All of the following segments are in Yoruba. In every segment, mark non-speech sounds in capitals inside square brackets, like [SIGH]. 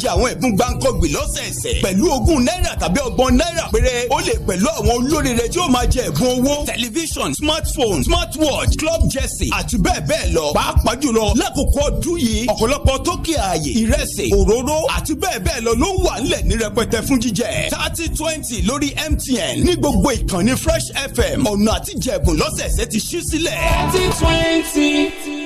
jẹ àwọn ẹ̀bùn gbáǹkọ́gbìn lọ́sẹ̀ẹsẹ̀ pẹ̀lú ogún náírà tàbí ọgbọ̀n náírà péré ó lè pẹ̀lú àwọn olóríire tí ó máa jẹ ẹ̀bùn owó tẹlifíṣàn smartphone smartwatch club jersey àti bẹ́ẹ̀ bẹ́ẹ̀ lọ pàápàá jùlọ lákòókò ọdún yìí ọ̀pọ̀lọpọ̀ tókì ààyè ìrẹsì òróró àti bẹ́ẹ̀ bẹ́ẹ̀ lọ ló wà nílẹ̀ ní rẹpẹtẹ fún jíjẹ thirty twenty lórí MTN ní gbogbo ìkànnì Fresh FM ọ̀nà àtijẹ̀bùn lọ́sẹ̀ẹsẹ̀ ti ṣí sílẹ̀ thirty twenty.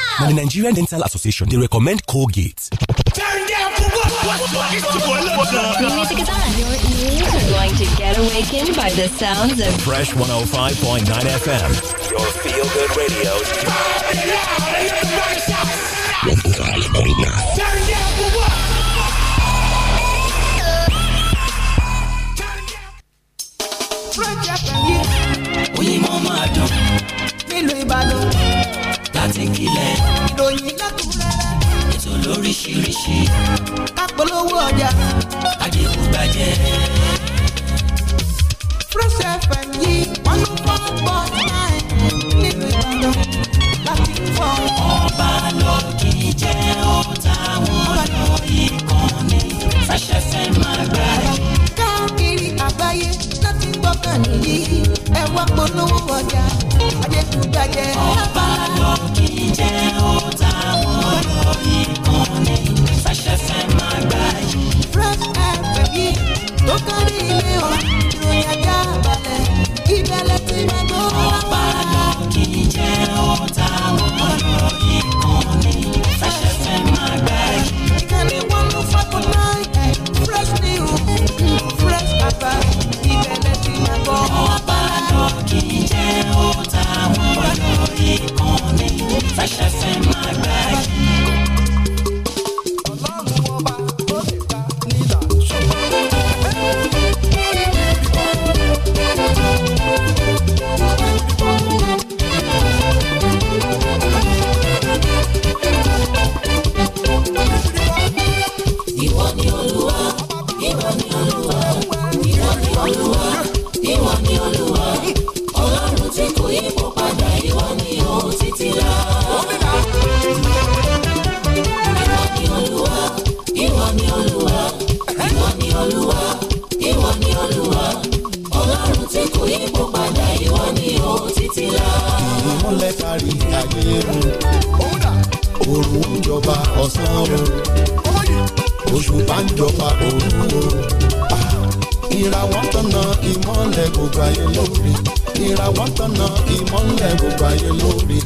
Now, the Nigerian Dental Association, they recommend Colgate. Turn down for what? the music is on. Your ears are going to get awakened by the sounds of Fresh 105.9 FM. Your feel-good radio. Turn down for what? Oyinmọ́ máa dùn nílùú Ìbàdàn. láti kílẹ̀. ìròyìn lẹ́kùnrẹ́rẹ́. ètò lóríṣiríṣi. kápolówó ọjà. àdéhùn gbàjẹ́. Fresh FM yí one four four nine nínú Ìbàdàn láti fọ́. ọba lọ kì í jẹ́ ọ̀tá wọn lọ ìkànnì Fresh FM máa gbà yí àgbáyé láti gbọ́kàn nìyí ẹ wá polówó ọjà ajẹkùjàjẹ. ọba lọ kì í jẹ́ ọ̀tá wọn lọ ìkànnì fẹsẹ̀fẹ̀ máa gbà yìí. fresh fm yìí tó kárí ilé ọ̀ ìròyìn ajá balẹ̀ ìbẹ̀lẹ̀ tí máa Fecha jọba ọ̀sán o òṣùpá ń jọba òru o ìràwọ̀ tọ̀nà ìmọ́lẹ̀ gbogbo ayé lórí ìràwọ̀ tọ̀nà ìmọ́lẹ̀ gbogbo ayé lórí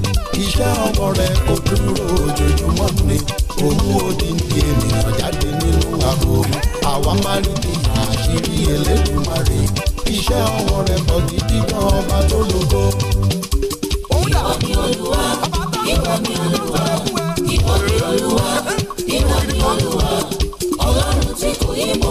iṣẹ́ ọwọ́ rẹ̀ kò dúró ojoojúmọ́ ni òun odindi ènìyàn jáde nínú àkórí àwa máa rí bí àṣírí Elédùmarè iṣẹ́ ọwọ́ rẹ̀ kò di dídán ọba tó lógo. ó yà olúwa ìwọ ní olúwa olúwa ìwọ ni olúwa ọlọ́run tí kò yí mọ́.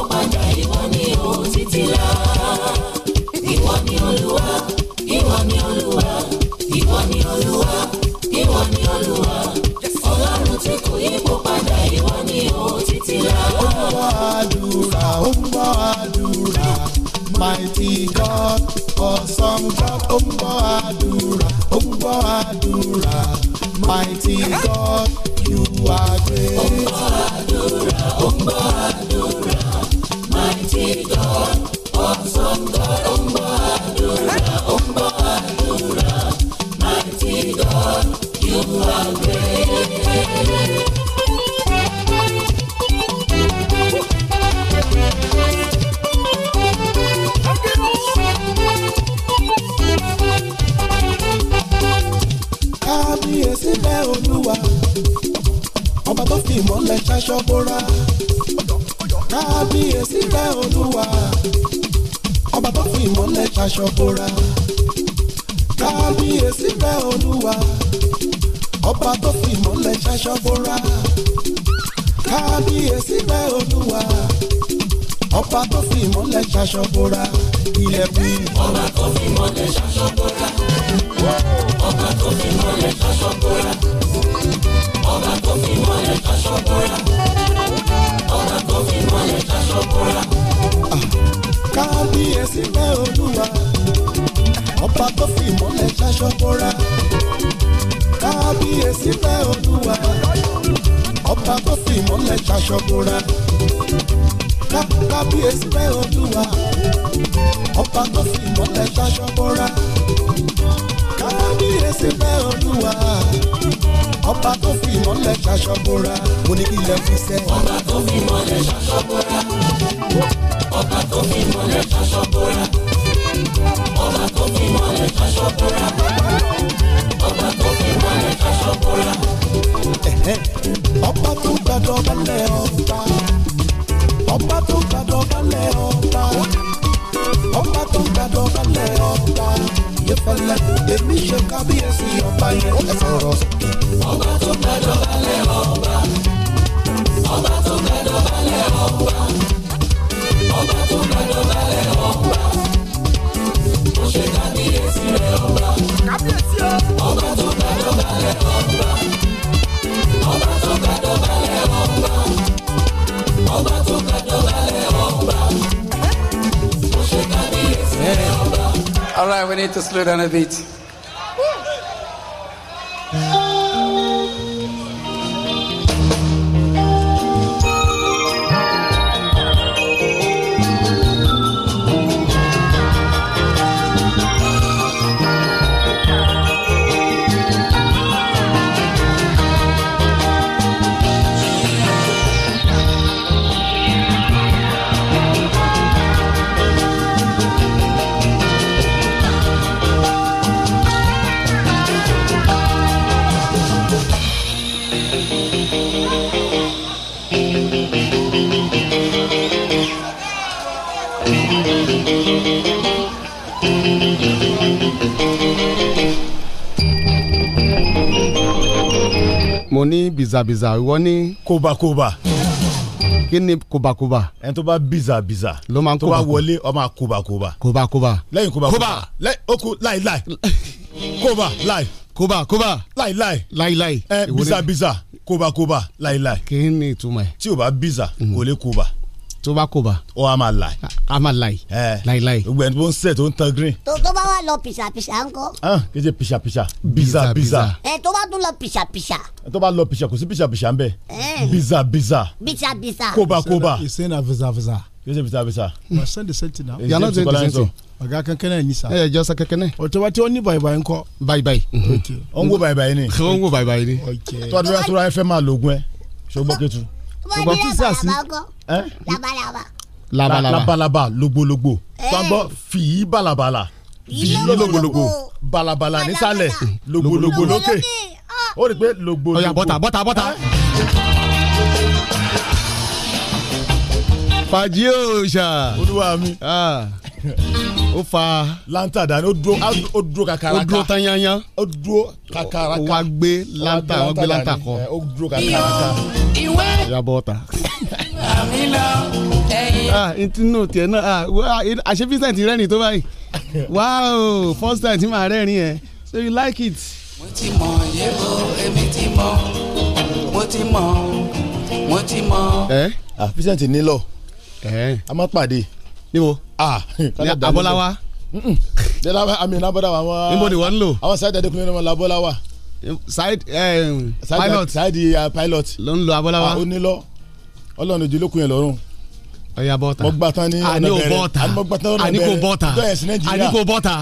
ve beyt. bizàbizà ìwọ ní. kóbakóba. kí ni kóbakóba. ẹni tó bá bizàbizà. ló máa ń kóbakóba tó bá wọlé ó máa kóbakóba. kóbakóba. lẹ́yìn kóbakóba lẹ́yìn ó kú láìláì kóba láì. kóbakóba. láìláì. láìláì. ẹ bizàbizà kóbakóba láìláì. kí ni ìtumọ̀ ẹ̀. tí o bá bizà kò lè kóba. Mm tó bá kò bá. ó a máa láì. a máa láì. láì láì. gbogbo ẹni tó ń sẹ̀ tó ń tan green. tó tó bá wà lọ pìṣà pìṣà ńkọ́. ah kì í ṣe pìṣà biza biza. ẹ tó bá tún lọ pìṣà pìṣà. ẹ tó bá lọ pìṣà kò sí pìṣà ń bẹ. biza biza. biza biza. kóbá kóbá. you say na visa visa. you say visa visa. ma send the same thing now. you are not doing the same thing. ọ̀gá kankanna yìí sa. o tẹ wa tí o ní bàyìbàyì ńkọ́. bàyìbàyì. Mm-hmm. ó ń wo bàyìbàyì ni. ó ń wo bàyìbàyì ni. tọ́jú ẹ tó ra ẹ fẹ́ máa lo oògùn ẹ labalábá. labalábá logbologbo tọ́gbọ́ fìyí balabala fìyí logbologbo balabala nísàlẹ̀ logbologbo lókè ó rí i pé logbologbo. ọ̀yà bọ́tà bọ́tà bọ́tà. fàájì òòṣà. olúwa mi ó fa. lanta dani ó dúró ó dúró kakaraka. ó dúró tanyanya. ó dúró kakaraka. ó wá gbé lanta ó gbé lanta kọ. ó dúró kakaraka. ìwé. ìyá bọ́ ta. [LAUGHS] mi lọ ẹ̀yìn. ah ntinu tiẹ̀ náà ah àṣẹ vincent rẹ́rìn tó báyìí wow first time tí màá rẹ́rìn ẹ̀ so you like it. mo ti mọ yẹ́bù èmi ti mọ mo ti mọ mo ti mọ. ẹ ah vincent nílọ a máa pàdé. níbo ah abọ́láwa. dẹ́lábà àmì ìnábọ́dà àwọn. níbo ni wọ́n ń lò. àwọn sáyẹ̀dẹ̀ dẹ́kunlé ni wọ́n labọ́láwa side um, pilot side eh, pilot ló ń lo abọ́láwa ah, ó nílọ ọlọ́run ojú olókùn yẹn lọ́rùn ọ̀yà bọ́ta mo gbà tán ní ọ̀nà bẹ̀rẹ̀ àní kò bọ́ta àní kò bọ́ta àní kò bọ́ta.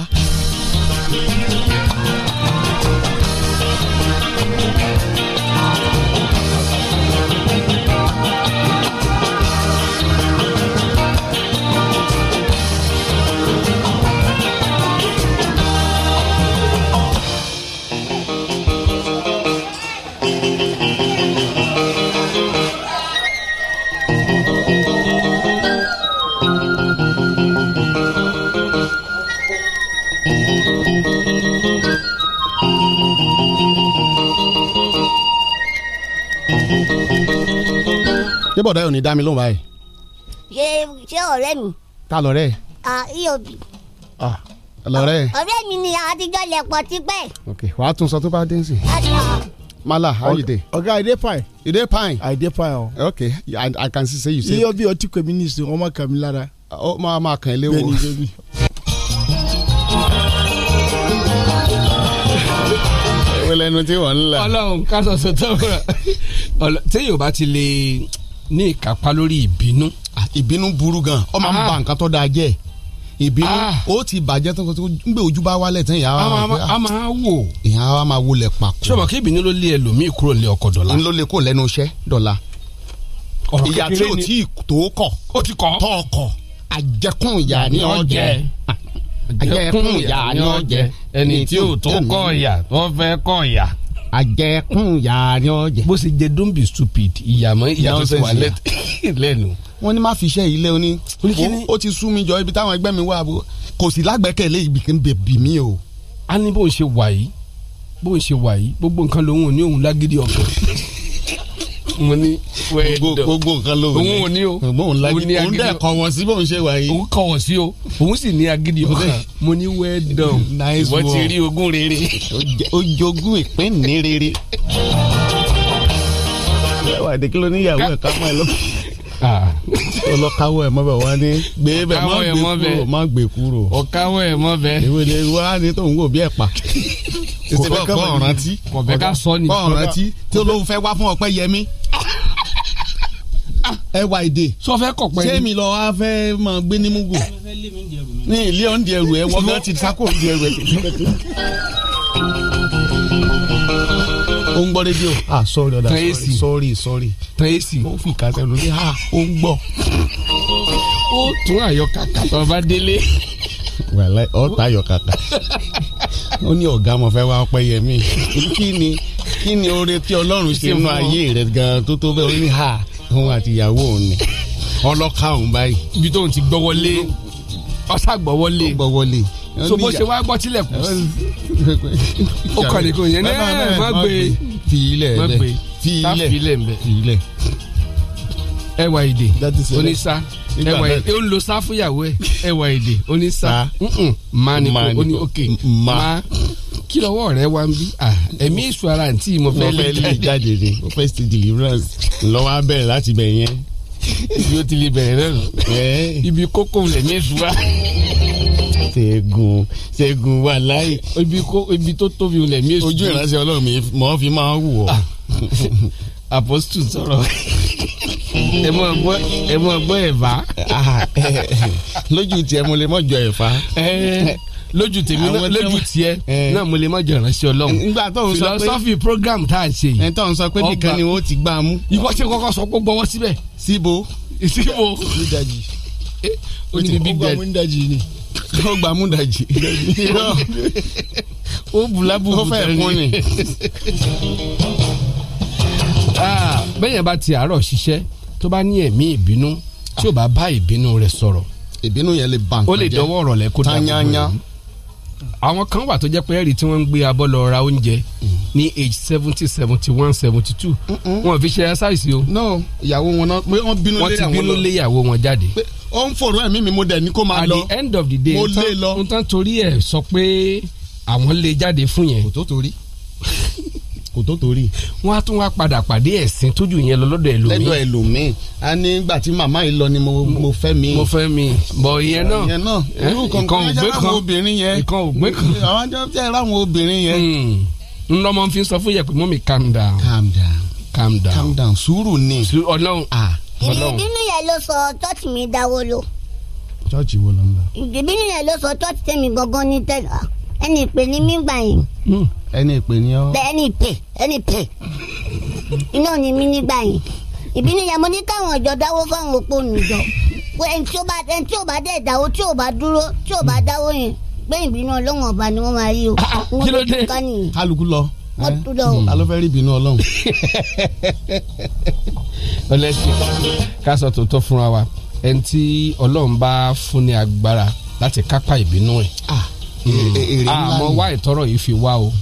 bọ̀dá yóò ní dá mi lóhùn báyìí. ṣé ṣé ọ̀rẹ́ mi. ta lọ̀rẹ́. eob. lọ̀rẹ́. ọ̀rẹ́ mi ni àtijọ́ lẹ̀pọ̀ tipẹ́. ok wàá tún sọ tó bá dé nsì. Mala, how you dey? Oga, okay, I dey fine. You dey fine? I dey fine. Oh. I, I can see say you say. Iye ọtí kò mí ní ìsìn, ọmọ kan mi lára. Ó máa máa kàn é léwu. Bẹ́ẹ̀ni, bẹ́ẹ̀ni. Ìwé lẹnu tí wọ́n ń là. Ọlọ́run bá ti lè ní ìkápá lórí ìbínú. ìbínú burú gan ó máa ń ba nǹkan tó dáa jẹ́ ìbínú ah. ó ti bàjẹ́ tán kó tó ń gbé ojú bá wálẹ̀ tán ìyá wa máa a máa wò ìyá wa máa wò lẹ̀ pàkó. sọ̀rọ̀ kí ìbínú ló lé ẹlòmíì kúrò lé ọkọ̀ dọ̀la. ló lè kó lẹ́nu iṣẹ́ dọ̀la. ìyá tí ò tí tó kọ̀ ó ti kọ̀ tọ́ ọkọ̀ àjẹkùn ìyá ni ó jẹ àjẹkùn ìyá ni ó jẹ ẹni tí ò tó kọ̀ ìyá tó fẹ́ kọ̀ ìyá àjẹkùn ìyá ni ọ jẹ. bó ṣe jẹ don't be stupid ìyàmọ ìyàtọ̀ ti wà [LAUGHS] lẹ́nu. wọ́n ní má fi iṣẹ́ yìí lé o ní. ó ti sú mi jọ ibi táwọn ẹgbẹ́ mi wà bó kò sí lágbẹ́kẹ̀lé ibi kan bèbí mi o. a ní bó ń ṣe wà yìí bó ń ṣe wà yìí gbogbo nǹkan lòun ò ní òun lágídí ọkàn. [LAUGHS] mo ní wẹ́ẹ̀dọ̀ gbogbo nǹkan ló ní òun ò ní o òun lagidi òun dẹ̀ kọ̀wọ̀ sí bóun ṣe wà yìí òun kọ̀wọ̀ sí o òun sì ní agidi ọkàn mo ní wẹ́ẹ̀dọ̀ wọ́n ti rí ogún rere ó jogún ìpín ní rere wàdí kí ló ní ìyàwó ẹ̀ ká mọ́ ẹ lọ́kùnrin. Ah ọlọ́káwọ́ ẹ̀ mọ́bẹ̀ wá ní gbé bẹ̀ má gbé kúrò má gbé kúrò. ọ̀káwọ́ ẹ̀ mọ́bẹ̀. èwe ni wá ní tòun kò bí ẹ̀ pa. kò fẹ́ kọ́ ọ̀rántí. kò fẹ́ ká sọ ni. kọ́ ọ̀rántí tí olóhùn fẹ́ wá fún ọpẹ́ yẹmí [LAUGHS] ẹwà èdè. sọfẹ kọpẹ ni sẹmi lọ wa fẹ máa gbé ní mugu ní ilé oúnjẹ ẹrù ẹ wọgán ti sako oúnjẹ ẹrù ẹ. [LAUGHS] ó ń gbọ́ rédíò. ah sorry ọ̀dà sorry sorry sorry. tracy ó fi kásẹ̀ lórí ah ó ń gbọ́. ó tún àyọkàkà tó bá délé. wàhálà ó ta àyọkàkà ó ní ọ̀gá mo fẹ́ wá ọpẹ́ yẹmí kí ni kí ni oore tí ọlọ́run ṣe nínú ayé rẹ gan tó tó bẹ́ẹ̀ ó ní ha òun àti ìyàwó òun ni ọlọ́ka òun báyìí. ibi tóun ti gbọ́wọ́lé ọ̀sà gbọ́wọ́lé. gbọ́wọ́lé. so bó ṣe wá gbọ́ tilẹ̀kùn sí ó kọ́ ni kò yẹn náà má gbé fi ilẹ̀ má gbé fi ilẹ̀ fi ilẹ̀ mbẹ fi ilẹ̀ ẹwà èdè onísà ẹwà èdè ó ń lo sá fúyàwó ẹ ẹwà èdè onísà má ni kò ó ní òkè má kí lọ́wọ́ rẹ wá ń bí ẹ̀mí èso ara àǹtí mo fẹ́ lè jáde ni mo fẹ́ ṣe deliverance lọ́wọ́ á bẹ̀rẹ̀ láti bẹ̀ yẹn bí ó ti lè bẹ̀rẹ̀ náà [LAUGHS] ibi kókó lẹ̀mí èso wa ṣẹ́gun ṣẹ́gun wà láì ibi tó tóbi olè mi ojú ìránṣẹ́ ọlọ́run mi mọ̀ fi máa wù ọ́. [LAUGHS] apostu sọ̀rọ̀ ẹ mọ gbọ́ ẹ mọ gbọ́ ẹ̀fà. [LAUGHS] lójú tiẹ̀ mo lè mọ̀ jọ ẹ̀fà lójú tèmi náà lójú tiẹ náà mo lè má jẹ ìránṣẹ́ Ọlọ́run nígbà tó ń sọ pé philosophy program tá a ṣe yìí. tó ń sọ pé nìkan ni ó ti gbá mú. ìwọ ṣe kọ́kọ́ sọ pé gbọ́wọ́ síbẹ̀. síbo síbo. ó ní big daddy. ó ní big daddy ó gba múdàjì ó bùlábùbù tẹ̀lé ó fẹ́ kún ni. [LAUGHS] Ah, bẹ́yẹn bá ti àárọ̀ ṣiṣẹ́ tó bá ní ẹ̀mí ìbínú tí ò bá bá ìbínú rẹ̀ sọ̀rọ̀ ìbínú yẹn lè ba nǹkan jẹ́ ó lè dọwọ́ ọ̀rọ̀ lẹ kó àwọn kan wà tó jẹ́ pé ẹ̀rí tí wọ́n ń gbé abọ́ lọ ra oúnjẹ ní age seventy seventy one seventy two wọn fi ṣe exercise o. no ìyàwó wọn náà pé wọ́n bínú lé àwọn lọ wọ́n ti bínú lé ìyàwó wọn jáde. pé ó ń fọ̀rọ̀ ẹ̀mí mi mo dẹ̀ ní kó máa lọ at the end of the day mo n tán torí ẹ̀ sọ pé àwọn lè jáde fún yẹn. kò tó torí kò tó torí. wọ́n á tún wá padà pàdé ẹ̀sìn tójú yẹn lọ lọ́dọ̀ ẹlòmíì. lẹ́dọ̀ ẹlòmíì a ní ìgbà tí màmá yìí lọ ni mo fẹ́ mi. mo fẹ́ mi bọ̀ ìyẹn náà ìyẹn náà irú kan kan ìjẹ́ láwọn obìnrin yẹn ìkan ògbé kan àwọn jẹ́ láwọn obìnrin yẹn. n hmm. lọ́mọ fi sọ fún yẹ pé mọ́mí calm down. calm down calm down calm down sùúrù ni. ọlọ́run ọlọ́run. ìbínú yẹn ló sọ tọ́tì mi dáwọ́ lo. chọ́ọ̀chì wo ló ń lọ. ìbínú yẹn ló sọ tọ́tì tẹ́mi ẹni ìpè ní mí gbà yẹn. Hmm. ẹni ìpè ní ọ. bẹ́ẹ̀ ẹni ìpè ẹni ìpè iná ni mí nígbà yẹn ìbínú ni mo ní káwọn ọjọ́ dáwó fáwọn òpó nìjọ ẹni tí ó bá ẹni tí ó bá dẹ̀ dáwó tí ó bá dúró tí ó bá dáwó yẹn pé ìbínú ọlọ́wọ̀n ọba ni wọ́n máa rí o. [LAUGHS] kí ló dé kálukú lọ wọ́n tún lọ. alo fẹ́ rí ìbínú ọlọ́run. ọlẹ́sìn [LAUGHS] ká sọ tòótọ́ fúnra wa ẹni tí ọlọ́run bá fún ní agbára láti kápá ìbínú ẹ̀ ah. Hmm. èrè ńlá ah, ni àmọ́ wá ìtọ́rọ̀ yìí fi wá o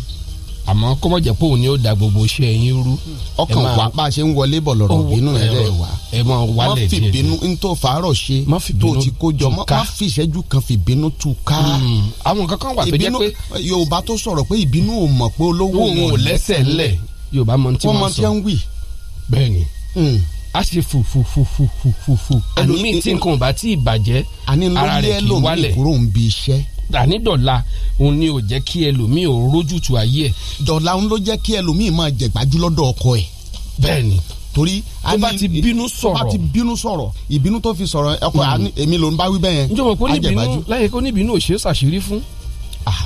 àmọ́ kó mọ̀ jẹ́ pé òun ni ó da gbogbo iṣẹ́ yín rú. Hmm. ọkàn wa bá a ṣe ń wọlé bọ̀ lọ́rọ̀ bínú rẹ̀ rẹ̀ wá. ẹ mọ wálẹ̀ díẹ̀ má fi bínú n tó fàárọ̀ ṣe tó ti kó jọ má fi ìṣẹ́jú kan fi bínú tu ká. Hmm. àwọn kankan wà tó jẹ́ pé. yorùbá tó sọ̀rọ̀ pé ìbínú ò mọ̀ pé olówó ò lẹ́sẹ̀ ńlẹ̀ yorùbá mọ tí wọ́n sọ bẹ́ẹ̀ni a ṣe fufufufufufu. àní tí nǹkan ò bá tí ì bàjẹ́ ara rẹ̀ kì í wálẹ̀. àní ló yẹ lómi kúrò ń bi iṣẹ́ ànídọ̀la òun ni ò jẹ́ kí ẹlòmíì ò rójútu ayé ẹ̀. dọ̀la òun ló jẹ́ kí ẹlòmíì máa jẹ̀gbájú lọ́dọ̀ ọkọ ẹ̀. bẹ́ẹ̀ni torí tó bá ti bínú sọ̀rọ̀ tó bá ti bínú sọ̀rọ̀ ìbínú tó fi sọ̀rọ̀ ọkọ èmi ló ń bá wí bẹ́ẹ̀ yẹn. njọba kó níbínú láyé kó níbínú ò ṣe é ṣàṣírí fún.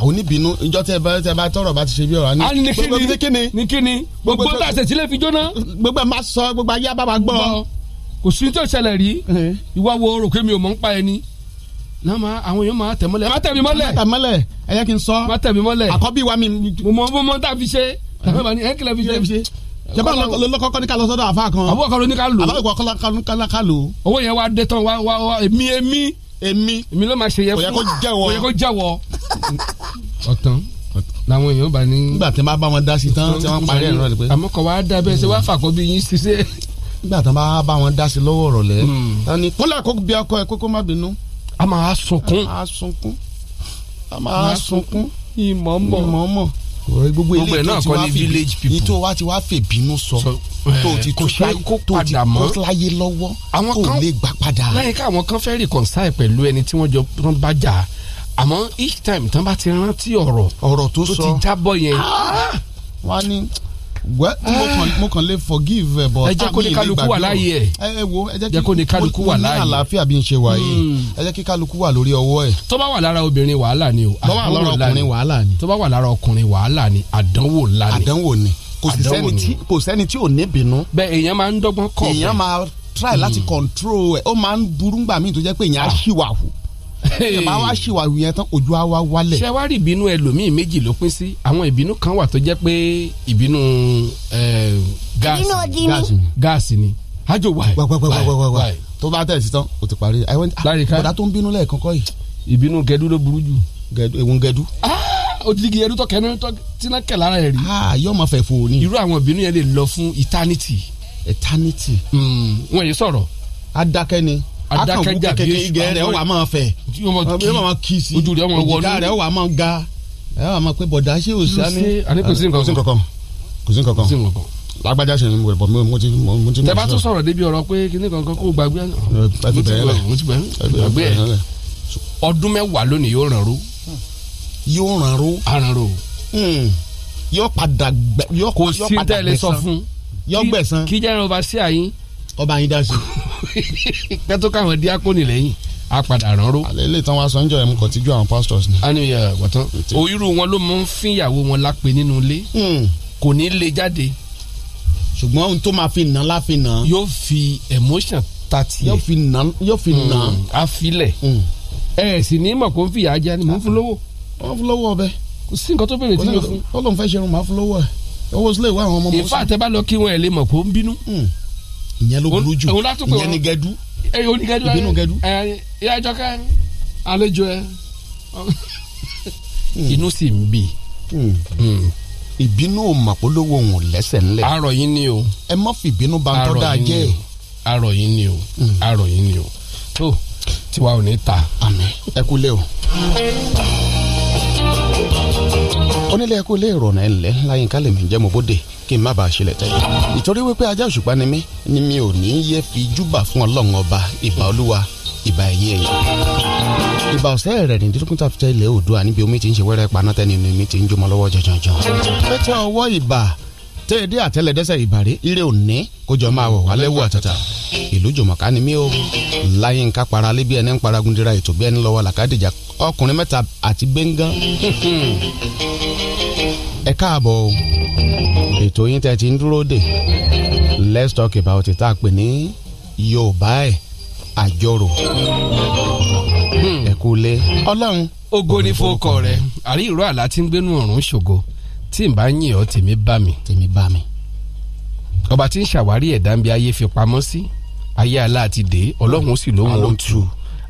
oníbínú ìjọ tẹ bá tẹ bá tọrọ bá ti ṣe bí ọ̀rọ̀ ni. a ní kíni ní kíni ní kíni gbogbo tá a ṣe sílẹ̀ fi jóná. gbogbo ẹ̀ máa sọ gbogbo ayé abáwa gbọ́. kò sí ní tó ṣẹlẹ̀ rí ìwà wo rò pé mi ò mọ̀ ń pa ẹni náà àwọn èèyàn máa tẹ̀ mọ́lẹ̀. má tẹ̀ mi mọ́lẹ̀. má tẹ̀ mọ́lẹ̀ ẹ yẹ kí n sọ. má tẹ̀ mi mọ́lẹ̀. àkọ́bí wa mi. mo mọ mo mọ tá a fi ṣe. ẹ kílẹ̀ fi ṣe. jẹ́pẹ́ lọ́kọ́kọ́ ní ká lọ sọ́dọ̀ àfa kan. àbúkọ́ ló ní ká lò. àbúkọ́ ló ká lò. owó yẹn wá dé tán wá wá wá èmi èmi. èmi. èmi ló máa ṣe yẹ fún. kò yẹ yẹ kó jẹ́wọ́. ọ̀tán làwọn èèyàn bá ní. nígbà tí wọ́n bá wọn dá sí tán tí wọ́n parí ẹ̀rọ rẹ̀ pé. àmọ́ kò wá dá ṣe wá fàkọ́ nígbà tí wọ́n bá wọn dá sí lọ́wọ́ rọ̀lẹ́. tani kólà kó bí ọkọ ẹ kókó má bínú a máa sunkún. a máa sunkún. a máa sunkún. ìmọ̀ mọ̀. ìmọ̀ mọ̀ gbogbo ilé tó ti wá village people ìtò wa ti wá fèbínú sọ tó ti tó ṣe kó padà mọ́ tó láyé lọ́wọ́ kó lè gbà padà. lẹ́yìn ká àwọn kan fẹ́ reconcile pẹ̀lú ẹni tí wọ́n jọ tán bá jà àmọ́ each time tán bá ti rántí ọ̀rọ̀ ọ̀rọ̀ tó sọ tó ti jábọ̀ yẹn. Ah! wọ́n á ní well mo kàn mo lè forgive but ẹ jẹ́ kó ní kálukú wà láàyè ẹ ẹ wo ẹ jẹ́ kó ní kálukú wà láàyè mo ní àlàáfíà bí n ṣe wà yìí hmm. ẹ jẹ́ kí kálukú wà lórí ọwọ́ ẹ. tó bá wà lára obìnrin wàhálà ni o àdánwò ńlá ni tó bá wà lára ọkùnrin wàhálà ni àdánwò ńlá ni àdánwò ni kò sì sẹ́ni tí kò sẹ́ni tí ò ní bínú. bẹ́ẹ̀ èèyàn máa ń dọ́gbọ́n kọ̀ èèyàn máa try láti hmm. control ẹ̀ ó máa ń burú ngbà míì tó jẹ́ pé èèyàn á ah. ṣìwà hù bàbá wa ṣìwàwù yẹn tán ojú wa wálẹ̀. ṣé wàá rí ìbínú ẹlòmíì méjì ló pín sí àwọn ìbínú kan wà tó jẹ́ pé ìbínú eh, gáàsì gáàsì ni ájò wà yìí tó bá tẹ̀ sí tán o ti parí ẹ̀ ah, bọ̀dá tó ń bínú lẹ́ẹ̀kan kọ́ yìí. ìbínú gẹdú ló burú jù. gẹdú ewu gẹdú. Ah, odidi gẹdú tó kẹnu tó tíná kẹ lára rẹ rí. Ah, yóò máa fẹ́ fún òní. irú àwọn ìbínú yẹn lè lọ fún eternity. eternity. Hmm, wọ́n yìí sọ̀rọ̀. adákẹ́ ni adákẹ́jà bí èsù kẹ̀kẹ́ rẹ̀ ó wà máa fẹ̀ ojú rẹ̀ wọ́n wọnú ìdá rẹ̀ ó wà máa ga ẹ̀ wà máa pé bọ̀dá ṣé o sani. àní kò sí nǹkan kan kò sí nǹkan kan lágbájá ṣe mo bọ̀ mo ti mo ti. tẹ bá tún sọ̀rọ̀ débi ọ̀rọ̀ pé kíní kankan kó gbàgbé. mo ti gbàgbé ẹ̀ ọdún mẹ́wàá lónìí yóò ràn ró. yóò ràn ró. aràn ró. Hmm. yóò padà gbẹ. kò sí tẹ́lẹ̀ sọ fún. yóò gbẹ̀san. kí jẹ́rán ọba sí àyín ọba yín dá sí. pẹ́ [LAUGHS] tó káwọn díákónì lẹ́yìn a padà rán ró. alẹ́ ilé ìtàn wa sọ ń jọ ẹ̀mú kan tíjú àwọn pastors ni. a ní ìyá wọ̀tán òyìnbó wọn ló mú fíyàwó wọn lápè nínú ilé hmm. kò ní lè jáde. ṣùgbọ́n ohun tó máa fi nà láfi nà. yóò fi emotion ta tiẹ̀. yóò fi nà yóò fi nà. Hmm, a filẹ̀ hmm. ẹ sì ní mọ̀ kó ń fìyà ajá ni mò ń fún lówó. wọ́n fún lówó ọbẹ̀. kò sí nǹkan tó bèrè tí yóò fún. ó lóun fẹ́ ṣerun màá fún lówó ẹ̀ owó sílẹ̀ ìwé àwọn ọmọ ìyẹn ló burú jù ìyẹn ni gẹdú eh, ìbínú gẹdú. ìyá ìjọkẹ́ àlejò ẹ hmm. inú sì ń bì hmm. Hmm. ìbínú màpolówó òun lẹ́sẹ̀ ńlẹ̀. arọ yín ni o. ẹ má fi ìbínú bá ń tọ́ dáa jẹ́. arọ yín ni o arọ yín ni o tó tiwa ò ní ta. ẹ kú lé o onílé ẹkú ilé ìrọ̀nà ẹ̀ńlẹ́ láyínká lèmi jẹ́ mo bóde kí n má bàa ṣẹlẹ̀ tẹ́lẹ̀ ìtorí wípé ajá òṣùpá ni mí ni mi ò ní yẹ fi júbà fún ọlọ́run ọba ìbà olúwa ìbà ẹ̀yìn ẹ̀yìn ìbà ọ̀sẹ̀ rẹ̀ ní dídúkún tàbí tẹ́lẹ̀ òdua níbi omi ti ń ṣe wẹ́rẹ́ paná tẹ́ni mi ti ń jómọ lọ́wọ́ jọjọjọ pẹ́tẹ́ ọwọ́ ìbà téèdé àtẹlẹdẹsẹ ìbàrẹ ire òní kójọ máa wọ wálé wù àtàtà ìlú jòmọ̀ká ni mí o láyínká para bí ẹni ń paragun ètò bí ẹni lọ́wọ́ làkàdìjà ọkùnrin mẹ́ta àti gbẹ̀ngàn ẹ káàbọ̀ ètò yín tẹ́ ti ń dúró dè let's talk about it tá a pè ní yorùbá ẹ̀ àjọrò ẹ kú lé ọlọ́run. ògo ni fọkọ rẹ àrí ìró àlá tí ń gbénu ọ̀run ṣògo tí n bá yìn ọ́ tèmi bá mi. tèmi bá mi. ọba tí ń ṣàwárí ẹ̀dá ń bí ayé fi pamọ́ sí ayé aláàtidé ọlọ́run ó sì lóhun ó tu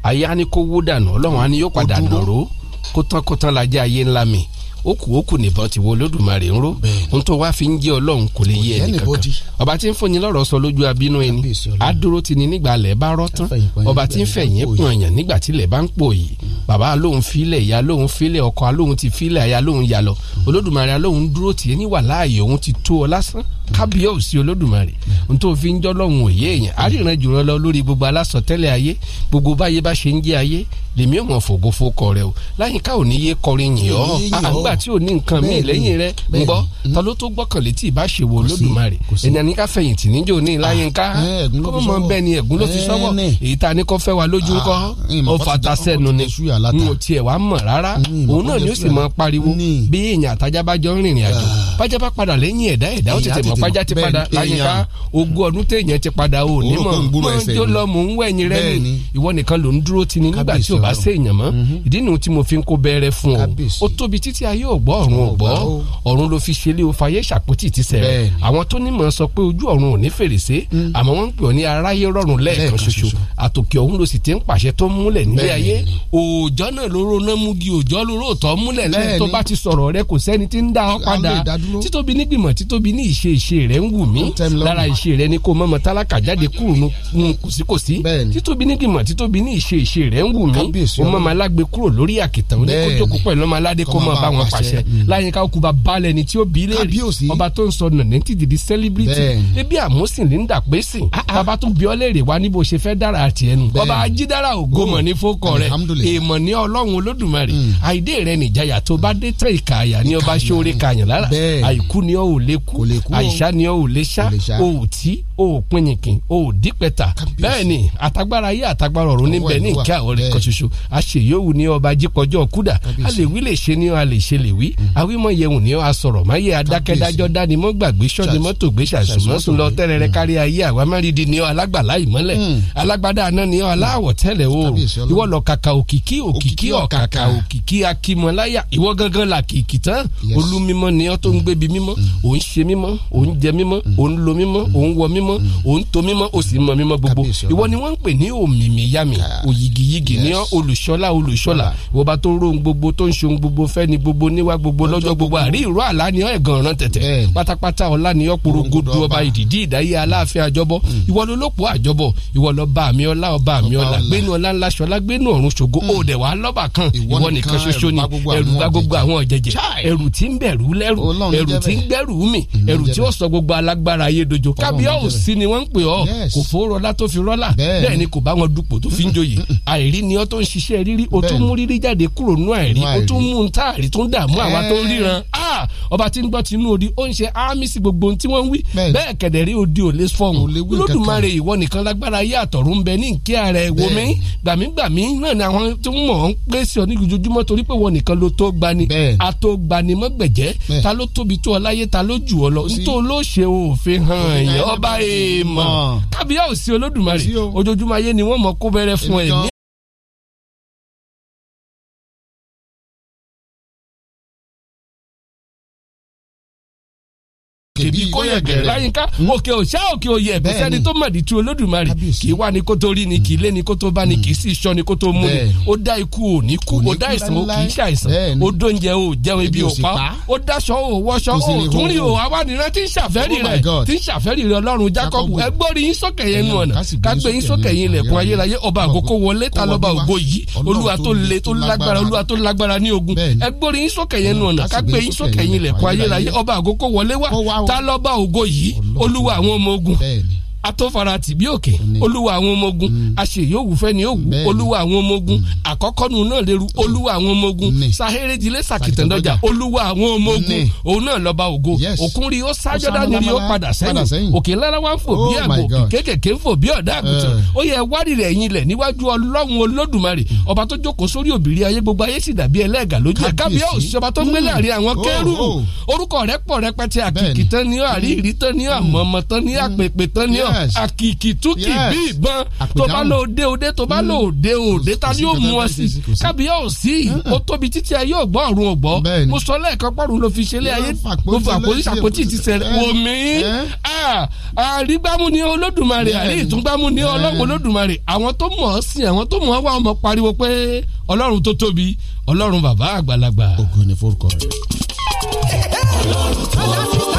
ayé á ní kó wó dànù ọlọ́run á ní yóò padà nàró kó tán kó tán lajẹ́ ayé ńlá mi òkú òkú nìbọn ti wo olódùmarè ń ró ohun tó wá fi ń jẹ́ ọlọ́run kò lè yé ẹnì kankan ọba tí ń fúnni lọ́rọ̀ sọ lójú abínú ẹni á dúró ti ni nígbà lẹ̀ bá rọ́ tán ọba tí ń fẹ̀yìn pọ̀ èèyàn nígbà tí lẹ̀ bá ń pò yìí bàbá lóhun filẹ̀ ìyá lóhun filẹ̀ ọkọ lóhun ti filẹ̀ aya lóhun yà hmm. olódùmarè lóhun dúró tì í níwà láàyè òun ti tó ọ lásán kábíyèsí olódùmarè mm. n tó fi ń jọ́ lọ́hùn òye èèyàn àríran jùlọ lọ lórí gbogbo alásọtẹ́lẹ̀ ayé gbogbo báyé bá ṣe ń jẹ́ ayé lèmi ò mọ̀ fògo fokọ rẹ o láyìnká ò ní yé kọrin yìn ọ́ àgbà tí ò ní nǹkan mi lẹ́yìn rẹ ń gbọ́ mm. ta ló tó gbọ́kànlé tí ìbá ṣe wo olódùmarè ènìyàn ní ká fẹ̀yìntì níjó ní ah, láyìnká kó mọ bẹ́ẹ̀ ni ẹ̀gún ló fi sọ́wọ́ èyí ta ni kò fẹ́ wa lójú ńkọ́ ah, ó fata sẹ́nu ni n ò tiẹ̀ wá mọ̀ rárá mm, òun náà ni ó sì mọ pariwo bí èèyàn àtajá bá jọ ń rìnrìn àjò ah ọ̀pájá ti padà láyìnká ogún ọdún téèyàn ti padà ò ní mọ̀ mọ́ jó lọ mò ń wẹ̀yìn rẹ ni ìwọ nìkan ló ń dúró ti ni nígbà tí o bá séèyàn mọ́ mm-hmm. ìdí nu tí mo fi ń kó bẹ̀rẹ̀ fún ọ ó tóbi títí ayé ọ̀gbọ́ ọ̀run ọ̀gbọ́ ọ̀run ló fi ṣe lé o fàyè ṣàpótì ti sẹ̀rẹ̀ àwọn tó nímọ̀ sọ pé ojú ọ̀run ò ní fèrèsé mm. àmọ́ wọ́n ń pè ọ́ ní aráyé rọ̀rùn lẹ́ẹ̀kan ṣoṣo àtòkè iṣẹ́ rẹ̀ ń wù mí lára iṣẹ́ rẹ̀ ni kó mọ́mọ́ tálákà jáde kúrò nù kòsíkòsí títóbi ní kìmọ̀ títóbi ní iṣẹ́ iṣẹ́ rẹ̀ ń wù mí ó mọ́mọ́ alágbe kúrò lórí àkìtàn ó ní kó jókòó pẹ̀lú ọmọ aládé kó mọ́ bá wọn pàṣẹ hmm. láyínká òkúba balẹ̀ ni tí ó bí léèrè ọba tó ń sọ nàní ti dìdí celebrity ebi àmúsìn ní dàpé sìn ah, ah. bàbá tó bí ọ léèrè wá níbo ṣe fẹ́ dára tiẹ̀ nù ọba ajídára ògòmọ̀ hmm. ní fókọ rẹ̀ èèmọ̀ ní ọlọ́run olódùmarè hmm. àìdè rẹ̀ nìjayà tó bá dé tẹ̀ ìkàyà ní ọba ṣóore kàyàn lára àìkú ni ọ lè kú àì òrìṣà ni o ò lè o ò tí o ò pinyìnkìn o ò dípẹ́ta bẹ́ẹ̀ ni àtagbára ayé àtagbára ọ̀run níbẹ̀ ní ìkẹ́ àwọn ọ̀rẹ́ kan ṣoṣo àṣeyọ́wù ni ọba jíkọjọ́ kúdà a lè wí lè ṣe ni a lè ṣe lè wí àwímọ̀ mm. yẹ̀wù ni a sọ̀rọ̀ máyé adákẹ́dájọ́ dánimọ̀ gbàgbé sọ́dimọ́tò gbé ṣàṣùmọ́sùn lọ tẹ́rẹ̀rẹ́ mm. kárí ayé àwámárìdì ni ọ alágbàlá ìmọ́lẹ̀ mm. alágbádá aná ni ọ aláwọ̀ tẹ́lẹ̀ oòrùn ìwọ lọ kàkà òkìkí òkìkí ọ̀kàkà òkìkí akímọ̀láyà ìwọ gangan là òun jẹ mímọ́ mm. òun lo mímọ́ mm. òun wọ mímọ́ mm. òun to mímọ́ o sì mọ mímọ́ gbogbo ìwọ ni wọ́n ń pè ní òmìmíyàmì ah. òyìgìyìgì ní olùṣọ́lá olùṣọ́lá ah. ìwọ tó ń rohun gbogbo tó ń ṣohun gbogbo fẹ́ni gbogbo níwá gbogbo lọ́jọ́ gbogbo àrí ìró àlá ni ẹ̀gàn ọ̀ràn tẹ̀tẹ̀ pátápátá ọ̀la ni ọ̀pọ̀rọ̀godo ọba ìdìdí ìdáyé aláàfin àjọbọ ìwọ ló lópo àjọbọ ìwọ lọ bá àmì ọlá ọba àmì ọlá gbénu ọlá ńlá ṣọlá gbénu ọ̀run ṣògo òdẹ̀ wàá lọ́bà kan ìwọ nìkan ṣoṣo ni ẹrù bá gbogbo àwọn ọ̀jẹ̀jẹ̀ ẹrù tí ń bẹ̀rù lẹ́rù ẹrù tí ń gbẹ̀rù mi ẹrù tí ó sọ gbogbo alágbára ayé dojo kábíyá ò sí ni wọ́n ń pè ọ́ kò fowó rọlá tó fi rọ́lá bẹ́ẹ̀ ni kò bá wọn dupò tó fi ń joyè àìrí ni ọ́ tó ń ṣiṣẹ́ rírí o tún mú rírí jáde kúrò nú àìrí o tún mú un táàrí tó ń dààmú àwa tó ríran ah! ọba tí ń gbọ́ tinú odi ó ń ṣe ámì sí gbogbo ohun tí wọ́n ń wí bẹ́ẹ̀ kẹ̀dẹ̀ rí odi ò lè fọ̀hún olódùmarè ìwọ nìkan lágbára ayé àtọ̀run bẹ ní nkí ara ẹ̀ wo mi gbàmígbàmí náà ni àwọn tó ń mọ̀ ọ́n pèsè ọ ní ojoojúmọ́ torí pé wọ́n nìkan ló tó gbani àtó mọ́gbẹ̀jẹ́ ta ló tóbi tó ọ láyé ta ló jù ọ lọ ntó olóṣè ò fi hàn yẹn ọba èèmọ̀ kábíyá ò sí olódùmarè ojoojúmọ́ ayé ni wọ́n mọ̀ kó bẹ̀rẹ̀ fún ẹ̀ ní ọ̀gẹ̀rẹ̀ láyínká hmm? òkè òṣà òkè òye ẹ̀kọ́ sẹ́ni tó mọ̀dí tu olódùmarè kì í wá ní kó tó rí ni kì í hmm. lé ni kó tó bá ni kì í sì sọ ni kó tó mú ni ó dá ikú ò ní kú ó dá ìsàn ó kì í ṣàìsàn ó dóúnjẹ ò jẹun ibi ò pa ó dáṣọ ò wọṣọ ò tún rí ò awánirán tí ń ṣàfẹ́rì oh rẹ̀ tí ń ṣàfẹ́rì rẹ̀ ọlọ́run Jacob ẹgbọ́n yín sókè yẹn nu ọ̀nà kágbé yín sókè yín lẹ̀kùn ayérayé ọba àkókò wọlé ta lọ́ba ògo yìí olúwa tó le tó lágbára olúwa tó lágbára ní ogun ẹgbọ́n yín sókè yẹn nu ọ̀nà kágbé yín sókè yín lẹ̀kùn ayérayé ọba àkókò wọlé wá ta lọ́ba ògo yìí olúwa àwọn ọmọ ogun atófara tìbí òkè olúwa àwọn ọmọ ogun aṣèyówù fẹ́ni òwú olúwa àwọn ọmọ ogun àkọ́kọ́nu náà lérú olúwa àwọn ọmọ ogun sahérejìlẹ̀ sàkìtàndọ́jà olúwa àwọn ọmọ ogun òun náà lọ́ba ògo òkun rí ó sájọ́ dání rí ó padà sẹ́yìn òkè lára wá ń fò bí oh àgbò kékèké ń fò bí ọ̀dà àgùntàn eh. ó yẹ wárìrì ẹ̀yìn ilẹ̀ níwájú ọlọ́run olódùmarè mm. ọba tó jókòó sórí òbírí ayé gbogbo ayé sì dàbí ẹlẹ́gà Akiki tuki kì bí ìbọn tó bá lò dé òde tó bá lò dé òde ta ni yóò mú ọ sí kábíyà ò sí o ah. tóbi títí ayé ògbọ́ ọ̀run ògbọ́ mo sọ lẹ́ẹ̀kan pọ́run ló fi ṣe ilé ayé mo fà kó sàpótì ti sẹ̀rẹ̀ omi eh. eh. ah, àrígbámú ni olódùmarè àrí ìtúngbámú ni ọlọ́run olódùmarè àwọn tó mọ̀ ọ́ sí àwọn tó mọ̀ ọ́ wá ọmọ pariwo pé ọlọ́run tó tóbi ọlọ́run bàbá àgbàlagbà. ògo ni forúkọ rẹ̀. ọlọ́run tó tóbi.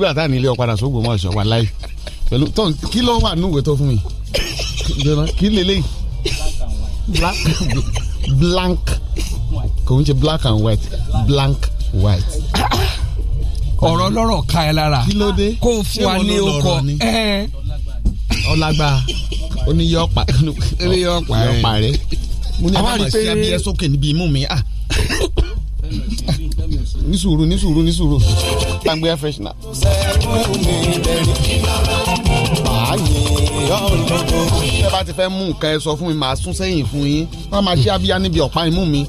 nígbà tá à nílé ọ̀padà sógbò mọ́ ọ̀ṣọ́ wà láì pẹ̀lú tọ́n kí ló wà núwèé tó fún mi kí lélẹ́yìn blank kò ń ṣe black and white blank white. ọ̀rọ̀ lọ́rọ̀ ká ẹ lára kí ló dé kó o fún wa ní okọ̀ ọlágbá oníyọ̀pá oníyọ̀pá rẹ̀ mo ní àwọn àṣẹ abiyẹ sókè níbi imú mi ah ní sùúrù ní sùúrù ní sùúrù gbàngbé fresh now mi lẹ́rìn. Ààyè ọ̀dọ́dọ́. Bí ẹ bá ti fẹ́ mú nǹkan ẹ sọ fún mi, màá sún sẹ́yìn fún yín. Wọ́n máa ṣe abíyá níbi ọ̀pá imú mi.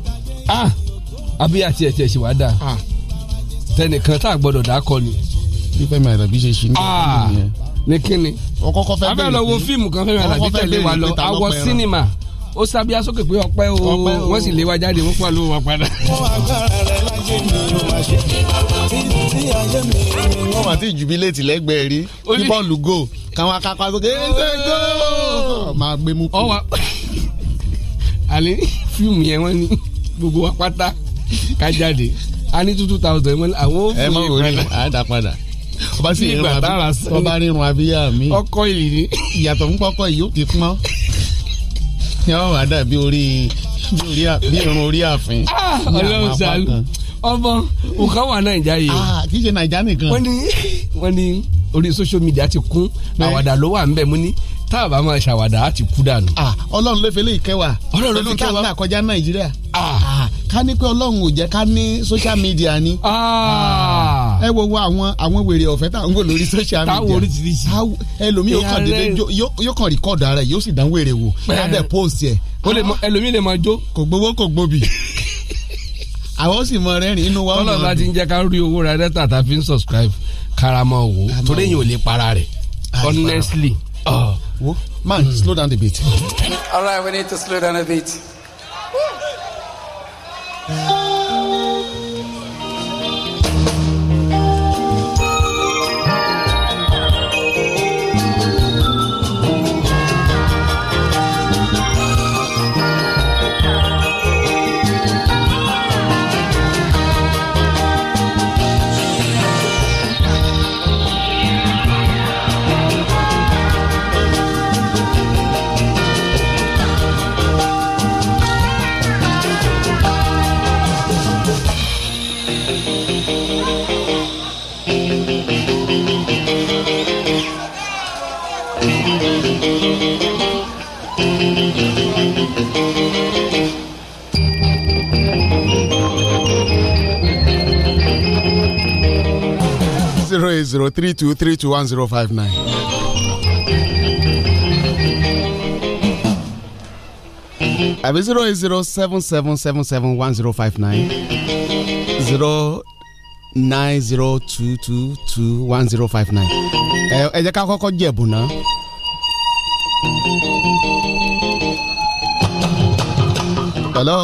Abíyá tiẹ̀ tiẹ̀ ṣì wá dà. Tẹnìkan tá a gbọ́dọ̀ dákọ ni. Bí Fẹ́mi Àlàbí ṣe ṣe ní ọ̀pá yẹn. Ní kíni? Abẹ́ lọ wo fíìmù kan Fẹ́mi Àlàbí tẹ̀lé wa lọ, àwọ̀ sínímà ó sábíà sókè pé ọpẹ́ o wọ́n sì lé wa jáde wọ́n pàlọ́ wa padà. wọ́n agbára rẹ̀ lájẹ́ mi ò máa ṣe kí sí ayé mi. wọ́n wá lẹ́gbẹ̀ẹ́ rí kí bọ́ọ̀lù go káwọn akápá sókè ẹ̀ ṣe go máa gbé mú. ọwọ [LAUGHS] àlẹ fíìmù yẹn wọ́n ní gbogbo wa ká jáde a ní two thousand wọ́n àwọn ò fún yìí padà. ẹ má wọlé ọba sì rírun àbí ọba rírun àbíyá mi. ọkọ ìlì ìyàtọ̀ ń pọ́kọ́ yìí ó ti pọ́n ni wọn wà dàbí orí bí irun orí ààfin. Ah, Ọlọ́run sàlù ọmọ nǹkan náà ìjà yìí kì í ṣe naija nìkan. wọ́n ní wọ́n ní orí social media ti kún eh. àwàdà ló wà ńbẹ̀ mú ní tá a bá máa ṣàwàdà á ti kú dànù. ọlọ́run ló fẹ́lẹ́ ìkẹwàá ọlọ́run ló kẹwàá tá a kọjá nàìjíríà ká ní pé ọlọ́run ò jẹ́ ká ní social media ni ẹ wo wo àwọn àwọn wèrè ọ̀fẹ́ tá à ń wò lórí social media táwọn oríṣiríṣi ẹlòmíì yóò kàn dédé yóò kàn rìkọ́ọ̀dù ara ẹ̀ yóò sì dán wèrè wò lábẹ́ post ẹ̀. Ah. ẹlòmíì lè máa jó. kò gbowó kò gbòbì. [LAUGHS] àwọn ó sì mọ rẹ́rìn inú wa. ọlọ́run láti ń jẹ́ ká rí owó ra dẹ́ta tá a fi ń subscribe karamọ́ wo torí èyàn ò lè para rẹ̀ honestly. Oh. Man, hmm. slow down the beat. All right, we need to slow down a bit. zero three two three two one zero five nine. àbí zero eight zero seven seven seven seven one zero five nine zero nine zero two two two one zero five nine. ẹ jẹ́ ká kọ́kọ́ jẹ̀bù náà. hello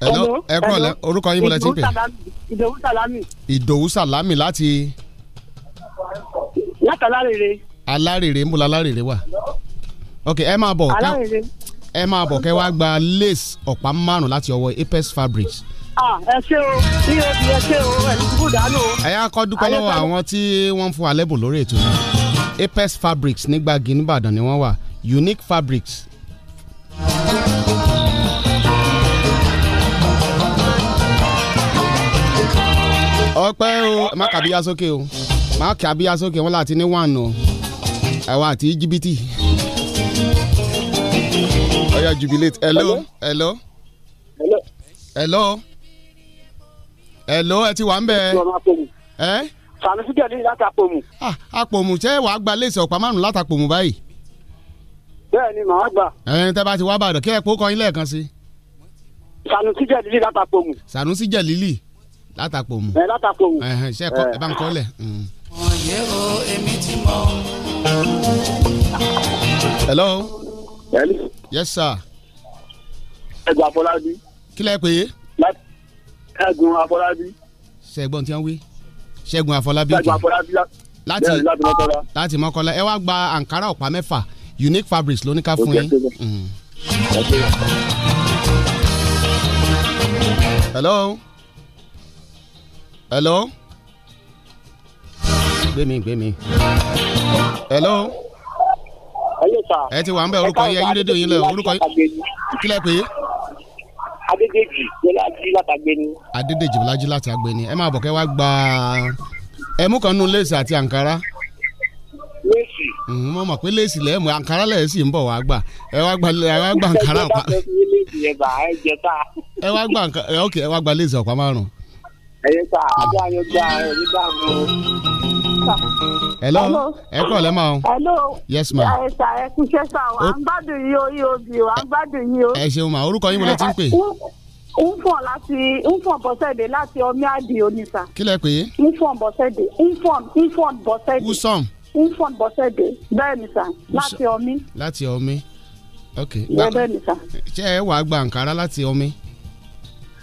hello ẹ kúrọ̀ lẹ́ orúkọ yín bọ́lá ti pè. ìdòwú sàlámì. ìdòwú sàlámì láti. láti alárèrè. alárèrè ń bọ̀ alárèrè wà. ok ẹ máa bọ̀ alárèrè. ẹ máa bọ̀ kẹ́ wá gba lace ọ̀pá márùn-ún láti ọwọ́ Apex Fabrics. ah ẹ ṣé o ní o ti ẹ ṣé o ẹ ti kú dànù o. ẹ yá kọ́ dúpẹ́ lọ́wọ́ àwọn tí wọ́n ń fún alẹ́bùn lórí ètò yìí Apex Fabrics nígbàgì ní Ìbàdàn ni wọ́n wà Unique Fabrics. ọpẹ́ o má kàbíyá sókè o má kàbíyá sókè wọn láti ní wàn o ẹ̀wà àti jìbìtì ọ̀yà jubilate hello hello hello hello ẹ ti wà ń bẹ ẹ. Sànúsí Jẹ̀lí látàpọ̀mù. Àpọ̀mù ah, ṣé wàá gba léèsì ọ̀pá márùn-ún látàpọ̀mù báyìí. Bẹ́ẹ̀ni màá gbà. Ẹ̀yin tẹ́ bá ti wá bàdàn kí ẹ kó kọyín lẹ́ẹ̀kan sí. Sànúsí Jẹ̀lí látàpọ̀mù. Sànúsí Jẹ̀lí látàpọ̀ mu. ẹ látàpọ̀ mu. ẹ ṣe ẹ bá ń kọ́ lẹ̀. ọ̀yẹ́ mm. o èmi ti mọ̀. hello. hello. yes sir. ẹ̀gbọ́n Afọlábí. kí lẹ pè é. ẹ̀gbọ́n Afọlábí. ṣẹ́gbọ́n tí wọ́n wí. ṣẹ́gun Afọlábí. ṣẹ́gun Afọlábí láti láti Mọ́kọ́lá ẹ wá gba àǹkárá ọ̀pá mẹ́fà unique fabrics ló ní ká fún yín. Mm. hello. hello gbẹmí gbẹmí hello ẹ ti wà ń bẹ orúkọ yẹ yín dédé yín lẹ orúkọ yín kílẹ̀ pé. adédèjì bọ́lájí láti adédèjì bọ́lájí láti ẹ máa bọ̀ kẹ́ wá gba ẹmú kan léèsì àti àǹkárá. léèsì. Mm, mo mọ̀ pé léèsì lẹ́ẹ̀ mú àǹkárá lẹ́ẹ̀ sì ń gba ẹ wá gba àǹkárá ọ̀pá. gba gba léèsì ọ̀pá hello ẹ kọ́ lẹ́mọ̀ hello yes ma. ẹ sà ẹ kú iṣẹ́ sà wà ń gbádùn yín orí obì wà ń gbádùn yín o. ẹ ṣeun ma orúkọ yín mo lè ti ń pè. ń fọ̀n láti ń fọ̀n bọ́sẹ̀dẹ̀ láti ọmí àdì onísà. kí lẹ pè é. ń fọ̀n bọ́sẹ̀dẹ̀ ń fọ̀n ń fọ̀n bọ́sẹ̀dẹ̀. usom. ń fọ̀n bọ́sẹ̀dẹ̀ bẹ́ẹ̀ ni sà láti ọmí. láti ọmí ok. bẹ́ẹ̀ ni sà. ṣé ẹ wàá gba àǹkárá láti ọmí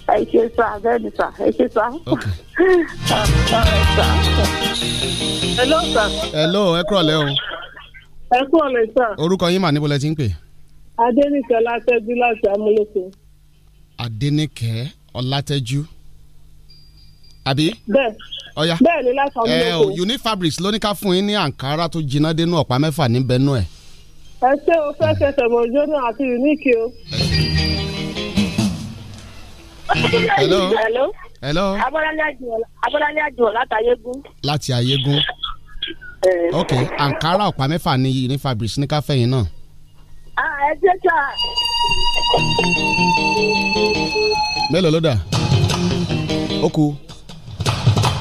ẹ ṣe sá bẹ́ẹ̀ ni sá ẹ ṣe sá. hello sá. hello ẹ kúrọ̀lẹ́ o. ẹ kúrọ̀lẹ́ sá. orúkọ yín mà níbo lẹ ti ń pè. adẹnikẹ látẹjú láti amúlòkè. adẹnikẹ ọlátẹjú àbí. bẹ́ẹ̀ ọyá bẹ́ẹ̀ ni láti amúlòkè. ẹ o unifabrics ló ní ká fún yín ní àǹkárá tó jiná dénú ọ̀pá mẹ́fà níbẹ̀ nú ẹ̀. ẹ ṣé o fẹ́ fẹsẹ̀ mọ̀ jóná àti unique o hello. hello. hello. abọ́dálé àjùmọ̀ láti ayégún. láti ayégún. Eh. ok ankara ọ̀pá mẹ́fà ni ní fabric ní káfẹ́yìn náà. ah ẹ jẹ́ sà. mélòó ló dà? ó kù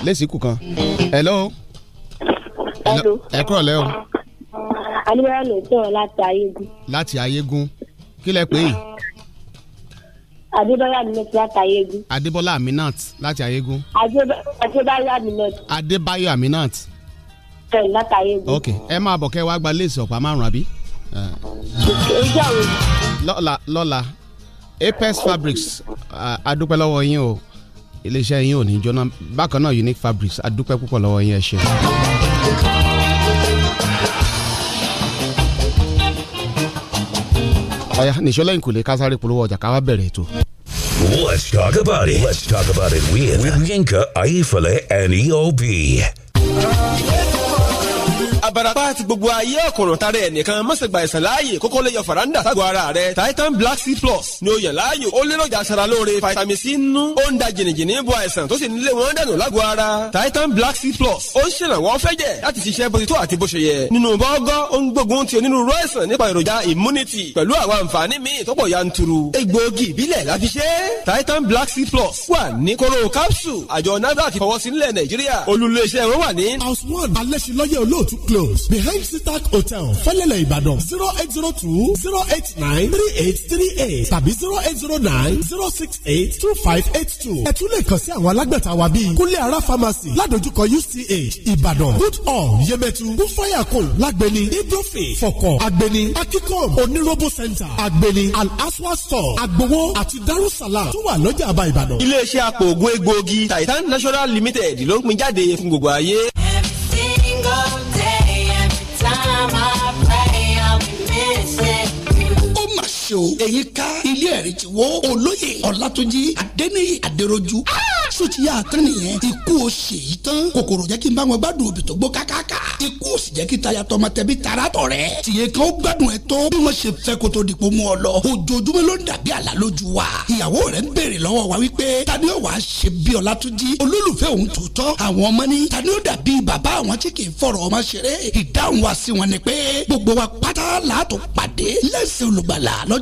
lẹ́sìn kù kan. hello. hello. ẹ kúrọ̀ lẹ́ o. adúlọ́yà ló sọ̀rọ̀ láti ayégún. láti ayégún kí lẹ pè é adébọ́lá aminat láti ayégún. adébọ́lá aminat láti ayégún. adébáyọ̀ aminat. adébáyọ̀ aminat. ẹ láti ayégún. ok ẹ máa bọ̀ kẹ́ wá gba léèsì ọ̀pá márùn-ún àbí. lọ́la lọ́la apex fabrics adúpẹ́ lọ́wọ́ yín o iléeṣẹ́ yín ò ní jóná bákan náà unique fabrics adúpẹ́ púpọ̀ lọ́wọ́ yín ẹ ṣé. ọ̀ya nìṣó lẹ́yìn kò lè kásáré polówó ọjà káwá bẹ̀rẹ̀ ètò. Let's talk about it. Let's talk about it with, with Yinka Ayifale and EOB abarapá àti gbogbo ayé ọ̀kùnrùn tara ẹnìkan má gba ẹ̀sán láàyè kókó lè faranda sago ara rẹ̀ titan black sea plus ni ó yàn láàyò ó lérò jà sara lóore vitamin c nú ó ń da jìnnìjìnnì bọ àìsàn tó sì ń wọn dànù lágọ̀ ara titan black sea plus ó ń ṣèrànwọ́ fẹ́jẹ̀ láti ṣiṣẹ́ bó ti tó àti bó ṣe yẹ nínú bọ́gọ́ ó ń gbógun ti onírúurú àìsàn nípa èròjà immunity pẹ̀lú àwọn àǹfààní míì close behind sitak hotel fẹ́lẹ́lẹ̀ ìbàdàn zero eight zero two zero eight nine three eight three eight tàbí zero eight zero nine zero six eight two five eight two. ẹ lè kàn sí àwọn alágbàtà wa bíi kúnlé ara pharmacy ládojúkọ uch ìbàdàn good all yemẹtu bufayako lágbẹni ibrofe fọkọ agbẹni akikom onirobo center agbẹni al-aswa store agbowo àti darussalam tó wà lọ́jà àbá ìbàdàn. iléeṣẹ́ àpò ògùn titan national limited ló ń pín jáde fún gbogbo ayé. single my mind. ṣe o èyí ká ilé ẹ̀rí ti wó olóyè ọ̀làtúnjì adẹ́nìyí adẹ́rọ́jú ah! sotiya àtẹnì yẹn ikú o ṣe yìí tán kòkòrò jẹ́ kí n bá wọn gbádùn òbí tó gbó kákáká ikú o sì jẹ́ kí taya tọmọ tẹbi tara tọ̀ rẹ̀ tìyẹ kan ó gbádùn ẹ tó bí wọ́n ṣe fẹ́ kó dìpọ̀ mú ọ lọ ojoojúmọ́ ló ń dàbí àlá lójú wa ìyàwó rẹ̀ ń béèrè lọ́wọ́ wa wípé tani ó wàá ṣe bí ọ̀làtúnjì olólùfẹ́ òun tòótọ́ àwọn ọmọ ní tani ó dàbí bàbá àwọn tí kì í fọ̀rọ̀ ọmọ ṣeré ìdáhùn wa sí wọn ni pé gbogbo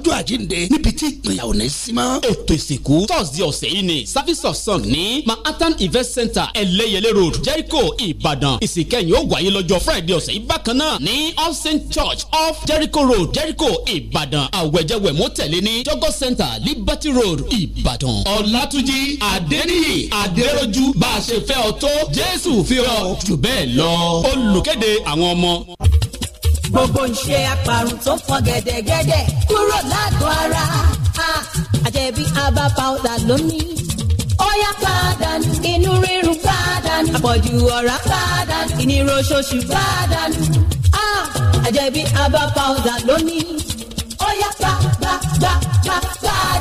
lọ́jọ́ àjíǹde níbi tí ìpínyà ò ní sí ètò ìsìnkú thursday ọ̀sẹ̀ yìí ni service of song ní manhattan event center ẹlẹ́yẹlé road jericho ìbàdàn ìsìnkẹ́yìn ó wáyé lọ́jọ́ friday ọ̀sẹ̀ yìí bákan náà ní all saint church of jericho road jericho ìbàdàn àwẹ̀jẹwẹ̀mú tẹ̀lé ní jọgọ́ center liberty road ìbàdàn. ọ̀làtújì àdéníyì àdéròjú bá a ṣe fẹ́ ọ tó jésù fi ọ jù bẹ́ẹ̀ lọ olùkéde àwọn ọmọ gbogbo ìṣe àparùn tó fọn gẹ̀dẹ̀gẹ̀dẹ̀ kúrò lágọ̀ọ́ ara àjẹbí aba powder ló ní. ó yá padà ní inú rírun padà ní àpọ̀jù ọ̀rá padà ní ìnira oṣooṣù padà àjẹbí herbal powder ló ní. ó gbá gbá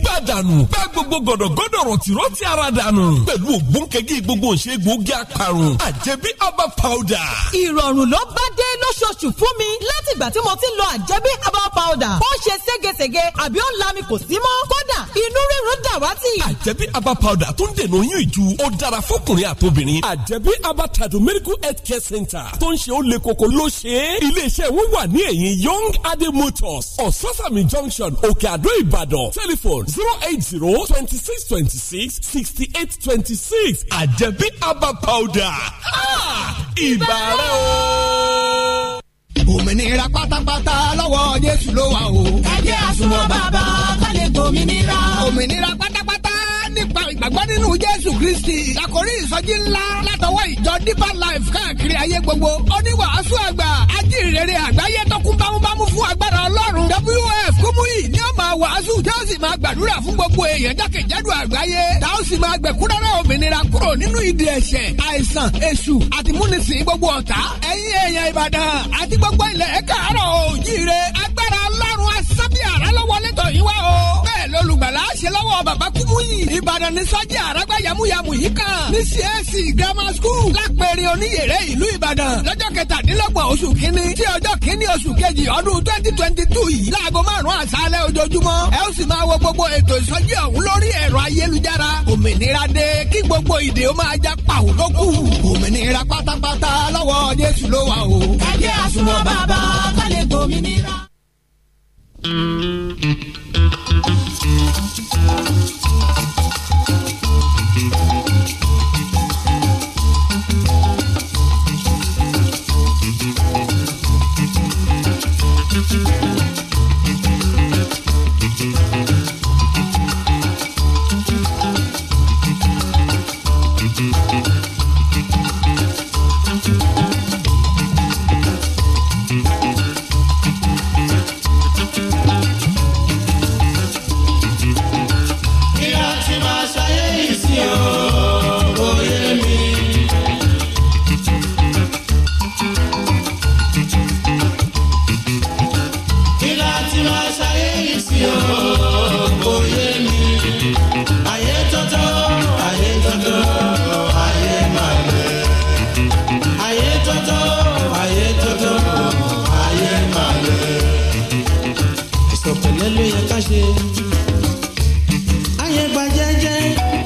gbá dànù dànù. bá gbogbo gọ̀dọ̀gọ̀dọ̀ rọ̀tìrọ̀tì ara dànù. pẹ̀lú ògbóǹkẹ́gì gbogbo ìṣègùn oge àparùn. àjẹbí herbal powder. ìrọ̀rùn ló bá dé lóṣooṣù fún mi láti ìgbà tí mo ti ń àjẹbí herbal powder. ó ṣe ségesège àbí ó ń la mi kò sí mọ́. kódà inú rírun dàwátì. àjẹbí herbal powder tó ń dènà oyún ìju ó dára fọkùnrin àtobìnrin. àjẹbí herbal tado medical health care center tó ń ṣe ó le koko ló ṣe é. ilé iṣẹ́ wọn wà ní ẹ̀yìn young ade motors Ososami junction Òkè Àdó Ìbàdàn telephone zero eight zero twenty six twenty six sixty eight twenty six àjẹbí herbal powder ìbàrẹ̀ o. Òmìnira pátápátá lọ́wọ́ Jésù ló wà o. Ẹ jẹ́ àsunwọ̀n bàbá ká lè gbòmìnira. Òmìnira pátápátá nípa ìgbàgbọ́ nínú jésù kristi àkórí ìsọjí ńlá látọwọ́ ìjọ deeper life káàkiri ayé gbogbo oníwàásù àgbà ajínrere àgbáyé tó bámúbámú fún agbára ọlọ́run wf kúmúyì ní ó máa wàásù tí ó sì máa gbàdúrà fún gbogbo èèyàn jákèjádò àgbáyé tá ó sì máa gbẹ̀kúrẹ́rẹ́ òmìnira kúrò nínú ìdè ẹ̀ṣẹ̀ àìsàn èṣù àtìmúnisìn gbogbo ọ̀tá ẹ̀yin èèyàn ìbàdàn àti gbogbo ilẹ̀ bẹ́ẹ̀ lọ́lùgbàlà ṣe lọ́wọ́ bàbá kúmúyì ìbàdàn ní sọ́jà àràgbá yamuyamu yìí kan ní csc e grammar school lápẹ̀rẹ̀ oníyèrè ìlú ìbàdàn lọ́jọ́ kẹtàdínlọ́gbọ̀n oṣù kínní tí ọjọ́ kínní oṣù kejì ọdún twenty twenty two yìí láago márùn-ún àṣálẹ́ ojoojúmọ́ ẹ ó sì máa wo gbogbo ètò ìsọjí ọ̀hún lórí ẹ̀rọ ayélujára òmìnira dé kí gbogbo ìdè ó máa já pàwó lókù òmìnira pátápátá lọ́wọ́ jésù ló wà o. ẹ jẹ́ àsùnwọ̀n bàbá ká Thank you.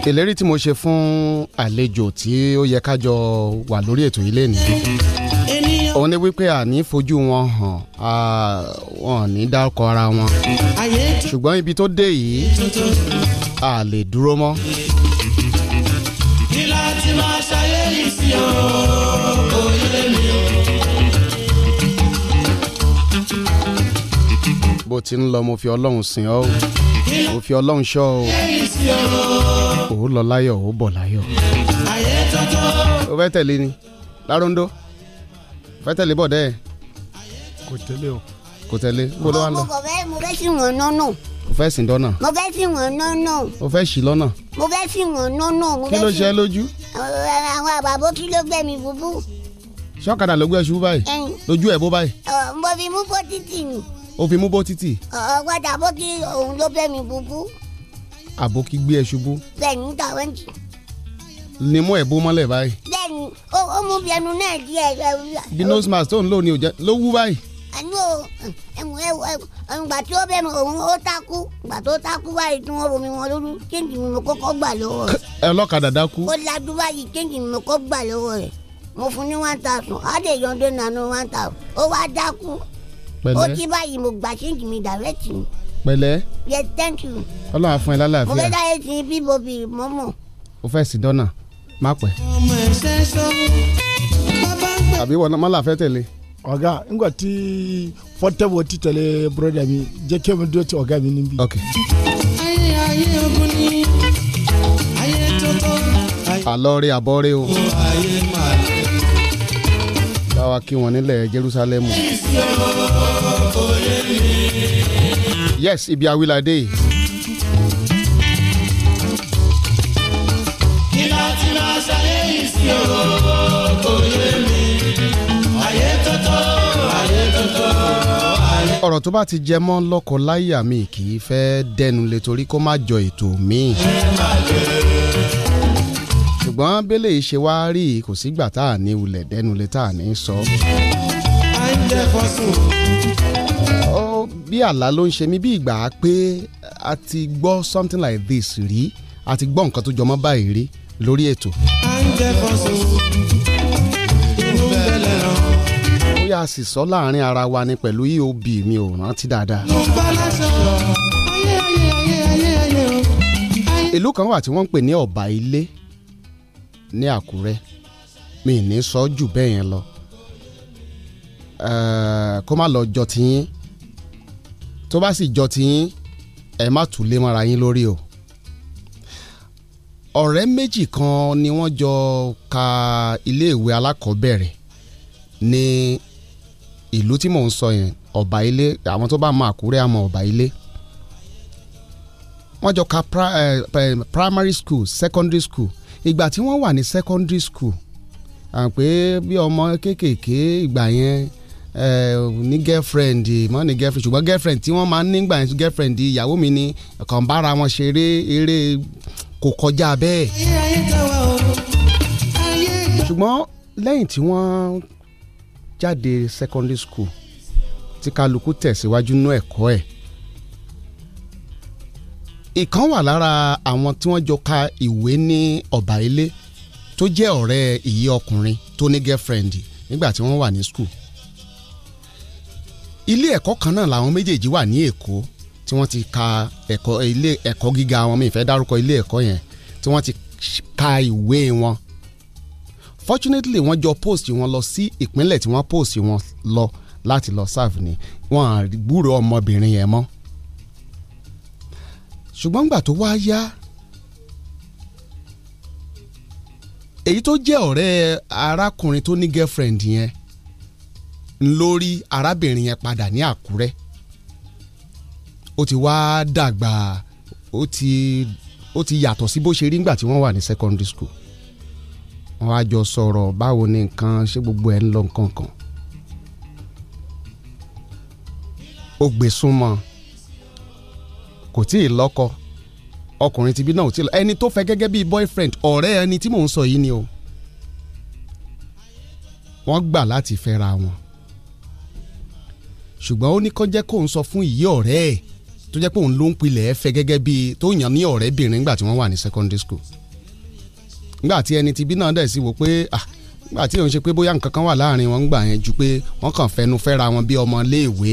ìlérí tí mo ṣe fún àlejò tí ó yẹ ká wà lórí ètò yìí lẹ́nu òun ni wípé àní fojú wọn hàn wọn ní dárúkọ ara wọn ṣùgbọ́n ibi tó dé yìí a lè dúró mọ́. bó ti ń lọ mo fi ọlọ́run sìn ọ́ mo fi ọlọ́run ṣọ́ ọ́ ó lọ láyọ̀ ó bọ̀ láyọ̀. o fẹ́ tẹ̀lé ni láróńdó fẹ́ tẹ̀lé bọ̀ dẹ́ ẹ̀. kò tẹ̀lé o. kò tẹ̀lé kó ló wà lọ. mo fẹ́ mo fẹ́ sí wọn nọ́nà. o fẹ́ sìn dọ́nà. mo fẹ́ sí wọn nọ́nà. o fẹ́ sí lọ́nà. mo fẹ́ sí wọn nọ́nà. kí ló ṣe é lójú. àwọn àbàbò kí ló gbẹ mi búbú. sọ́kadà ló gbé ṣubú báyìí. lójú ẹ̀ bó báyìí. mo fi mú bó títì ni. o fi mú bó títì. ọ̀gbọ́dà bó kí òun ló gbẹ mi búbú àbókí gbé ẹ ṣubú. bẹ́ẹ̀ni ń tọwọ ní. ni mú ẹ bó mọ́lẹ̀ báyìí. bẹ́ẹ̀ni ó mú bí ẹnu náà di ẹ. bí nose mask tó ń lò ní òjẹ ló wú báyìí. àní o ìgbà tí ó bẹ̀rù òun ó takú ìgbà tó takú báyìí tí wọ́n bomi wọn lójú kéńjì mi mo kọ́kọ́ gbà lọ́wọ́ rẹ̀. ẹ ọlọ́kadà dákú. ó lajú báyìí kéńjì mi mo kọ́ gbà lọ́wọ́ rẹ̀ mo fún ní one thousand á lè yọ̀ǹdó nànú one thousand ó wá dákú. pẹ̀lẹ́ ó ti báyìí mo gbà kéńjì mi dàrẹ́tì mi. Pele. yes thank you. ọlọ́run ẹ lálàáfíà. mo fẹ́ sí bíbo bí mọ́mọ́. o fẹ́ sí dọ́nà má pẹ́. àbí wọn má làá fẹ́ tẹ̀lé. ọ̀gá tí fọ́tẹ́wọ̀ ti tẹ̀lé mi jẹ́ kí dúró ti ok. o. báwa kí yes ibi awilade. kí láti máa mi ayé tó tó ayé tó tó ọ̀rọ̀ tó bá ti jẹ mọ́ lọ́kọ láyà mi kì í fẹ́ dẹnu lé torí kó má jọ ètò mi. ṣùgbọ́n bẹ́lẹ̀ ṣe wá rí kò sígbà tá a ní ulẹ̀ dẹnu lé tá a ní sọ bí àlá ló ń ṣe mí bí ìgbà pé a ti gbọ́ something like this rí a ti gbọ́ nǹkan tó jọmọ́ báyìí rí lórí ètò. bóyá a sì sọ láàrin ara wa ni pẹ̀lú eob mi ò rántí dáadáa. ìlú kan wà tí wọ́n ń pè ní ọ̀bà ilé ní àkúrẹ́ mi ní sọ jù bẹ́ẹ̀ yẹn lọ kó má lọ jọ tiyín tó bá sì jọ tiyín ẹ má tún lé mọ́ra yín lórí o ọ̀rẹ́ méjì kan ni wọ́n jọ ka iléèwé alákọ̀ọ́bẹ̀rẹ̀ ní ìlú tí mò ń sọ yẹn ọ̀bà ilé àwọn tó bá mọ àkúrẹ́ àmọ́ ọ̀bà ilé wọ́n jọ ka primary school secondary school ìgbà tí wọ́n wà ní secondary school à ń pé bí ọmọ kéékèèké ìgbà yẹn Eh, ní girlfriend mọ́ ní girlfriend ṣùgbọ́n girlfriend tí wọ́n máa ń nígbà yẹn girlfriend ìyàwó mi ni kàn bára wọn ṣeré eré kò kọjá bẹ́ẹ̀. ṣùgbọ́n lẹ́yìn tí wọ́n jáde secondary school tí kálukú tẹ̀síwájú nú ẹ̀kọ́ ẹ̀ ìkan wà lára àwọn tí wọ́n jọ ka ìwé ní ọ̀bà ilé tó jẹ́ ọ̀rẹ́ ìyí ọkùnrin tó ní girlfriend nígbà tí wọ́n wà ní school ilé ẹ̀kọ́ kan náà làwọn méjèèjì wà ní Èkó tí wọ́n ti ka ẹ̀kọ́ ilé ẹ̀kọ́ gíga wọn mi ìfẹ́ dárúkọ ilé ẹ̀kọ́ yẹn tí wọ́n ti ka ìwé wọn fortunately wọ́n jọ post wọn lọ sí ìpínlẹ̀ tí wọ́n post wọn lọ láti lọ serve ni wọ́n á gbúrò ọmọbìnrin yẹn mọ́ ṣùgbọ́n gbà tó wá yá èyí tó jẹ́ ọ̀rẹ́ arákùnrin tó ní girlfriend yẹn lórí arábìnrin yẹn padà ní àkúrẹ́ ó ti wá dàgbà ó ti ó ti yàtọ̀ sí bó ṣe rí nígbà tí wọ́n wà ní secondary school wọ́n á jọ sọ̀rọ̀ báwo ni nǹkan ṣé gbogbo ẹ̀ ń lọ nǹkan kan ó gbé súnmọ́ kò tí ì lọ́kọ ọkùnrin tibí náà ò tí ì lọ ẹni tó fẹ́ gẹ́gẹ́ bíi boyfriend ọ̀rẹ́ ẹni tí mò ń sọ yìí ni o wọ́n gbà láti fẹ́ra wọn ṣùgbọ́n ó ní kó jẹ́ kóun sọ fún ìyí ọ̀rẹ́ ẹ̀ tó jẹ́ pé òun ló ń pilẹ̀ ẹ fẹ́ gẹ́gẹ́ bíi tó yàn ní ọ̀rẹ́bìnrin nígbà tí wọ́n wà ní secondary school nígbà tí ẹni tí bí náà dẹ̀ sí wo pé ah nígbà tí òun ṣe pé bóyá nǹkan kan wà láàrin wọn gbà yẹn ju pé wọ́n kàn fẹnu fẹ́ra wọn bí ọmọ léèwé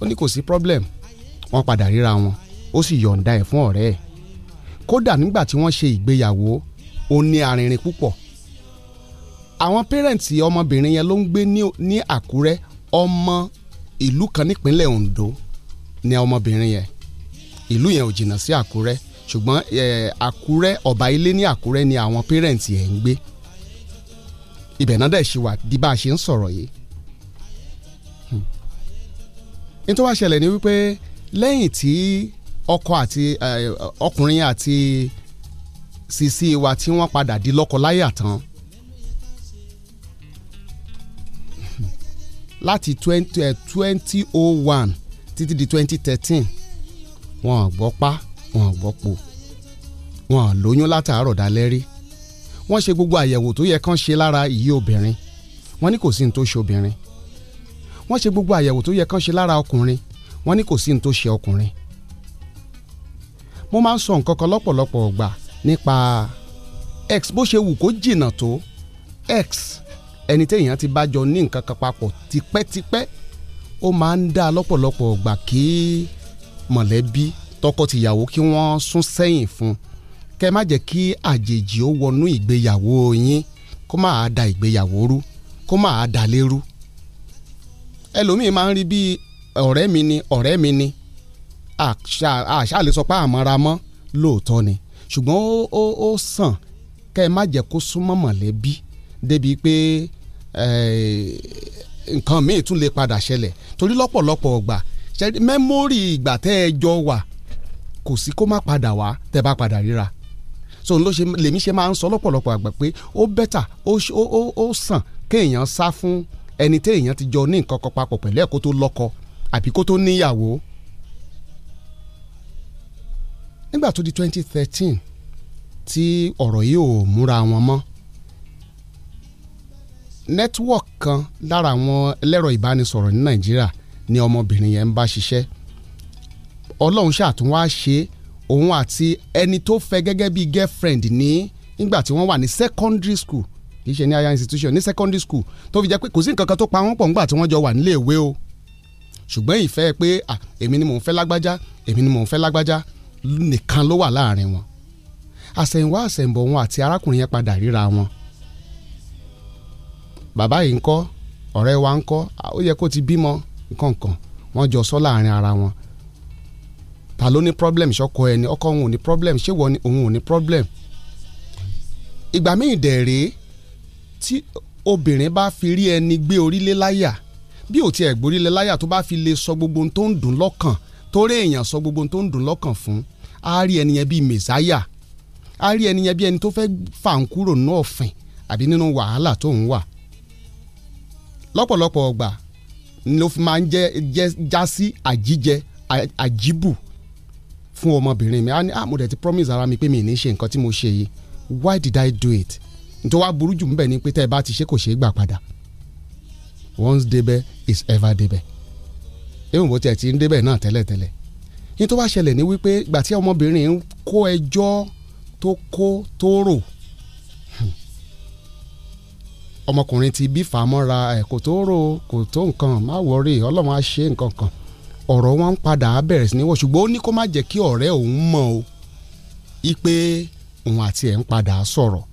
ó ní kò sí problem wọ́n padà ríra wọn ó sì yọ̀ǹda ẹ̀ fún ọ̀rẹ́ ẹ̀ kódà nígbà tí wọ́n ṣe ìgbéyàwó ó ní arìnrìn púpọ̀ àwọn pẹ́rẹ́ǹtì ọmọbìnrin yẹn ló ń gbé ní Àkúrẹ́ ọmọ ìlú kan nípínlẹ̀ Ondo ni ọmọbìnrin yẹn ìlú yẹn ò jìnnà sí Àkúrẹ́ ṣùgbọ́n Àkúrẹ́ ọ̀bà ilé ní Àkúrẹ́ ni àwọn pérẹ̀ǹtì ẹ̀ ń gbé ibẹ̀ náà dẹ̀ ṣì wà di bá a ṣe ń sọ̀rọ̀ yìí hmm. nítorí wàá ṣẹlẹ̀ ni wípé lẹ́yìn tí ọkọ àti ọkùnrin àti sisi wa tí wọ́n padà di lọ́kọ láyà tán láti eh, twenty oh one títí di twenty thirteen wọn ò gbọ́ pa wọn ò gbọ́ po wọn ò lóyún látàárọ̀ dalẹ́ rí wọ́n ṣe gbogbo àyẹ̀wò tó yẹ kán ṣe lára ìyí obìnrin wọ́n ní kò sí ní tó ṣe obìnrin wọ́n ṣe gbogbo àyẹ̀wò tó yẹ kán ṣe lára ọkùnrin wọ́n ní kò sí ní tó ṣe ọkùnrin mo máa ń sọ nǹkan kan lọ́pọ̀lọpọ̀ ọgbà nípa x bó ṣe wù kó jìnnà tó x ẹni téèyàn ti bá jọ ní nǹkan kan papọ̀ tipẹ́tipẹ́ ó máa ń dá lọ́pọ̀lọpọ̀ ọgbà kí mọ̀lẹ́bí tọkọ-tìyàwó kí wọ́n sún sẹ́yìn fún kẹ́ má jẹ́ kí àjèjì ó wọnú ìgbéyàwó yín kó máa da ìgbéyàwó rú kó máa da lérú ẹlòmíì máa ń rí bí ọ̀rẹ́ mi ni ọ̀rẹ́ mi ni àṣà lè lóòótọ́ ni ṣùgbọ́n ó sàn kẹ́ ẹ má jẹ́ kó súnmọ́ mọ̀lẹ́bí débi pé Eh, nǹkan míì tún lè padà ṣẹlẹ̀ torí lọ́pọ̀lọpọ̀ ọgbà mẹ́mórì ìgbà tẹ́ ẹ jọ wà kò sí kó má padà wá tẹ́ bá padà ríra so ló ṣe lèmi ṣe máa ń sọ lọ́pọ̀lọpọ̀ àgbà pé ó bẹ́tà ó sàn kéèyàn sá fún ẹni téèyàn ti jọ ní nǹkan kan papọ̀ pẹ̀lú ẹ̀ kó tó lọ́kọ àbí kó tó níyàwó nígbà tó di twenty thirteen tí ọ̀rọ̀ yìí ò múra wọn mọ́ network kan lára àwọn ẹlẹ́rọ ìbánisọ̀rọ̀ ní nàìjíríà ni ọmọbìnrin yẹn ń bá ṣiṣẹ́ ọlọ́run ṣàtúnwá ṣe òun àti ẹni tó fẹ́ gẹ́gẹ́ bíi girlfriend ní nígbà tí wọ́n wà ní secondary school kì í ṣe ní higher institution ní secondary school tó fi jẹ́ pé kò sí nǹkan kan tó pa wọ́n pọ̀ nígbà tí wọ́n jọ wà nílé ìwé o ṣùgbọ́n ìfẹ́ pé èmi ni mò ń fẹ́ lágbájá èmi ni mò ń fẹ́ lágbájá nìkan ló wà láàrin wọn àṣẹ̀yìnwá àṣẹ̀yìnbọ̀ wọn àti arákùnrin yẹn padà ríra wọn bàbá yìí ń kọ́ ọ̀rẹ́ wa ń kọ́ ó yẹ kó ti bímọ nǹkan wọ́n jọ sọ láàrin ara wọn ta ló ní problem ṣọkọ ẹni ọkọ òun ò ní problem ṣé wọ́n òun ò ní problem ìgbà míì dẹ̀ rèé tí obìnrin bá fi rí ẹni gbé orílẹ̀ láyà bí ò tiẹ̀ gborílẹ̀ láyà tó bá fi lè sọ gbogbo ohun tó ń dùn lọ́kàn torí èèyàn sọ gbogbo ohun tó ń dùn lọ́kàn fún á rí ẹni yẹn bíi mẹ̀sáyà á rí ẹni yẹn bíi ẹni tó fẹ́ fà ń kúrò nínú ọ̀fìn àbí nínú wàhálà tó ń wà lọ́pọ̀lọpọ̀ ọgbà ló fi máa ń jẹ́ jẹ́ já sí àjíjẹ àjíbù fún ọmọbìnrin mi a ní àmọ́ ah, dẹ̀ ti promise ara mi pé mi ì ní ṣe nǹkan tí mo ṣe yìí why did I do it nítorí wàá burú jù mbẹ̀ ni pé tẹ́ ẹ bá ti ṣe kò ṣe é gbà padà once débẹ̀ is ever débẹ̀ èmi bó tiẹ̀ ti ń débẹ̀ náà tẹ́lẹ̀tẹ́lẹ̀ nítorí wàá ṣẹlẹ̀ ní wípé gbà tí ọmọbìnrin kó ẹjọ́ tó kó tó rò ọmọkùnrin ti bí fàmọ́ra kò tó rò kò tó nǹkan má wọrí ọlọ́run á ṣe nǹkan kan ọ̀rọ̀ wọn ń padà á bẹ̀rẹ̀ sí ní wọ̀ ṣùgbọ́n ó ní kó má jẹ́ kí ọ̀rẹ́ òun mọ̀ o ipe òun àti ẹ̀ ń padà sọ̀rọ̀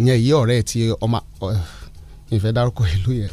ìyẹn èyí ọ̀rẹ́ ti ọmọ ìfẹ́ dárúkọ ìlú yẹn.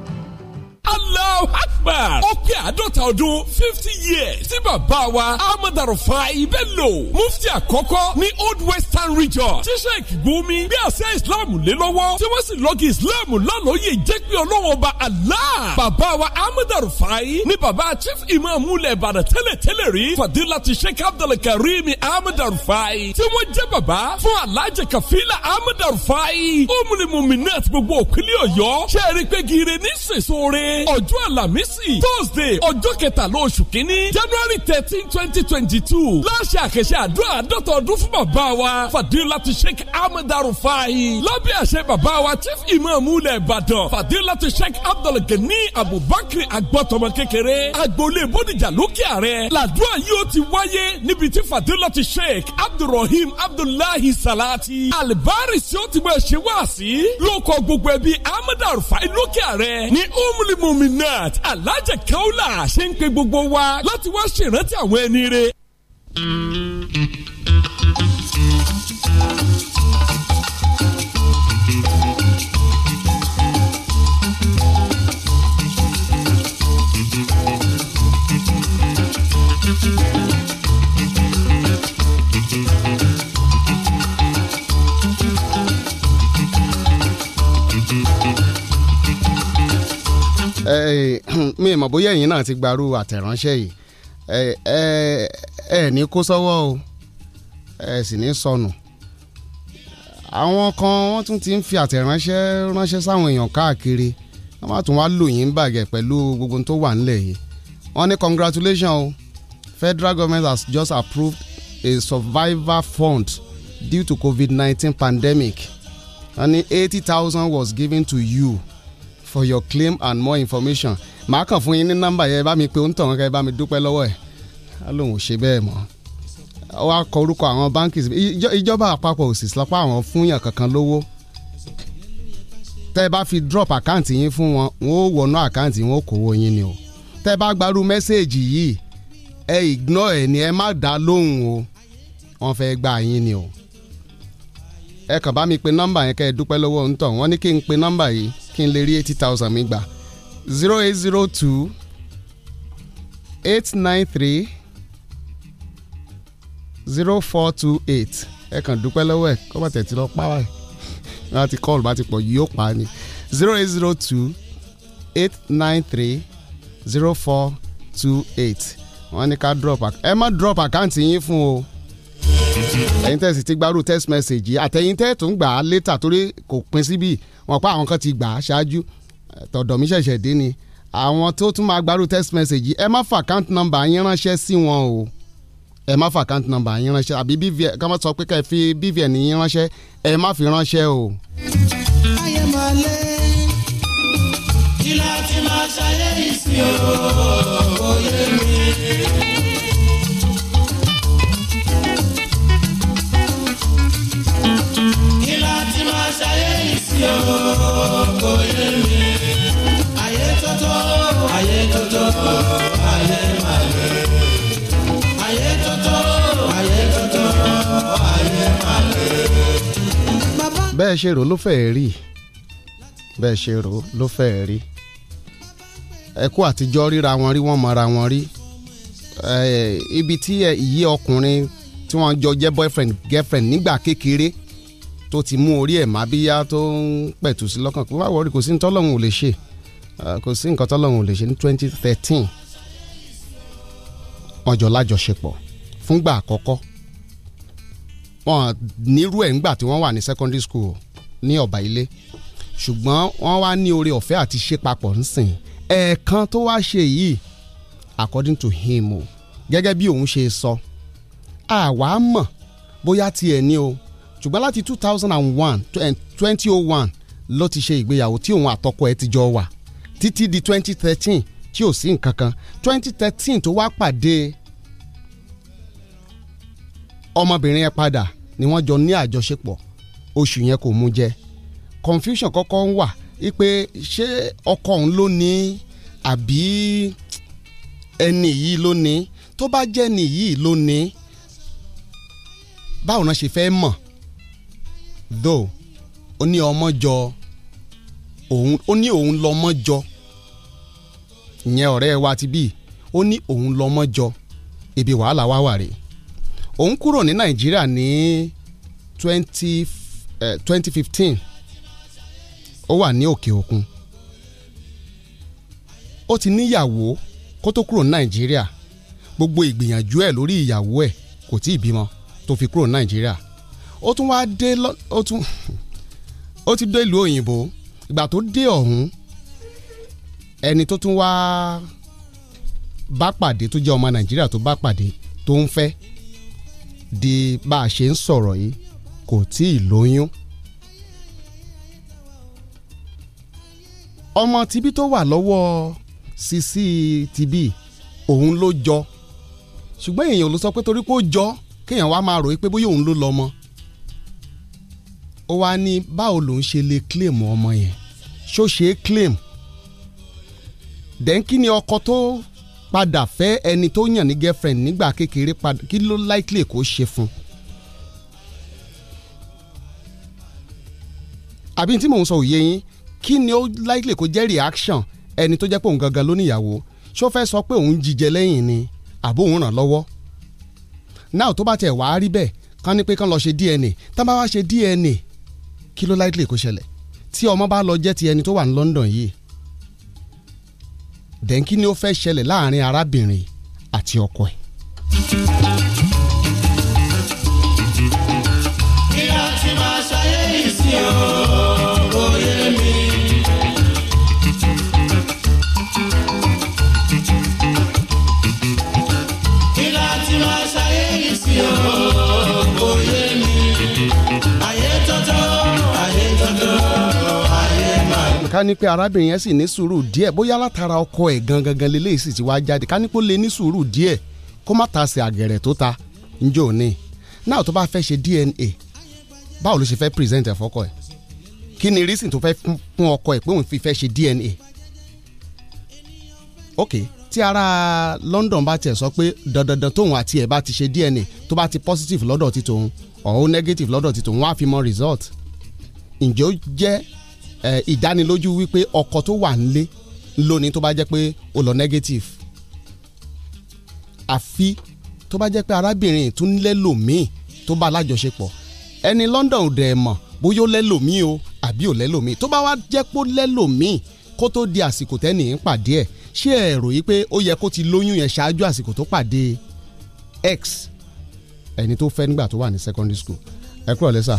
Allahu Akbar. ó pé àádọ́ta ọdún fifty years tí bàbá wa Ahmadarufai Bello mufti àkọ́kọ́ ní Old Western Region tí Sheikh Gumi bí àṣẹ Islam lé lọ́wọ́ tí wọ́n sì lọ́gì Islam lálóye jẹ́ pé ọlọ́wọ́n ba Allah. bàbá wa Ahmadarufai ní bàbá Chief Imam ulẹ̀ Ìbàdàn tẹ́lẹ̀tẹ́lẹ̀ rí Fadilati Sheikh Abdulkarim Ahmadarufai tí wọ́n jẹ́ bàbá fún Alhaji Kafila Ahmadarufai ó múni mùmí náà ti gbogbo òkúlé Ọ̀yọ́ ṣe é rí pé gire ní sèso re ọjọ́ àlàmísì thursday ọjọ́ kẹtàlá oṣù kínní january thirteen twenty twenty two láṣẹ àkẹṣẹ àdúrà àdọ́tọ̀ ọdún fún bàbá wa fàdílàtì sheikh ahmed arufai lábẹ́ àṣẹ bàbá wa chief imam ulẹ̀ ìbàdàn fàdílàtì sheikh abdulgani abubakar agbọ́tọmọ kékeré agboolé bódìjà lókè àrẹ làdúrà yìí ó ti wáyé níbi tí fàdílàtì sheikh abdulrahim abdullahi salati alibari tí ó ti máa ṣe wá sí lóko gbogbo ẹbí ahmed arufai lókè àrẹ ní umuli muminat alhaji kaula ṣe ń pe gbogbo wa láti wá ṣèrántí àwọn ẹni rẹ̀. mi ìmọ̀ bóyá ẹ̀yin náà ti gbarú àtẹ̀ránṣẹ́ yìí ẹ ní kó sọ́wọ́ o ẹ sì ní sọnù àwọn kan wọ́n tún ti ń fi àtẹ̀ránṣẹ́ ránṣẹ́ sáwọn èèyàn káàkiri wọ́n má tún wá lò yín bàgẹ́ pẹ̀lú gbogbo tó wà nílẹ̀ yìí wọ́n ní congratulations o federal government has just approved a survivor fund due to COVID-19 pandemic and eighty thousand was given to you for your claim and more information màá kàn fún yín ní nọ́mbà yẹn bá mi pé òun tàn kẹ́ bá mi dúpẹ́ lọ́wọ́ ẹ̀ á lóun ò ṣe bẹ́ẹ̀ mọ́ wá kọ orúkọ àwọn báńkì ìjọba àpapọ̀ ò sì sọpá àwọn fúnyàn kankan lówó tẹ́ ẹ bá fi drop àkáǹtì yín fún wọn wọn ó wọnú àkáǹtì wọn ó kówó yín ni o tẹ́ ẹ bá gbarú mẹ́sẹ̀gì yìí ẹ ignore ẹ̀ ni ẹ má dá lóhùn o wọ́n fẹ́ gbà yín ni o ẹ kàn bá mi pe nọ́mbà yẹn kẹ́ ẹ dúpẹ́ lọ́wọ́ ń tọ̀ wọ́n ní kí n pe nọ́mbà yìí kí n lè rí eighty thousand mi gbà zero eight zero two eight nine three zero four two eight ẹ kàn dúpẹ́ lọ́wọ́ ẹ̀ kọ́ bàtẹ̀ tí lọ pa wá ẹ̀ wọ́n ti kọ́ọ̀lù bá ti pọ̀ yìí yóò pa á ni zero eight zero two eight nine three zero four two eight wọ́n ní ká drop ẹ má drop àkáǹtì yín fún o ẹ̀yin tẹ̀sí ti gbárù text message àtẹ̀yin tẹ̀ tó ń gbà á létà torí kò pín síbí mọ̀ pé àwọn kan ti gbà á ṣáájú tọ̀dọ̀ mi ṣẹ̀ṣẹ̀ dé ni àwọn tó tún máa gbarú text message ẹ má fa account number yín ránṣẹ́ sí wọn o ẹ má fa account number yín ránṣẹ́ àbí bvn kí wọ́n sọ pé ká fi bvn yín ránṣẹ́ ẹ má fi ránṣẹ́ o. ayé máa lé kí láti máa ṣayé ìsìn òòyè mi. ṣayé yìí sí o kò yé mi. Ayé tótó, ayé tótó, ayé máa lè. Ayé tótó, ayé tótó, ayé máa lè. Bẹ́ẹ̀ ṣe rò ló fẹ́ẹ́ rí bẹ́ẹ̀ ṣe rò ló fẹ́ẹ́ rí ẹkú àtijọ́ ríra wọn rí wọ́n mọ̀ra wọn rí ibi tí ìyí ọkùnrin tí wọ́n jọ jẹ́ boyfriend girlfriend nígbà kékeré tó ti mú orí ẹ̀ má bíyá tó ń pẹ̀tù sí lọ́kàn pé báwo rí kò sí tọ́lọ́hún ò lè ṣe kò sí nǹkan tọ́lọ́hún ò lè ṣe ní twenty thirteen lájọṣepọ̀ fúngbà àkọ́kọ́ wọ́n nírú ẹ̀ ńgbà tí wọ́n wà ní secondary school ní ọ̀bà ilé ṣùgbọ́n wọ́n wá ní oore ọ̀fẹ́ àti ṣe papọ̀ ńsìn ẹ̀ẹ̀kan tó wá ṣe yìí according to him o gẹ́gẹ́ bí òun ṣe sọ àwa mọ̀ bóyá tiẹ̀ ní o ṣùgbọ́n láti two thousand and one eh, twenty oh one ló ti ṣe ìgbéyàwó tí òun àtọkọ ẹ̀ ti jọ wà títí di twenty thirteen tí ò sí nǹkan kan twenty thirteen tó wá pàdé ọmọbìnrin ẹ̀ padà ni wọ́n jọ ní àjọṣepọ̀ oṣù yẹn kò mú jẹ confusion kọ́kọ́ ń wà wípé ṣé ọkọ òun ló ní àbí ẹni yìí ló ní tó bá jẹ́ ẹni yìí ló ní báwo náà ṣe fẹ́ mọ̀ though ó ní ọmọ jọ òun ó ní òun lọmọ jọ ìyẹn ọ̀rẹ́ wa ti bí ó ní òun lọmọ jọ ibi wàhálà wá wà rè òun kúrò ní nàìjíríà ní twenty twenty fifteen ó wà ní òkè òkun ó ti níyàwó kó tó kúrò ní nàìjíríà gbogbo ìgbìyànjú ẹ̀ lórí ìyàwó ẹ̀ kò tí ì bímọ tó fi kúrò ní nàìjíríà ó tún wáá dé ó tún ó ti dé ìlú òyìnbó ìgbà tó dé ọ̀hún ẹni tó tún wáá bá pàdé tó jẹ́ ọmọ nàìjíríà tó bá pàdé tó ń fẹ́ di bá a ṣe ń sọ̀rọ̀ yìí kò tí ì lóyún. ọmọ tibí tó wà lọ́wọ́ sisi tibí òun ló jọ ṣùgbọ́n èèyàn ló sọ pé torí pé ó jọ kéèyàn wá máa rò ó bóyá òun ló lọ́mọ ó wá ní báwo lòun ṣe lè claim ọmọ yẹn ṣó ṣe é claim then kí ni ọkọ tó padà fẹ́ ẹni tó yàn ní girlfriend nígbà kékeré padà kí ló likely kó ṣe fún un àbí tí mò ń sọ òye yín kí ni ó likely kó jẹ́ reaction ẹni tó jẹ́ pé òun gangan ló níyàwó ṣó fẹ́ sọ pé òun jíjẹ lẹ́yìn ni àbó òun ràn lọ́wọ́ náà tó bá tiẹ̀ wá rí bẹ́ẹ̀ kán ní pé kán lọ ṣe DNA tá bá wá ṣe DNA kí ló likely kó ṣẹlẹ̀ tí ọmọ bá lọ jẹ́ ti ẹni tó wà ní London yìí then ni ó fẹ́ ṣẹlẹ̀ láàrin arábìnrin àti ọkọ ẹ̀. kí a ti máa ṣayé yìí sí o. ká ní pé arábìnrin yẹn sì ní sùúrù díẹ̀ bóyá látara ọkọ ẹ̀ gangan gan lélẹ́yìí sì ti wá jáde ká ní pé ó lè ní sùúrù díẹ̀ kó má ta sí àgẹ̀rẹ̀ tó ta njó ní náà tó bá fẹ́ ṣe DNA báwo ló ṣe fẹ́ present ẹ̀ fọ́kọ ẹ̀ kí ni reason tó fẹ́ fún ọkọ ẹ̀ pé òun fi fẹ́ ṣe DNA ok tí ara London bá tiẹ̀ sọ pé dandandan tóun àti ẹ̀ bá ti ṣe DNA tó bá ti positive lọ́dọ̀ ti tòun ọ̀hún negative lọ́dọ̀ ti tòun wá fi mọ result ǹjẹ́ ó jẹ́ ìdánilójú wípé ọkọ tó wà nílé lónìí tó bá jẹ́ pé ó lọ negative àfi tó bá jẹ́ pé arábìnrin tún lẹ́lò míì tó bá lájọṣepọ̀ ẹni London ò dẹ̀ mọ̀ bóyá ó lẹ́lò míì o àbí ò lẹ́lò míì tó bá wá jẹ́ pé ó lẹ́lò míì kó tó di àsìkò tẹ́nì ń pàdé ẹ̀ ṣé ẹ rò yí pé ó yẹ kó ti lóyún yẹn ṣáájú àsìkò tó pàdé x ẹni tó fẹ́ nígbà tó wà ní secondary school ẹ kúrò lẹ́sà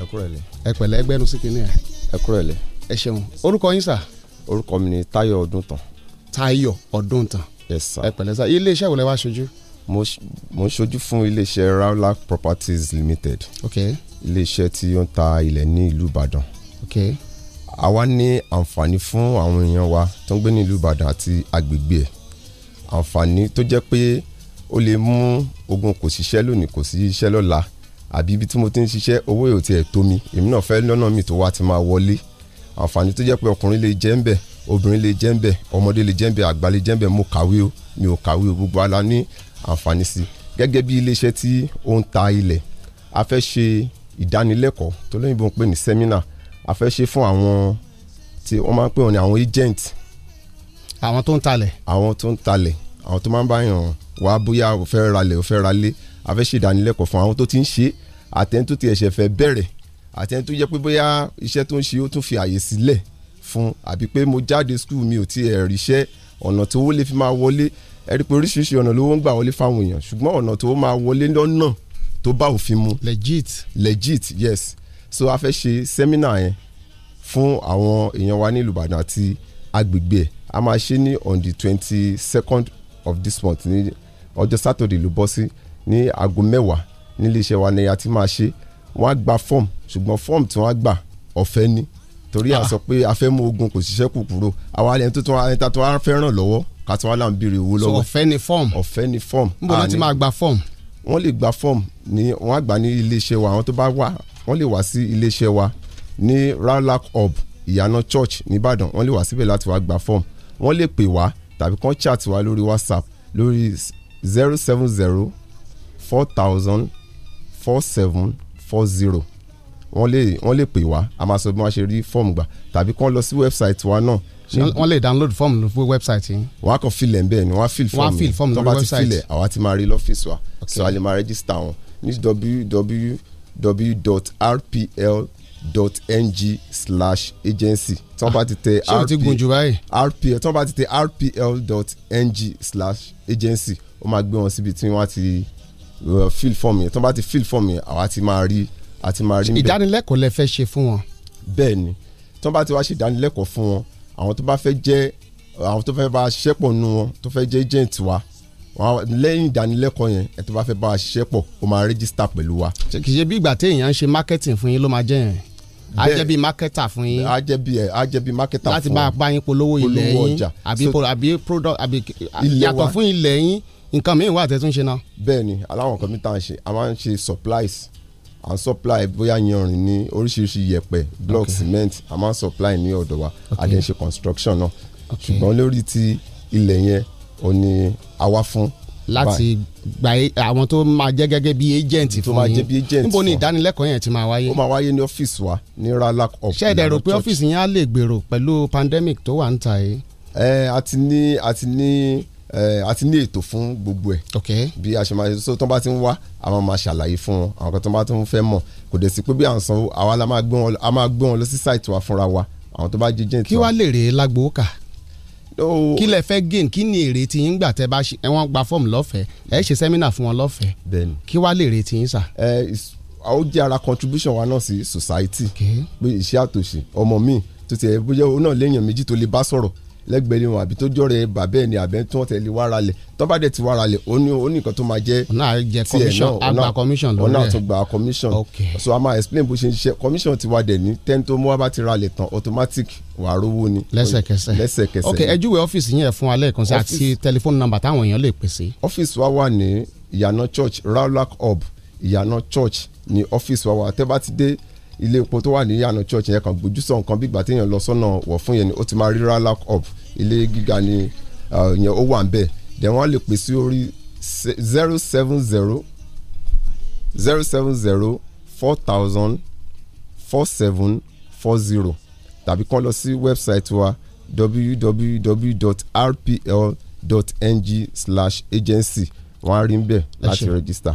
ẹ kúrò lẹ́ ẹ pẹ̀lẹ́ ẹgbẹ́nu sí kinní ẹ̀ ẹ kúrò ẹ̀lẹ́. ẹ ṣeun orúkọ yín sà. orúkọ mi ni Táyọ̀ Ọdúntàn. Táyọ̀ Ọdúntàn. yes sir. ẹ pẹ̀lẹ́ sà ilé wo lẹ wá ṣojú. mo ṣojú fún ilé iṣẹ́ Properties Limited. ok. ilé iṣẹ́ tí ó ń ta ilẹ̀ ní ìlú Ìbàdàn. ok. àwa ní àǹfààní fún àwọn èèyàn wa tó ń gbé ní ìlú Ìbàdàn àti agbègbè ẹ̀ àǹfààní tó jẹ́ pé ó lè mú ogun kò síṣẹ́ lónìí kò sí iṣẹ́ lọ́la àbí ibi tí mo ti ń ṣiṣẹ́ owó yóò tiẹ̀ tó mi èmi náà fẹ́ lọ́nà mi tó wá ti máa wọlé àǹfààní tó jẹ́ pé ọkùnrin lè jẹ́ ń bẹ̀ obìnrin lè jẹ́ ń bẹ̀ ọmọdé lè jẹ́ ń bẹ̀ àgbà lè jẹ́ ń bẹ̀ mo kàwé o mi ò kàwé o gbogbo ala ní àǹfààní sí gẹ́gẹ́ bí iléeṣẹ́ tí ó ń ta ilẹ̀ a fẹ́ ṣe ìdánilẹ́kọ̀ọ́ tó lóyìnbó ń pè ní sẹ́mínà a fẹ́ ṣe fún àwọn tí wọ́n máa ń pè wọ́n ní àwọn agent. àwọn tó ń talẹ̀. àwọn tó ń talẹ̀ àwọn tó máa ń bá yàn wá bóyá o fẹ́ ralẹ̀ o fẹ́ ralé a fẹ́ ṣe ìdánilẹ́kọ̀ọ́ fún àwọn tó ti ń ṣe é àtẹni tó ti ẹ̀ṣẹ̀ fẹ́ bẹ̀rẹ̀ àtẹni tó jẹ́ pé bóyá iṣẹ́ tó ń ṣe ó tún fi àyè sílẹ̀ fún àbí pé mo jáde skul mi ò ti ẹ̀ ríṣẹ́ ọ̀nà tó wọlé fi máa wọlé ẹ rí i pé oríṣiríṣi ọ̀nà lówó ń gbà wọlé fáwọn èèyàn ṣùgbọ́n ọ̀nà tó máa wọlé lọ́nà tó bá òfin mu. legit legit yes so a fẹ́ ṣe sẹ́mínà yẹn fún àwọn èèyàn wa ní Ìbàdàn àti agbègbè ẹ̀ a máa ṣe ní on the twenty second of this month ní ọjọ́ Saturday ló bọ́ sí ní aago mẹ́wàá nílé iṣẹ́ wa ni a ti máa ṣe wọ́n á gba fọ́ọ̀mù ṣùgbọ́n fọ́ọ̀mù tí wọ́n á gbà ọ̀fẹ́ ni torí à sọ pé a fẹ́ mú ogun kò ṣiṣẹ́ kù kúrò àwa ẹni tó tún ẹni tó wá fẹ́ràn lọ́wọ́ ká tún wá láwọn béèrè owó lọ́wọ́. ọ̀fẹ́ ni fọ́ọ̀mù ọ̀fẹ́ ni fọ́ọ̀mù. n bọ̀ ló ti máa gba fọ́ọ̀mù. wọ́n lè gba fọ́ọ̀mù ni wọ́n á gbà ní iléeṣẹ́ wa àwọn tó bá wà wọ́n lè wá sí iléeṣẹ́ wa ní ralak Hub ìyànà church nìbàdàn wọ́n lè wá síbẹ̀ láti wá gba fọ́ọ̀mù wọ́n lè pè wá tàbí kàn chat wá lórí WhatsApp lórí zero seven zero four thousand four seven four zero wọ́n lè wọ́n lè pè wá a máa sọ bí wọ́n ṣe rí fọ́ọ̀mù gbà tàbí kí wọ́n lọ sí wẹ́bsáìtì wa náà. wọ́n lè download form lórí wẹ́bsáìtì yìí. wọ́n á kàn filẹ̀ ń bẹ́ẹ̀ ni wọ́n á fill form yìí tó bá ti filẹ̀ àwa ti máa rí lọ́fíìsì wa so a lè máa register wọn ní www.rpl.ng/agency tí wọ́n ti tẹ rpl tí wọ́n ti tẹ rpl.ng/agency ó máa gbé wọn síbi tí wọ́n ti fill form yẹn tó bá ti fill form yẹn àwa ti máa rí a ti máa rí níbẹ̀. ìdánilẹ́kọ̀ọ́ lẹ fẹ́ ṣe fún wọn. bẹ́ẹ̀ ni tó bá ti wá ṣe ìdánilẹ́kọ̀ọ́ fún wọn àwọn tó bá fẹ́ jẹ́ àwọn tó fẹ́ bá a ṣiṣẹ́ pọ̀ nù wọn tó fẹ́ jẹ́ agent wa lẹ́yìn ìdánilẹ́kọ̀ọ́ yẹn ẹ tó bá fẹ́ bá a ṣiṣẹ́ pọ̀ ó máa register pẹ̀lú wa. kì í ṣe bí ìgbà téèyàn ń ṣe marketing fún yín ló máa jẹ́ yẹn a jẹ́ bíi marketer fún yín a jẹ́ bíi a jẹ́ bíi marketer fún yín láti bá a bá yín polówó ilẹ̀ yín àbí àbí product àbí yàtọ̀ fún ilẹ̀ yín nǹkan míì wà tẹ́tún ṣe náà. bẹ́ẹ̀ni aláwọn kan mi tá ṣe a máa ń ṣe supplies à ń supply bóyá yanrìn ní oríṣiríṣi yẹ̀pẹ̀ block cement a máa ń supply ní ọ̀dọ̀ wa a dẹ̀ ń ṣe construction náà ṣùgbọ́n lórí ti ilẹ̀ yẹn ò ní àwa fún láti gba e, àwọn tó máa jẹ́ gẹ́gẹ́ bí agent fún yín níbo ni ìdánilẹ́kọ̀ọ́ yẹn ti máa wáyé. ó máa wáyé ní ọ́fíìsì wa ní ralac of ṣé ẹ̀dẹ̀ rò pé ọ́fíìsì yẹn á lè gbèrò pẹ̀lú pandemic tó wà ń ta yìí a ti ní ètò fún gbogbo ẹ̀ bí a ṣe máa ṣe so tó bá ti ń wá a máa máa ṣàlàyé fún wọn àwọn kan tó bá tó ń fẹ́ mọ̀ kò dẹ̀ sí pé bí à ń sanwó àwa la máa gbé wọn a máa gbé wọn lọ sí sáìtì wa fúnra wa àwọn tó bá jí jẹ́ kí wàá lè rè é lágbo kà kí lẹ fẹ́ gain kí ni èrè tí yín gbà tẹ́ bá ṣe wọ́n gba fọ́ọ̀mù lọ́fẹ̀ẹ́ ẹ ṣe sẹ́mínà fún wọn lọ́fẹ̀ẹ́ kí wàá lè èrè tí yín sà. ẹ ó jẹ́ ara contribution wa náà sí society pé iṣẹ́ àtòṣe ọmọ mi tó ti ẹ̀ bóyá òun náà léèyàn méjì tó lè bá sọ̀rọ̀ lẹ́gbẹ̀ẹ́ ni wọn àbí tó jọ̀rẹ̀ bàbá ẹ̀ ni àbẹ́ tí wọ́n tẹ̀lé wàrà lẹ̀ tọ́ba dẹ̀ ti wàrà lẹ̀ ó ní nǹkan tó máa jẹ́ tiẹ̀ náà ọ̀nà commission lórí ẹ̀ ọ̀nà tó gba commission so a máa explain bó ṣe ń ṣiṣẹ́ commission ti wà dẹ̀ ní ten tó mú wá bá ti ra lẹ̀ tán automatic wà á rówó ni. lẹ́sẹ̀kẹsẹ̀ lẹ́sẹ̀kẹsẹ̀ ok ẹ júwe ọ́fíìsì yẹn fún alẹ́ kan sí àti tẹlifóònù nàmbà táwọn èèyàn lè pèsè. ọ́fíìsì wa wà ní ìyànà church rawlak hub ìyànà church ní ọ́fíìsì wa wà tẹ́ bá ti dé ilé epo tó wà ní ìyànà church yẹn kan gbójú sọ nǹkan bí ìgbà téèyàn lọ sọ́nà wọ̀ fún yẹn ni ó ti máa ríra lack up ilé gíga ni yẹn ó wà ń bẹ̀ then wọ́n lè pè orí zero seven zero zero seven zero four thousand four seven four zero tàbí kàn lọ sí wẹ́bsáìtì wa www.rpl.ng slash agency wọ́n á rí ń bẹ̀ láti rẹ́gísítà.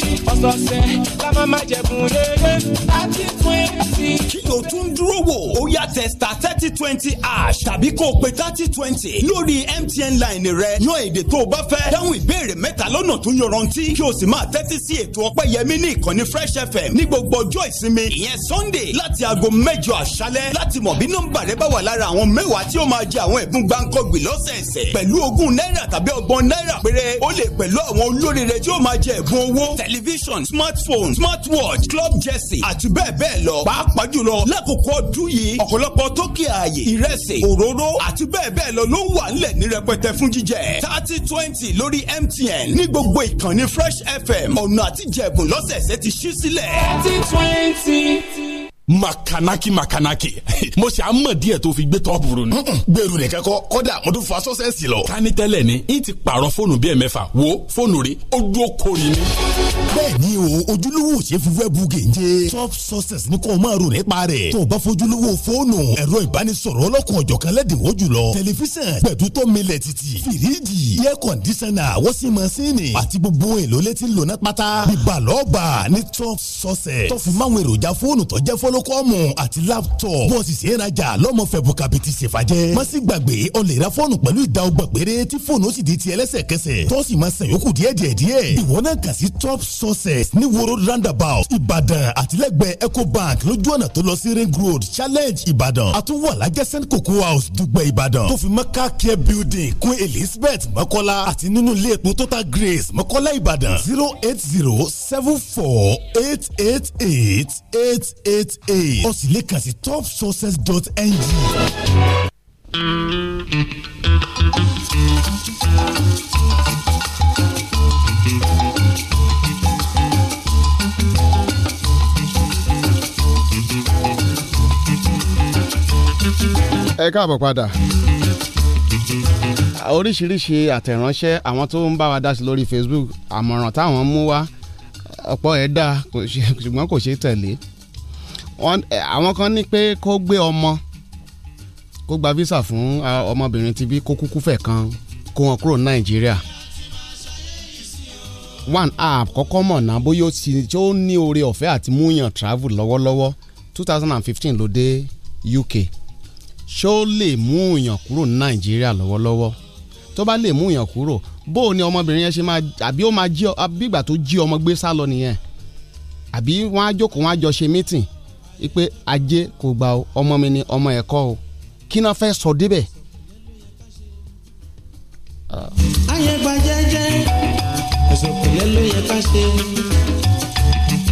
ọ̀sọ̀ọ̀sẹ̀ la máa máa jẹ̀bùn rere thirty twenty. kí ló tún dúró wò ó yá testa thirty twenty ash tàbí kó o pe thirty twenty lórí MTN line rẹ yan èdè tó o bá fẹ́ dáhùn ìbéèrè mẹ́ta lọ́nà tó yọrantí kí o sì máa tẹ́tí sí ètò Ọpẹ́yẹmí ní ìkànnì Fresh FM ní gbogbo ọjọ́ ìsinmi ìyẹn Sunday láti aago mẹ́jọ àṣálẹ́ láti mọ̀ bí nọ́mbà rẹ bá wà lára àwọn mẹ́wàá tí ó máa jẹ àwọn ẹ̀bùn gbáǹkọ́gbì lọ́sẹ̀ẹ̀sẹ̀ pẹ̀lú ogún náírà tàbí ọgbọ̀n náírà péré ó lè pẹ̀lú àwọn olóríire tí ó máa jẹ ẹ̀bùn owó tẹlifíṣàn smartphone smartwatch club jersey àti bẹ́ẹ̀ bẹ́ẹ̀ lọ pàápàá jùlọ lákòókò ọdún yìí ọ̀pọ̀lọpọ̀ tókè ààyè ìrẹsì òróró àti bẹ́ẹ̀ bẹ́ẹ̀ lọ ló ń wà nílẹ̀ ní rẹpẹtẹ fún jíjẹ thirty twenty lórí MTN ní gbogbo ìkànnì Fresh FM ọ̀nà àtijẹ̀bùn lọ́sẹ̀ẹ̀sẹ̀ ti ṣí sílẹ̀. thirty twenty makanaki makanaki [LAUGHS] mo ṣe àmọ̀ díẹ̀ tó fi gbé tọ́pù rò ni. gbèrú nìkan kọ kọ́dà mo tún fa sọ́sẹ̀sì lọ. ká ni n ti pààrọ̀ fóònù bíi ẹ̀mẹ́fà wo fóònù rí ó dúró kori ni. bẹ́ẹ̀ni o ojúlówó ṣe fífẹ́ bu gèje. top success ni kò máa rò nípa rẹ̀. tó o bá fojúlówó fóònù ẹ̀rọ ìbánisọ̀rọ̀ ọlọ́kùn ọ̀jọ̀kan lẹ́dínwó jùlọ. tẹlifíṣàn gbẹ̀dútọ́ milẹ̀ títì fìríjì air conditioner washing machine àti gbogbo èlò létí lónà pátá. bíbalọ́ọ̀bà ní success tó fi máwọn èròjà fóònù tó kọ́mù àti laptop bọ́ọ̀sì ṣe é rajà lọ́mọ fẹ́ bùkàbìtì ṣèfàjẹ́ má sì gbàgbé ọ lè ra fọ́ọ̀nù pẹ̀lú ìdá ọgbà péré tí fóònù ó sì di ti ẹlẹ́sẹ̀kẹsẹ̀ tó sì máa san yòókù díẹ̀ díẹ̀ díẹ̀ ìwọ náà kà sí top sources ní woro roundabout ìbàdàn àtìlẹ́gbẹ̀ẹ́ ecobank lójú ọ̀nà tó lọ sí ring road challenge ìbàdàn àtúwọ̀ alájẹsẹ́ni cocoa house dùgbẹ̀ ìbàdàn tó fi mẹ́ka care building kún elizabeth mọ́kọ́lá àti nínú ilé epo total grace mọ́kọ́lá ìbàdàn zero eight zero seven four eight eight eight eight eight eight aid o sì lè kàn sí topsources.ng. ẹ káàbọ̀ padà oríṣiríṣi àtẹ̀ránṣẹ́ àwọn tó ń bá wa dá sí lórí Facebook àmọ̀ràn táwọn mú wá ọ̀pọ̀ ẹ̀ dá ṣùgbọ́n kò ṣeé tẹ̀lé àwọn kan ní pé kó gbé ọmọ kó gba visa fún ọmọbìnrin tibí kó kúkú fẹ̀ kan kó wọn kúrò nàìjíríà one app kọ́kọ́ mọ̀ náà bóyá ó ti ó ní oore ọ̀fẹ́ àti múyàn travel lọ́wọ́lọ́wọ́ two thousand and fifteen ló dé UK ṣé ó lè mú yàn kúrò ní Nàìjíríà lọ́wọ́lọ́wọ́ tó bá lè mú yàn kúrò bó o ní ọmọbìnrin yẹn ṣe máa àbí ó máa jí àbí ìgbà tó jí ọmọ gbé sá lọ nìyẹn àbí wọ́n á jókòó wọ́n á jọ ṣe meeting pé ajé kò gbà o ọmọ mi ni ọmọ ẹ̀kọ́ o kí náà fẹ́ sọ débẹ̀. ayé jẹ́jẹ́ òṣèkùnlé ló yẹ ká ṣe.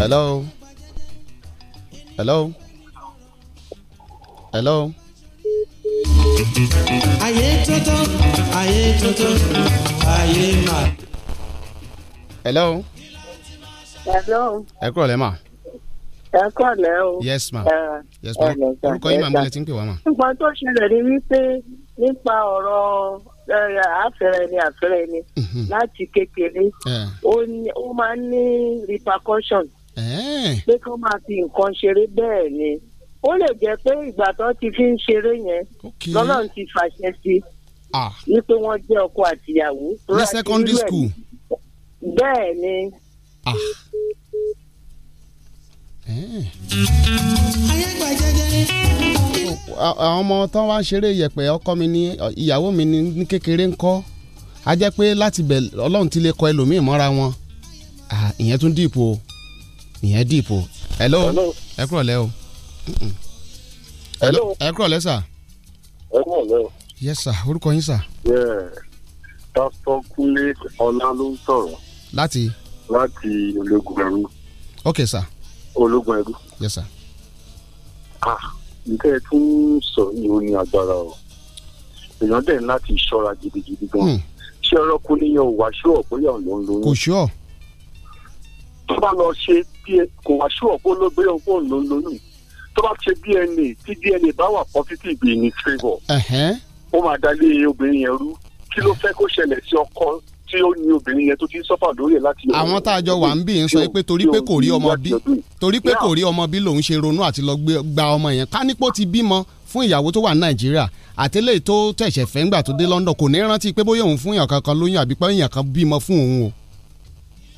hello hello hello. ayé tuntun ayé tuntun ayé mà. hello. hello. ẹ kúrò lẹ́mà ẹ kọ́ lẹ́ o. yes ma yes ma orúkọ yín màmú ẹ ti ń pè wá ma. nǹkan tó ṣẹlẹ̀ ni wípé nípa ọ̀rọ̀ àfẹ́rẹ́ ni àfẹ́rẹ́ ni mm-hmm. láti kékeré ó máa ń ní repercussion pé kí wọ́n máa fi nǹkan ṣeré bẹ́ẹ̀ ni ó lè jẹ́ pé ìgbà tó ti fi ń ṣeré yẹn lọ́nà ti fàṣẹ sí wípé wọ́n jẹ́ ọkọ àtìyàwó. ní secondary school. bẹ́ẹ̀ ni. Ah. Eh. àwọn ọmọ tán wá ń ṣeré yẹ̀pẹ̀ ọkọ mi ní ìyàwó mi ní kékeré ń kọ́ a jẹ́ pé láti bẹ̀ ọlọ́run ti lè kọ ẹlòmíì mọ́ra wọn ìyẹn tún dìpò ìyẹn dìpò hello ẹ kúrọ̀ lẹ́ o hello ẹ kúrọ̀ lẹ́ sà. ẹ kúrọ̀ lẹ́ o. yes sà orúkọ yín sà. pásítọ̀ Kúnlé Ọlá ló ń sọ̀rọ̀. láti. láti ológun ẹ̀rú. ok sà ológun ẹrú. yes sir. ah nǹkan ẹ tún sọ ìhò ní agbára o èèyàn dẹ̀ láti ṣọ́ra gidigidi gan hmm. ṣé ọlọ́kùn níyàn ò wá ṣúọ̀ bóyá òun ló ń lóyún. kò ṣúọ̀. tó bá lọ ṣe bí kò wá ṣúọ̀ bó ló gbé òun ló ń lóyún tó bá ṣe DNA tí DNA bá wà positive in his favour ó máa dalé obìnrin yẹn rú kí ló fẹ́ kó ṣẹlẹ̀ sí ọkọ tí ó ní obìnrin yẹn tó ti ń sọ́fà lórí ẹ̀ láti. àwọn tá a jọ wà ń bì ń sọ pé torí pé kò rí ọmọ bí torí pé kò rí ọmọ bí lòun ṣe ronú àti lọ gba ọmọ yẹn kánípò ti bímọ fún ìyàwó tó wà ní nàìjíríà àtẹlẹ tó tẹ̀sẹ̀ fẹ́ ńgbà tó dé london kò ní rántí pé bóyá òun fún èèyàn kankan lóyún àbí pé èèyàn kan bímọ fún òun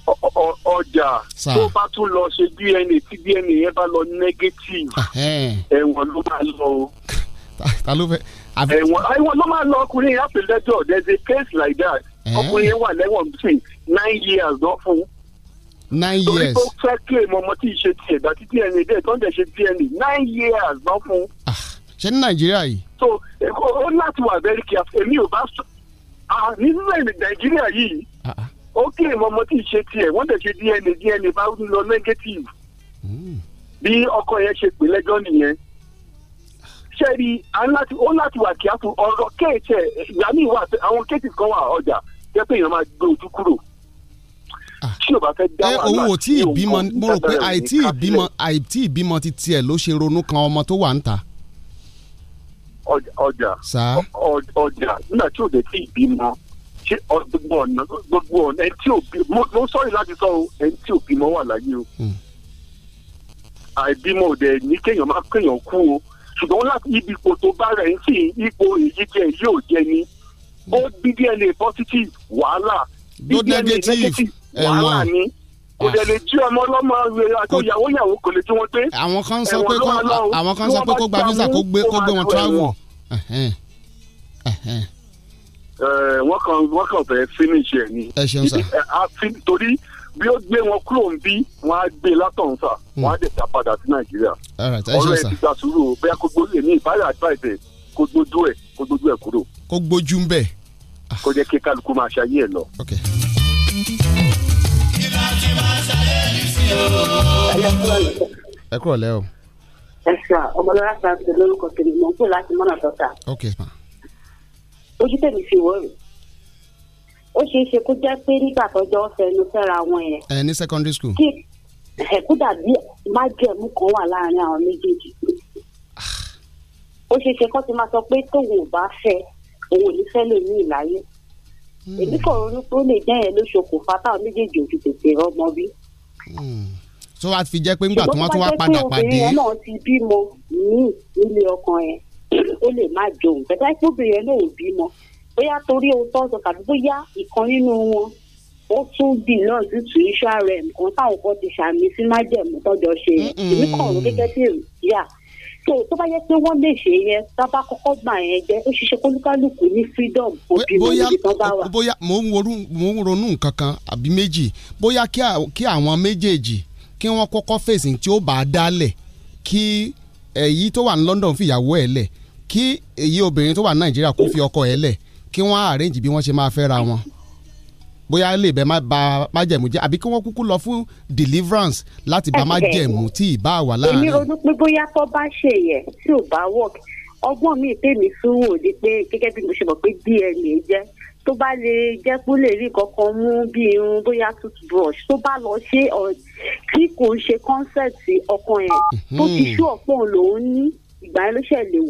o ọjà tó bá tún lọ ṣe dna tí dna yẹn bá lọ negative ah, eh. ẹ̀wọ̀n ló máa lọ o. ta ló fẹ́. ẹ̀wọ̀n ló máa lọ ọkùnrin yàtọ̀ lẹ́jọ́ there's a case like that Eh? ọkùnrin yẹn wà lẹ́wọ̀n sìn nine years lọ fún. nine years torí tó fẹ́ claim ọmọ tí ì ṣe tiẹ̀ gba tí dna dẹ̀ tó ń dẹ̀ ṣe dna nine years lọ fún. Ah, ṣé ní nàìjíríà yìí. so ó láti wà very careful èmi ò bá sọ ní nàìjíríà yìí ah, ah. ó claim ọmọ tí ì ṣe tiẹ̀ wọ́n dẹ̀ ṣe dna dna bá lọ negative hmm. bí ọkọ yẹn ṣe pè lẹ́jọ́ nìyẹn ṣe rí ó láti wà kíákù ọ̀rọ̀ kéèké ìyá mi wà àwọn kéèké kan wà ọjà jẹ́ pé èèyàn máa gbé ojú kúrò ah. tí o bá fẹ́ dá eh, wàhálà owó tí ìbímọ mo rò pé àìtí ìbímọ àìtí ìbímọ ti tiẹ̀ ló ṣe ronú kan ọmọ tó wà ń ta. ọjà ọjà nígbà tí o dé tí ìbímọ ṣe gbogbo ọ̀nà gbogbo ọ̀nà ẹni tí ò bímọ mo sọ́ọ̀rì láti sọ o ẹni tí ò bímọ wà láyé o hmm. àìbímọ ò dẹ̀ ní kéèyàn má kéèyàn kú o ṣùgbọ́n láti ibi ipò tó bá rẹ̀ ń sìn ipò èyí jẹ́ èyí ò jẹ́ ni. Mm ó bí DNA positive wàhálà bí DNA negative wàhálà ni kò dẹ̀ lè jí ọmọ ọlọ́mọ àti ìyàwó ìyàwó kò lè tí wọ́n pé. àwọn kan sọ pé àwọn kan sọ pé kó gba visa kó gbé kó gbé wọn travel. wọ́n kàn wọ́n kàn fẹ́ finish ẹ̀ ni. ẹ ṣeun sir. torí bí ó gbé wọn kúrò ń bí wọn á gbé látọ̀hún sà wọn á hmm. dẹ̀ ta padà sí nàìjíríà. ọ̀rẹ́ ti gbà sùúrù bẹ́ẹ̀ kó gbólé ní ìbáyà advice kó gbójú ẹ̀ kó gbójú ẹ̀ kúrò. kó gbójú ń bẹ̀. kó jẹ́ kí kálukú máa ṣayé ẹ̀ lọ. ẹ kúrò lẹ́ ẹ sà ọmọlọ́lá sáà ti lórúkọ tèmi mọ̀ n láti mọ́nà dọ́tà. ojú tèmi fi wọ́ọ̀rì ó ṣeé ṣe kó jẹ́ pé nígbà tọ́jọ́ fẹnu fẹ́ra wọn yẹn. ẹ ní secondary school. kí ẹ kó dàbí májẹ̀mú kan wà láàárín àwọn méjèèjì ó ṣeé ṣe kán ti máa sọ pé tóun ò bá fẹ́ òun ò ní fẹ́ lè ní ìláyé hmm. èmi kò ronú pé ó lè jẹ́ yẹn ló ṣokùnfà táwọn méjèèjì ò fi tètè rọ́mọ bí. tó hmm. wàá fi jẹ́ pé ńgbà tó wá tó wá padà pàdé. ṣùgbọ́n tó bá jẹ́ pé obìnrin yẹn náà ti bímọ míì nílé ọkàn yẹn ó lè má jòun bẹ́ẹ̀ láì pé obìnrin yẹn náà ò bímọ bóyá torí ohun tó ń sọ tàbí bóyá ìkan nínú wọn ó tún bì náà sí tuition rẹ̀ nǹkan táwọn kan ti ṣàmì sí májẹ̀mú tọ́jọ́ ṣe hmm. èmi kò rún gẹ́gẹ́ bí èrò so tó bá yẹ pé wọ́n lè ṣe yẹn tábà kọ́kọ́ gbà yẹn jẹ́ ó ṣiṣẹ́ kólúkálùkù ní freedom obìnrin níbi kan bá wà. kí àwọn méjèèjì fèsì tí ó bá a dálẹ̀ kí èyí tó wà ní London fìyàwó ẹ̀ lẹ̀ kí èyí obìnrin tó wà ní Nàìjíríà kó fi ọkọ ẹ̀ lẹ̀ kí wọ́n arrange bí wọ́n ṣe máa fẹ́ ra wọn bóyá lè bẹ́ẹ̀ má ba májẹ̀mú jẹ́ àbí kí wọ́n kúkú lọ fún deliverance láti bá májẹ̀mú tí ì bá wà láàrin. èmi ronú pé bóyá tó bá ṣe yẹ tí ò bá work ọgbọ́n mi tèmi fún wò pé gẹ́gẹ́ bí mo ṣe mọ̀ pé DNA jẹ́ tó bá lè jẹ́ kó lè rí kankan mú bí irun bóyá toothbrush tó bá lọ ṣe tí kò ń ṣe concept ọkàn yẹn mhm. tó ti ṣú ọ̀pọ̀ lòún ní ìgbà lè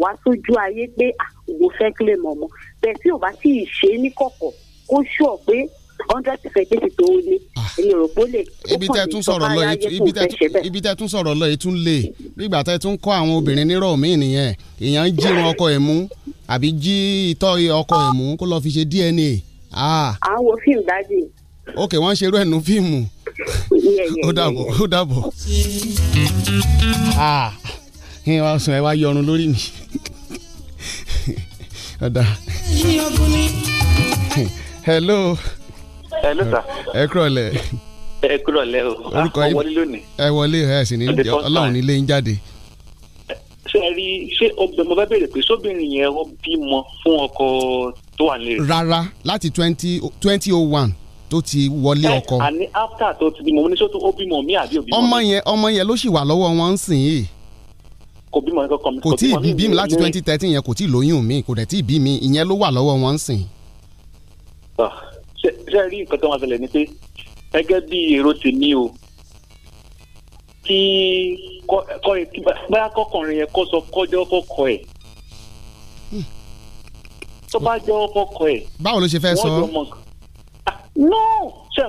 wá sójú ayé pé òun ah, fẹ́ kílè mọ̀mọ́ bẹ́ẹ̀ tí ò bá tí ṣe é ní kọ̀kọ̀ kó ṣú ọ̀ pé hundred percent kí n sì tó o ní èmi rò bó lè. ibi tẹ́ tún sọ̀rọ̀ lọ ibi tẹ́ tún sọ̀rọ̀ lọ ètún lè nígbà tẹ́ tún kọ́ àwọn obìnrin nírọ̀ míì nìyẹn èèyàn ń jírun ọkọ ẹ̀ mú àbí jí ìtọ́ ọkọ ẹ̀ mú kó lọ fi ṣe DNA. Ah. à wo fíìmù dájú. ok wọ́n ń ṣerú ẹ̀nu fíìmù ó dàbọ̀ ó dàbọ̀ ẹ wá sùn ẹ wá yọrun lórí mi ọ̀dà hello ẹ ló ta. ẹ kúrọ̀ lẹ̀. ẹ kúrọ̀ lẹ̀ o orúkọ yín wọlé lónìí. ẹ wọlé ẹ sì ní ọlọ́run nílé yín jáde. ṣé ẹ rí ṣé obìnrin mo bá béèrè pé sóbìnrin yẹn ó bímọ fún ọkọ tó wà nílé. rárá láti twenty twenty oh one tó ti wọlé ọkọ. ẹ àní after tó ti bímọ ní sọ́tún ó bímọ mi àbí òbí mọ́. ọmọ yẹn ọmọ yẹn ló sì wà lọ́wọ́ wọn ń sìn yìí kò bímọ nǹkan kan. kò tí ì bí mi láti twenty thirteen yẹn kò tí ì lóyún mi kò dẹ̀ tí ì bí mi ìyẹn ló wà lọ́wọ́ wọn ń sìn. Ah. ṣe rí nǹkan tó máa ṣẹlẹ̀ ni pé gẹ́gẹ́ o kí kọ ẹ báyà kọkùnrin yẹn kọ́ sọ kọ́jọ́ kọ́kọ́ ẹ̀ hmm. tó bá jọ kọ́kọ́ ẹ̀. báwo ló ṣe fẹ́ sọ. Ah, no ṣe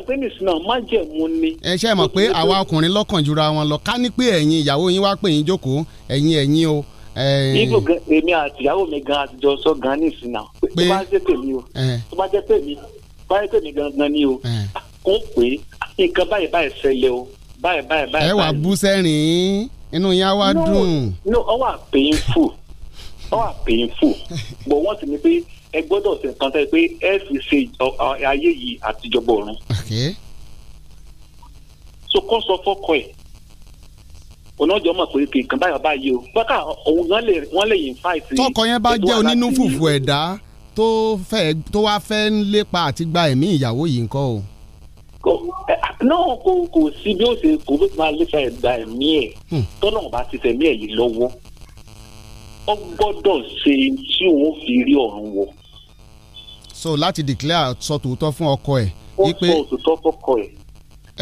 mu ni. ẹ ṣe mọ̀ pé àwa ọkùnrin lọ́kàn jura wọn lọ ká ní pé ẹ̀yin ìyàwó yín wá pè yín jókòó o ibo gan èmi mi gan àtijọ́ sọ gan tó bá tèmi o tó bá jẹ́ tèmi báyìí pé mi gangan ni o kò pé nǹkan báyìí báyìí ṣẹlẹ̀ o báyìí báyìí báyìí. ẹ wà bú sẹ́rìn inú yẹn á wá dùn. no ọ wà painful ọ wà painful [LAUGHS] but wọ́n sì ní pé ẹ gbọ́dọ̀ ṣe nǹkan tẹ́ pé ẹ fi ṣe ayé yìí àtijọba ọ̀run. so kọ́ sọ fọ́kọ ẹ̀ onájọ́ mọ̀ pé kì í kan báyọ̀ báyìí o bákà òun wọ́n lè yìn fáìtì. tọkọ yẹn bá jẹ́ onínú fùfù ẹ̀dá. E tó fẹ́ tó wá fẹ́ ń lépa àti gba ẹ̀mí ìyàwó yìí ńkọ́ o. kò eh, náà kò kò sí bí ó ṣe kò bí ó ti máa lépa ẹ̀gbà ẹ̀mí ẹ̀ hmm. tọ́nà ọba ti tẹ̀mí ẹ̀ yìí lọ́wọ́ ó gbọ́dọ̀ ṣe tí òun fi rí ọ̀run wọ̀. so láti declare sọ tòótọ́ fún ọkọ ẹ̀ wípé ó sọ tòótọ́ fọkọ ẹ̀.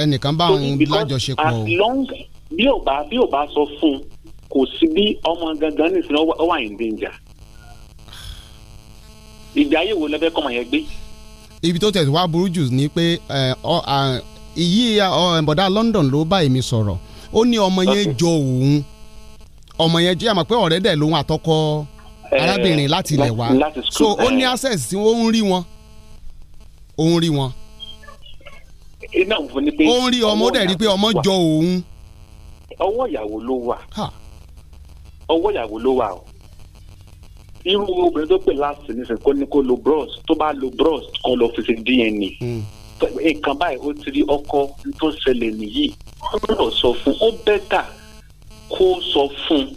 ẹnìkan bá òun lájọṣepọ̀ o. bí ò bá bí ò bá sọ fún un kò sí bí ọmọ gangan nìsín ó wà ìgbé ayé wo lẹ́fẹ́ kọ́mọ yẹn gbé. ibi tó tẹ̀ wá burú jù ni pé ìyí bọ̀dá London ló bá èmi sọ̀rọ̀ ó ní ọmọ yẹn jọ òun ọmọ yẹn jẹ́ àmọ́ pé ọ̀rẹ́ dẹ̀ lòun àtọkọ arábìnrin láti ilẹ̀ wá so ó ní access tí ó ń rí wọn ó ń rí wọn ó ń rí ọmọ ó dẹ̀ rí pé ọmọ jọ òun. ọwọ́ ìyàwó ló wà ọwọ́ ìyàwó ló wà o irú obìnrin tó pè last season kò ní kó lo bros tó bá lo bros kó lọ fi ṣe dna hmm. nǹkan báyìí ó ti rí ọkọ tó ṣẹlẹ̀ nìyí ó lọ sọ fún ó bẹ́tà kó sọ fún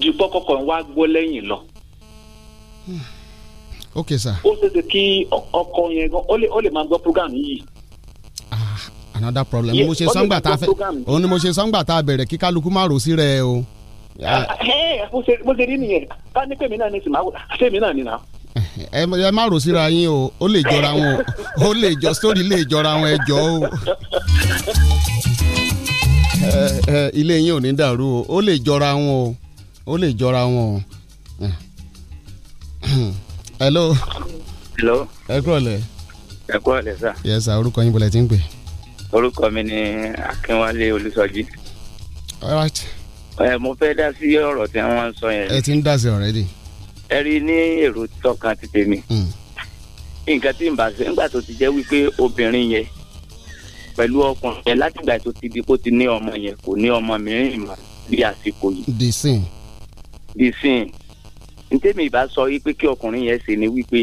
ju pọ́kọ́kọ́ wá gbọ́ lẹ́yìn lọ. Hmm. ok sir. ó ṣe ṣe kí ọkọ yẹn ó lè máa gbọ́ program yìí ah, another problem mo ṣe sọ́ngbà tá a fẹ́ òun ni mo ṣe sọ́ngbà tá a bẹ̀rẹ̀ kí kálukú má rò sí rẹ̀ o. Ah, eh, mo ṣe rí nìyẹn ká ní pèmí náà ní tìmáwò sèmi náà nìyà. ẹ má rò síra yín o ó lè jọra wọn o ó lè jọ sórí lè jọra wọn ẹ jọ o ilé yín ò ní dàrú o ó lè jọra wọn o ó lè jọra wọn o. hello. hello. ẹ kúrò lẹ. ẹ kúrò lẹ sá. yẹ sá orúkọ yín bọ̀lẹ̀ tí ń pè. orúkọ mi ni Akínwálé Olúsọjí. all right. ẹ mo fẹ́ dá sí ọ̀rọ̀ tí wọ́n ń sọ yẹn. ẹ ti ń dá sí already. ẹ rí ní èrò tọkàn ti tèmi. Hmm. nǹkan tí n bá ṣe ńgbà tó ti jẹ́ wípé obìnrin yẹn pẹ̀lú ọkùnrin yẹn látìgbà tó ti di kó ti ní ọmọ yẹn kò ní ọmọ mìíràn mọ́ bí àsìkò yìí. disin. disin ntẹ́mi ìbá sọ wípé kí ọkùnrin yẹn ṣe ni wípé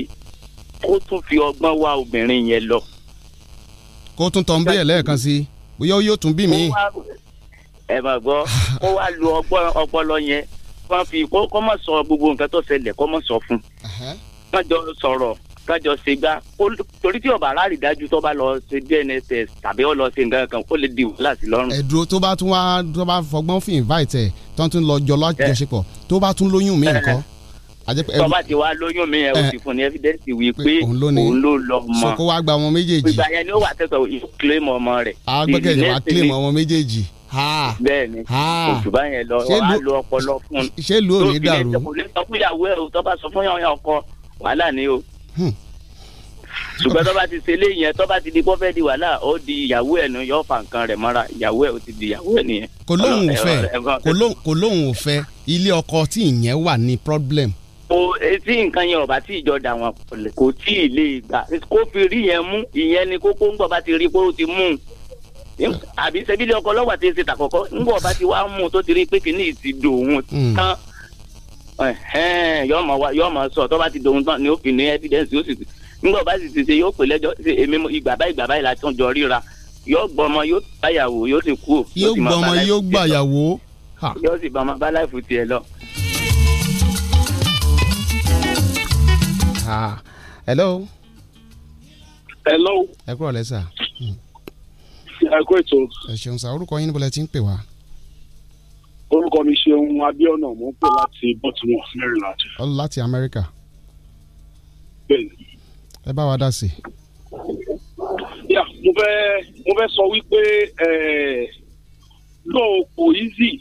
kó tún fi ọgbọ́n wá obìnrin yẹn lọ. kó tún tọ́ ń bí ẹ̀ lẹ́ẹ̀kan sí i bóyá ó yóò tún bí mi ẹ mà gbọ́ kó wá lo ọpọlọ yẹn kó wá fi kó kó má sọ gbogbo nǹkan tó ṣẹlẹ̀ kó má sọ fún uh-huh. ká jọ sọ̀rọ̀ ká jọ ṣe gbá torí tí ọba aláàrí dájú tó bá lọ ṣe dna test tàbí ó lọ ṣe nǹkan kan ó lè di wàhálà sí lọ́rùn. ẹ̀dùn tó bá tún wá tó bá fọgbọ́n fún invite ẹ̀ tó tún lọ jọ lájọṣepọ̀ eh. tó bá tún lóyún mí eh. nǹkan tó bá ti wá lóyún mi yẹn o eh. ti fún ní evidence wí pé òun ló lọ mọ sọkó wá gba ọmọ méjèèjì ìgbà yẹn ni ó wà tẹsán yóò claim ọmọ rẹ. agbẹ́kẹ̀lé wa claim ọmọ méjèèjì bẹ́ẹ̀ ni òtù báyẹn lọ wàá lo ọpọlọ fún un ṣé lu òní dàrú tó fi lè sọ fún ìyàwó ẹ tó bá sọ fún yàwọn ọkọ wàhálà ni o hmm. ṣùgbọ́n tó bá ti ṣe eléyìí yẹn tó bá ti di kó fẹ́ di wàhálà ó di ìyàwó ẹ̀ nu yóò fa nǹkan rẹ̀ mọ́ra ìyàwó ẹ̀ ó ti di ìyàwó ẹ̀ nìyẹn. kò lóun ò fẹ́ kò lóun ò fẹ́ ilé ọkọ tí ìyẹn wà ní problem. o etí eh, nǹkan yẹn ọba tí ìjọ dà wọn kò tí ì lè gbà kó fi rí yẹn mú ìyẹn ni kókó ń gbọ́ bá ti rí pé ó ti mú un àbí sẹ́bílẹ̀ ọkọ lọ́wọ́ àti ẹsẹ̀ tàkọ́kọ́ ńgbọ́ ọba ti wá mú tó ti rí pé kìíní ti dòun hmm. tán yọọ mọ wa yọọ mọ sọ tó bá ti dòun tán ni ó fi ní evidence yóò sì ńgbọ́ ọba sì ti ṣe yóò pè lẹ́jọ́ ṣe èmi ìgbà báyìí ìgbà báyìí la tún jọ ríra yóò gbọ́ ọmọ yóò báyàwó yóò sì kú. yóò gbọ́ ọmọ yóò gbàyàwó. yóò sì bá ọmọ bá láìfù tiẹ̀ lọ. hello. hello. ẹ kúrò lẹ́sà ẹkọ ètò. ẹ ṣeun sá orúkọ yín níbo lẹ ti ń pè wá. orúkọ mi ṣeun abiona mò ń pè láti Baltimore Maryland. ọ láti Amẹ́ríkà. bẹ́ẹ̀ni. ẹ bá wa dá sí. yà mo fẹ́ mo fẹ́ sọ wípé lóò kò easy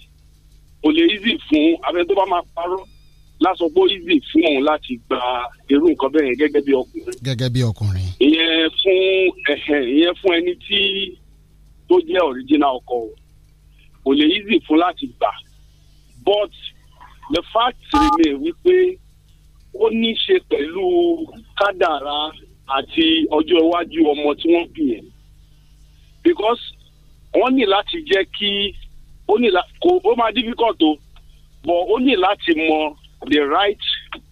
kò lè easy fún abẹ tó bá máa parọ́ lásán pé easy fún òun láti gba irú nǹkan bẹ́ẹ̀ gẹ́gẹ́ bí ọkùnrin. gẹ́gẹ́ bí ọkùnrin. ìyẹn fún ìyẹn fún ẹni tí tó jẹ́ original ọkọ̀ o kò lè easy fún láti gbà but the fact remain wípé ó ní í ṣe pẹ̀lú kádàrá àti ọjọ́ iwájú ọmọ tí wọ́n bì yẹn because wọ́n ní láti jẹ́ kí ó ní kó ó máa difficult to, but ó ní láti mọ the right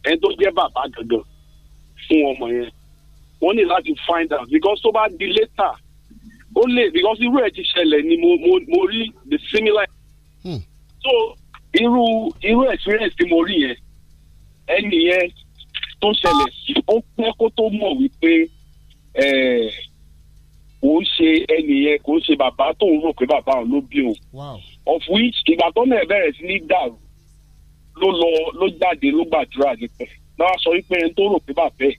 ẹni tó jẹ́ bàbá dandan fún ọmọ yẹn wọ́n ní láti find out because tó bá di later ó lè because irú ẹ̀ ti ṣẹlẹ̀ ni mo mo mo rí the similar. Hmm. so irú irú experience tí mo rí yẹn ẹni yẹn tó ṣẹlẹ̀ sí ó pẹ́ kó tó mọ̀ wípé eh, kò ń ṣe ẹni yẹn kò ń ṣe bàbá tó ń rò pé bàbá òun ló bí òun of which ìgbà tó náà bẹ̀rẹ̀ sí ní dàrú ló lọ ló jáde ló gbàdúrà nípẹ́ náà sọ wípé ẹni tó rò pé bàbá ẹ̀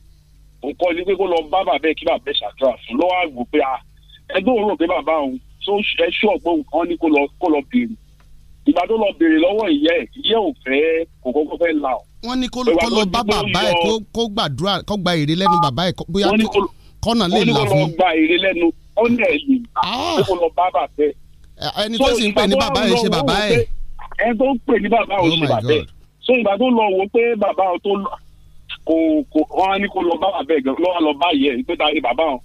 òun kọ́ ni pé kó lọ bá bàbá ẹ̀ kí bàbá ẹ̀ ṣàdúrà fún lọ́wọ́ àgbò pé a ah, ẹgbẹ́ òun rò pé bàbá òun tó ẹṣú ọ̀gbọ́n kan ní kó lọ kó lọ béèrè ìgbà tó lọ béèrè lọ́wọ́ ìyá ẹ̀ ìyá ò fẹ́ kò kọ́kọ́ fẹ́ la ọ̀. wọ́n ní kó lọ bá bàbá ẹ̀ kó gbàdúrà kó gba èrè lẹ́nu bàbá ẹ̀ bóyá kọ́nà lè là fún. wọ́n ní kó lọ gba èrè lẹ́nu ó ní ẹ̀yìn kó lọ bá bàbá ẹ̀. ẹni tó sì ń pè ní bàbá ẹ̀ ṣe bàbá ẹ̀. ẹni tó ń pè ní bàbá ẹ̀ oh ṣe bàbá ẹ̀ so ìgbà tó lọ wò pé bàbá ọ̀ tó kò kò wọ́n á ní kó lọ bá bàbá ẹ̀ lọ́wọ́ lọ bá yẹ pé ta ni bàbá ọ̀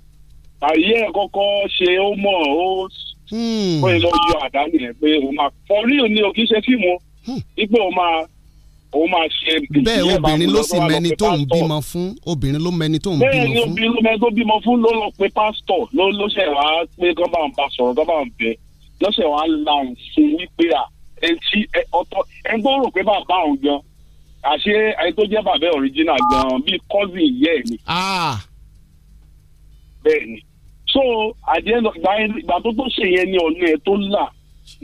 àyè ẹ̀ kọ́kọ́ ṣe ó mọ̀ ó ó hmm. lọ yọ àdá nìyẹn pé ó máa for real ni o kì í ṣe fíìmù hmm. wípé ó máa ó máa ṣe bẹ́ẹ̀ obìnrin ló sì mẹni tó ń bímọ fún obìnrin ló mẹni tó ń bímọ fún. bẹ́ẹ̀ ni obìnrin ló mẹni tó bímọ fún ló lọ pé pásítọ̀ ló ló ṣẹ̀ wá pé gọ́bà ń bá sọ̀rọ̀ gọ́bà ń bẹ̀ lọ́sẹ̀ wá la ń ṣe wípé à ẹtí ọ̀tọ̀ ẹ gbọ́ rò pé bàbá òun gan àṣé ẹni tó jẹ́ bàbá original gan bíi cousin yẹ́ ẹ̀ ni. Ah. bẹ́ẹ̀ ni so at the end of ìgbà tó tó ṣe yẹn ni ọ̀nà ẹ̀ tó là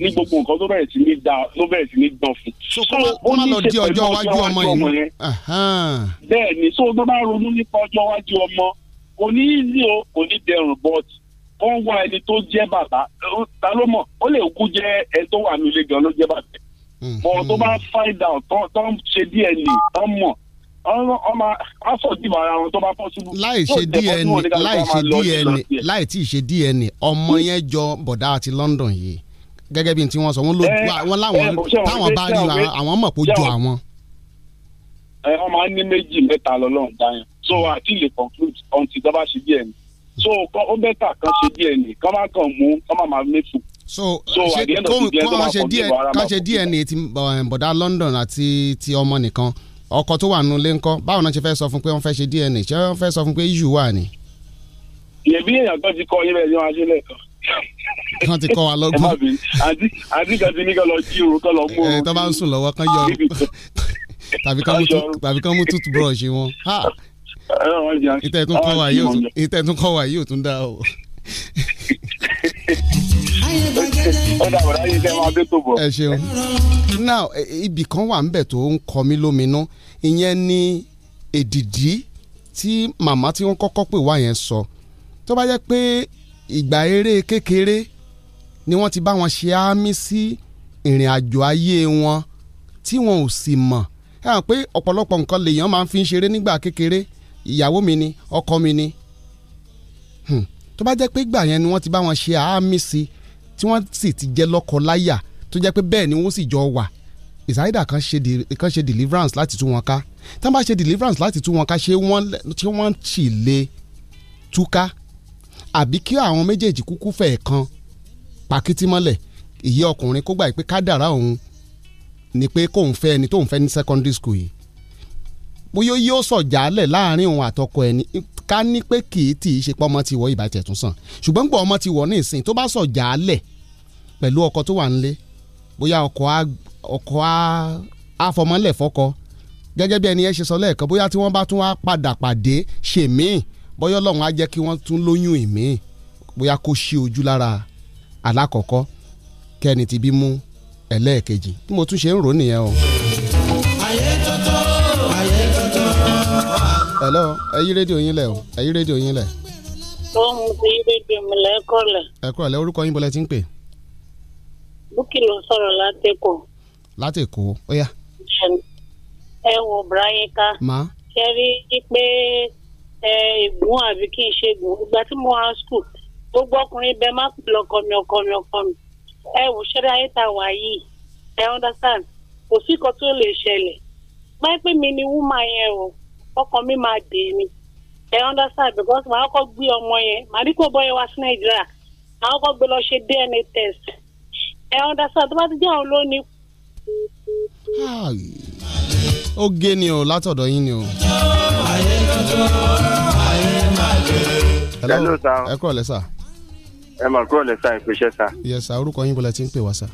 ní gbogbo nǹkan tó bẹ̀rẹ̀ sí ní da ló bẹ̀rẹ̀ sí ní dán fún. so kó má lọ di ọjọ́ iwájú ọmọ yìí. bẹ́ẹ̀ ni so tó bá ronú nípa ọjọ́ iwájú ọmọ kò ní easy o kò ní dẹrùn but kó ń wá ẹni tó jẹ́ bàbá ta ló mọ̀ ó lè kú jẹ́ ẹni tó wà nílé gan ló jẹ́ bàbá. Hmm, bọ̀ tó hmm. bá find out tó ń ṣe DNA tó ń mọ̀ ọmọ asọ̀tìmù ara láì DNA láì ṣe DNA láì tí ì ṣe DNA ọmọ hmm. yẹn jọ bọ̀dá àti London yìí gẹ́gẹ́ bí n tí wọ́n sọ wọ́n ló eh, wọ́n láwọn eh, táwọn bá rí àwọn mọ̀ kó jọ àwọn. ẹ eh, wọn máa ń ní méjì mẹ́ta lọ́lọ́run dáyẹn so hmm. àti lè conclude on tó bá ṣe DNA so ó bẹ́tà kan ṣe DNA kán má kàn mú kán má máa mẹ́fù so ṣe kó wọn ṣe DNA ti bọ̀dá London àti ti ọmọ nìkan ọkọ tó wà nulẹ̀ ńkọ́ báwo náà ṣe fẹ́ sọ fún pé wọ́n fẹ́ ṣe DNA ṣé wọ́n fẹ́ sọ fún pé issue wà ni. ìyẹ̀bí èèyàn kan ti kọ yín bẹ́ẹ̀ ni wọ́n á ṣe lẹ́ẹ̀kan kan ti kọ́ wa lọ́gbọ́n. [LAUGHS] àti kan ti ní kọ́ lọ jí òru kọ́ lọ mú òru. tó bá ń sùn lọ́wọ́ kan yọ [LAUGHS] tàbí kan mú toothbrush wọn. ìtẹ̀tún kọ́ wa yìí tún dá o. [LAUGHS] ẹ ṣeun now e, e, ibì kan wà ńbẹ̀ tó ń kọ mí lóminú ìyẹn ni èdìdí tí màmá tí wọ́n kọ́kọ́ pè wá yẹn sọ tó bá jẹ́ pé ìgbà eré kékeré ni wọ́n ti bá wọn ṣe àmì sí ìrìn àjò ayé wọn tí wọn ò sì mọ̀ ẹ hàn pé ọ̀pọ̀lọpọ̀ nǹkan lèèyàn máa ń fi ń ṣeré nígbà kékeré ìyàwó mi ni ọkọ mi ni hmm. tó bá jẹ́ pé ìgbà yẹn ni wọ́n ti bá wọn ṣe àmì sí i tí wọ́n sì ti jẹ́ lọ́kọ-láyà tó jẹ́ pé bẹ́ẹ̀ ni wọ́n sì jọ wà ìsáyédà kan ṣe kan ṣe deliverance láti tú wọn ká tá bá ṣe deliverance láti tú wọn ká ṣé wọ́n ṣé wọ́n sì lè túká àbí kí àwọn méjèèjì kúkú fẹ̀ kan pàkìtì mọ́lẹ̀ ìyẹ́ ọkùnrin kó gbà pé kádàrá òun ni pé kóun fẹ́ ẹni tóun fẹ́ ní secondary school yìí bóyá yóò sọ jálẹ̀ láàrin òun àtọkọ ẹni ká ní pé kì í tì í ṣe pé ọmọ ti wọ ìbàjẹ́ tún sàn ṣùgbọ́n gbọ́ ọmọ ti wọ ní ìsìn tó bá sọ jálẹ̀ pẹ̀lú ọkọ tó wà nílé bóyá ọkọ á ọkọ á àfọmọ́lẹ̀ fọ́kọ gẹ́gẹ́ bí ẹni ẹ ṣe sọ lẹ́ẹ̀kan bóyá tí wọ́n bá tún wá padà pàdé ṣèmíì bóyá ọlọ́run á jẹ́ kí wọ́n tún lóyún ìmíì bóyá kó ṣe ojú lára alákọ̀ọ́kọ́ kẹ́ni ti bí ẹlẹ́ẹ̀kejì tí mo tún ṣe ń rò nìyẹn o. hello ẹ yí rédíò yín lẹ̀ o ẹ yí rédíò yín lẹ̀. tó ń fi rédíò mi lẹ́kọ̀ọ́ lẹ̀. ẹ kúrò lẹ́ orúkọ yín bọ́lẹ̀ tí ń pè. búkì ló sọ̀rọ̀ látẹ̀kọ̀. látẹ̀kọ̀ ó yá. ẹ wo brayeka. ma. ṣe rí pé ègún àbí kí n ṣe ègún ìgbà tí mo wá skul gbogbo ọkùnrin bẹ́ẹ̀ má pè lọ́kọ mi ọkọ mi ọkọ mi ẹ wò ṣẹ́rí ayé ta wà yìí ẹ understand kò sí kan tó lè ṣẹlẹ̀ báyìí pé mi ni wúmà yẹn o ọkàn mi máa dè mí ẹ understand because màá kọ́ gbé ọmọ yẹn màá ní kó bọ́ yẹn wá sí nàìjíríà màá kọ́ gbé lọ ṣe dna test ẹ understand tó bá ti jẹ́ àwọn lónìí. ó gé ni o látọ̀dọ̀ yín ni o. hello sir. ẹ kúrò lẹ́sà. ẹ mà kúrò lẹ́sà ìpèsè sà. yes sir orúkọ yín bọ́lá ti ń pè wá sà.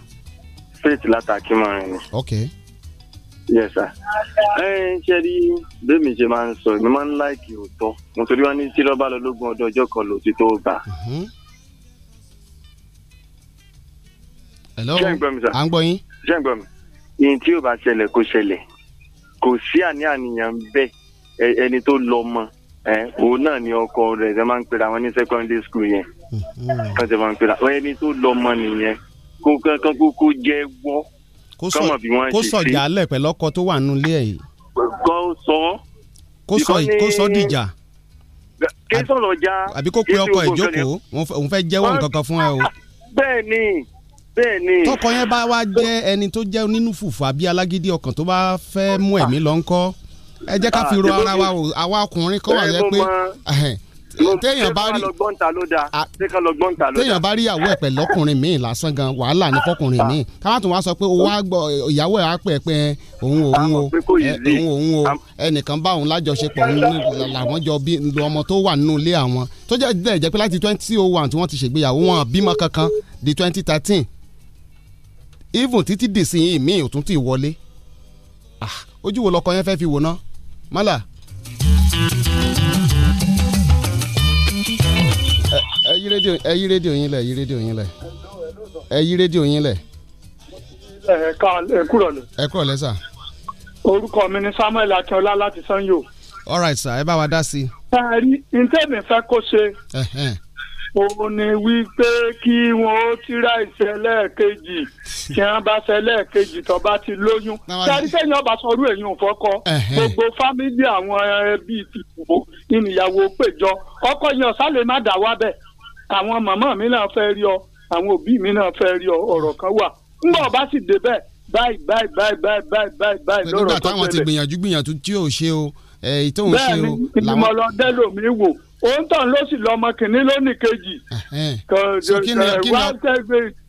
faith látàkì mọ́rin ni. okay yes sir ẹ ṣe rí bẹ́ẹ̀ mi ṣe máa ń sọ mi máa ń láìkì òótọ́ nítorí wọn ní tí lọ́ba lọ lógún ọdún ọjọ́ kan lòtí tó gbà. Mm-hmm. ṣé ń gbọ́ mi sà à ń gbọ́ yín. ṣé ń gbọ́ mi ìyẹn tí yóò bá ṣẹlẹ̀ kó ṣẹlẹ̀ kò sí àní àníyàn bẹ́ẹ̀ ẹni tó lọ mọ́ ẹ òun náà ni ọkọ rẹ̀ ẹ máa ń pera wọn ní secondary school yẹn kọ́ńtẹ̀ mm-hmm. máa ń pera ẹni tó lọ mọ́ nìyẹn kó kankan kó kó jẹ́ wọ́ kó sọ jálẹ̀ pẹ̀lú ọkọ tó wà nílé ẹ̀ yìí. kó sọ. kó sọ kó sọ dìjà. kí sọ̀rọ̀ ja. àbí kó pe ọkọ ẹ̀ jókòó òun fẹ́ jẹ́wọ́ ah, nǹkan kan fún ẹ o. [LAUGHS] bẹ́ẹ̀ ni bẹ́ẹ̀ ni. tọkọ yẹn bá wá jẹ́ ẹni tó jẹ́ nínú fùfú àbí alágídí ọkàn tó bá fẹ́ mú ẹ̀mí lọ ẹ jẹ́ ká fi ro ah, ara wa [LAUGHS] àwa ọkùnrin kọ́ wà yẹ pé [LAUGHS] téèyàn bá rí téèyàn bá rí ìyàwó ẹ̀ pẹ̀lú ọkùnrin míì lásán gan wàhálà ní fọkùnrin míì káwọn tún wá sọ pé owó àgbọ̀ ìyàwó ẹ̀ á pẹ̀ pé òun òun o òun òun o ẹnìkan bá òun lájọṣepọ̀ làwọn jọ bí lu ọmọ tó wà nínú ilé àwọn tó jẹ́ jẹ́ pé láti twenty oh one tí wọ́n ti ṣègbéyàwó wọn bímọ kankan di twenty thirteen even títí dìsìn míì ò tún ti wọlé ah, ojú wo lọkọ yẹn fẹ́ fi wò ná mọ́là. yí rédíò ẹ yí rédíò yín lẹ̀ yí rédíò yín lẹ̀ ẹ yí rédíò yín lẹ̀. ẹ ká ẹ sà. orúkọ mi ni Samuel Akínọlá láti Sanyo. all right sir ẹ bá wa dá sí i. ẹ rí ntẹ́mi fẹ́ kó ṣe òun ni wípé kí wọn ó tíra ìṣẹ̀lẹ̀ kejì [LAUGHS] kí wọn bá ṣẹlẹ̀ kejì tó bá ti lóyún sẹrí sẹyìn ọba sọrú èyí ò fọkọ gbogbo fámìlì àwọn ẹbí ti wò ìnìyàwó péjọ ọkọ yẹn ọsàlẹ má dà wá bẹ́ẹ̀ àwọn màmá mi náà fẹ́ rí ọ àwọn òbí mi náà fẹ́ rí ọ ọ̀rọ̀ kan wà ńgbà ọba sì débẹ̀ báyìí báyìí báyìí báyìí báyìí báyìí báyìí lọ́rọ̀ tó tẹ̀lé. nígbà táwọn ti gbìyànjú gbìyànjú tí ò ṣe o èyí tó ń ṣe o. bẹ́ẹ̀ni ìgbìmọ̀ lọ dẹ́lò mi wò òun tàn ló sì lọmọ kìnní lónìí kejì.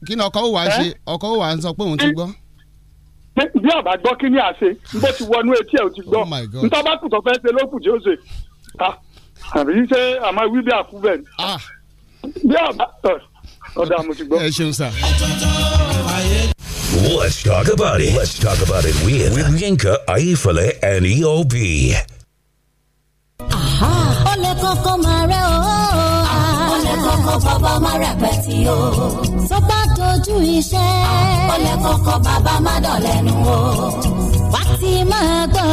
kí ni ọkọ wà á ṣe ọkọ wà á sọ pé òun ti gbọ́. bí ọba gbọ́ kí ni àṣe bó ti wọnú etí ẹ̀ ò ti gbọ́ oh ntọ́ bá kùtọ̀ fẹ́ ṣe lókùjì ó ṣe ah, àbí ṣe àmọ́ wíbí àkúbẹ̀ ni. Ah. Oh, sá. Let's talk about it. Let's talk about it with, with Yinka, Aifale, and EOB. Aha! Ó lè kọ́kọ́ máa rẹ̀ kọ́kọ́ bàbá o. Tó bá dojú iṣẹ́. Ó lè kọ́kọ́ bàbá máa dọ̀lẹ́nu koko baba o ise koko baba o wá ti máa gbọ́.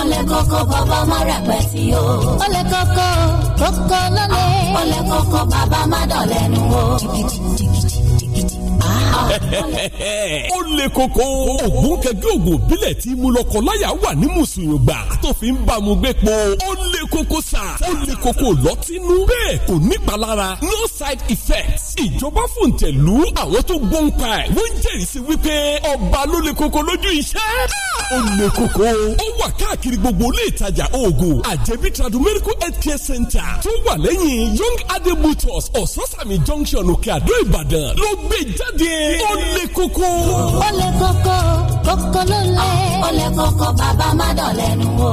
ọ̀lẹ̀ kọ̀kọ̀ bàbá má rẹpẹtì o. ọ̀lẹ̀ kọ̀kọ̀ kókó lọ́lẹ̀. ọ̀lẹ̀ kọ̀kọ̀ bàbá má dọ̀lẹ́nu o ó [LAUGHS] le koko. ògùn kẹgẹ́ ògùn òbílẹ̀ tí mú lọ́kọ láyà wà ní mùsùlùmí gbà tó fi ń bá mu gbé po. ó le kókó sà ó lè kókó lọ́tínú bẹ́ẹ̀ kò nípalára no side effects ìjọba fòǹtẹ̀lú àwọn tó gbọ́n pa ẹ̀ wọ́n ń jẹ́rìísí wípé ọba ló lè kókó lójú iṣẹ́ ó lè kókó ó wà káàkiri gbogbo ilé ìtajà oògùn àjẹbí tradu medical health center tó wà lẹ́yìn young adebutos ososani junction òkè àdó ìbàdàn ló gbé jáde ó lè kókó. ó lè kókó kókó ló lè. ó lè kókó bàbá má dọ̀lẹ́nu o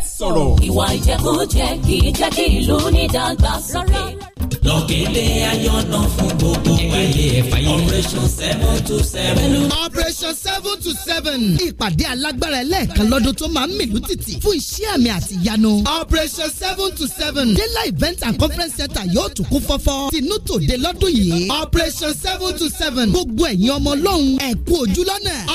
sọ̀rọ̀. ìwà ìjẹkújẹ kì í jẹ́ kí ìlú ní ìdàgbàsókè lọ́kẹ́lẹ́ ayọ̀nà fún gbogbo ayé ẹ̀fà operation seven to seven. operation seven to seven. ìpàdé alágbára ẹlẹ́ẹ̀kan lọ́dún tó máa ń mìlú tìtì fún iṣẹ́ àmì àti ìyanu. operation seven to seven. dela event and conference center yóò tún kún fọ́fọ́. tinú tòde lọ́dún yìí. operation seven to seven. gbogbo ẹ̀yin ọmọ ọlọ́run ẹ kú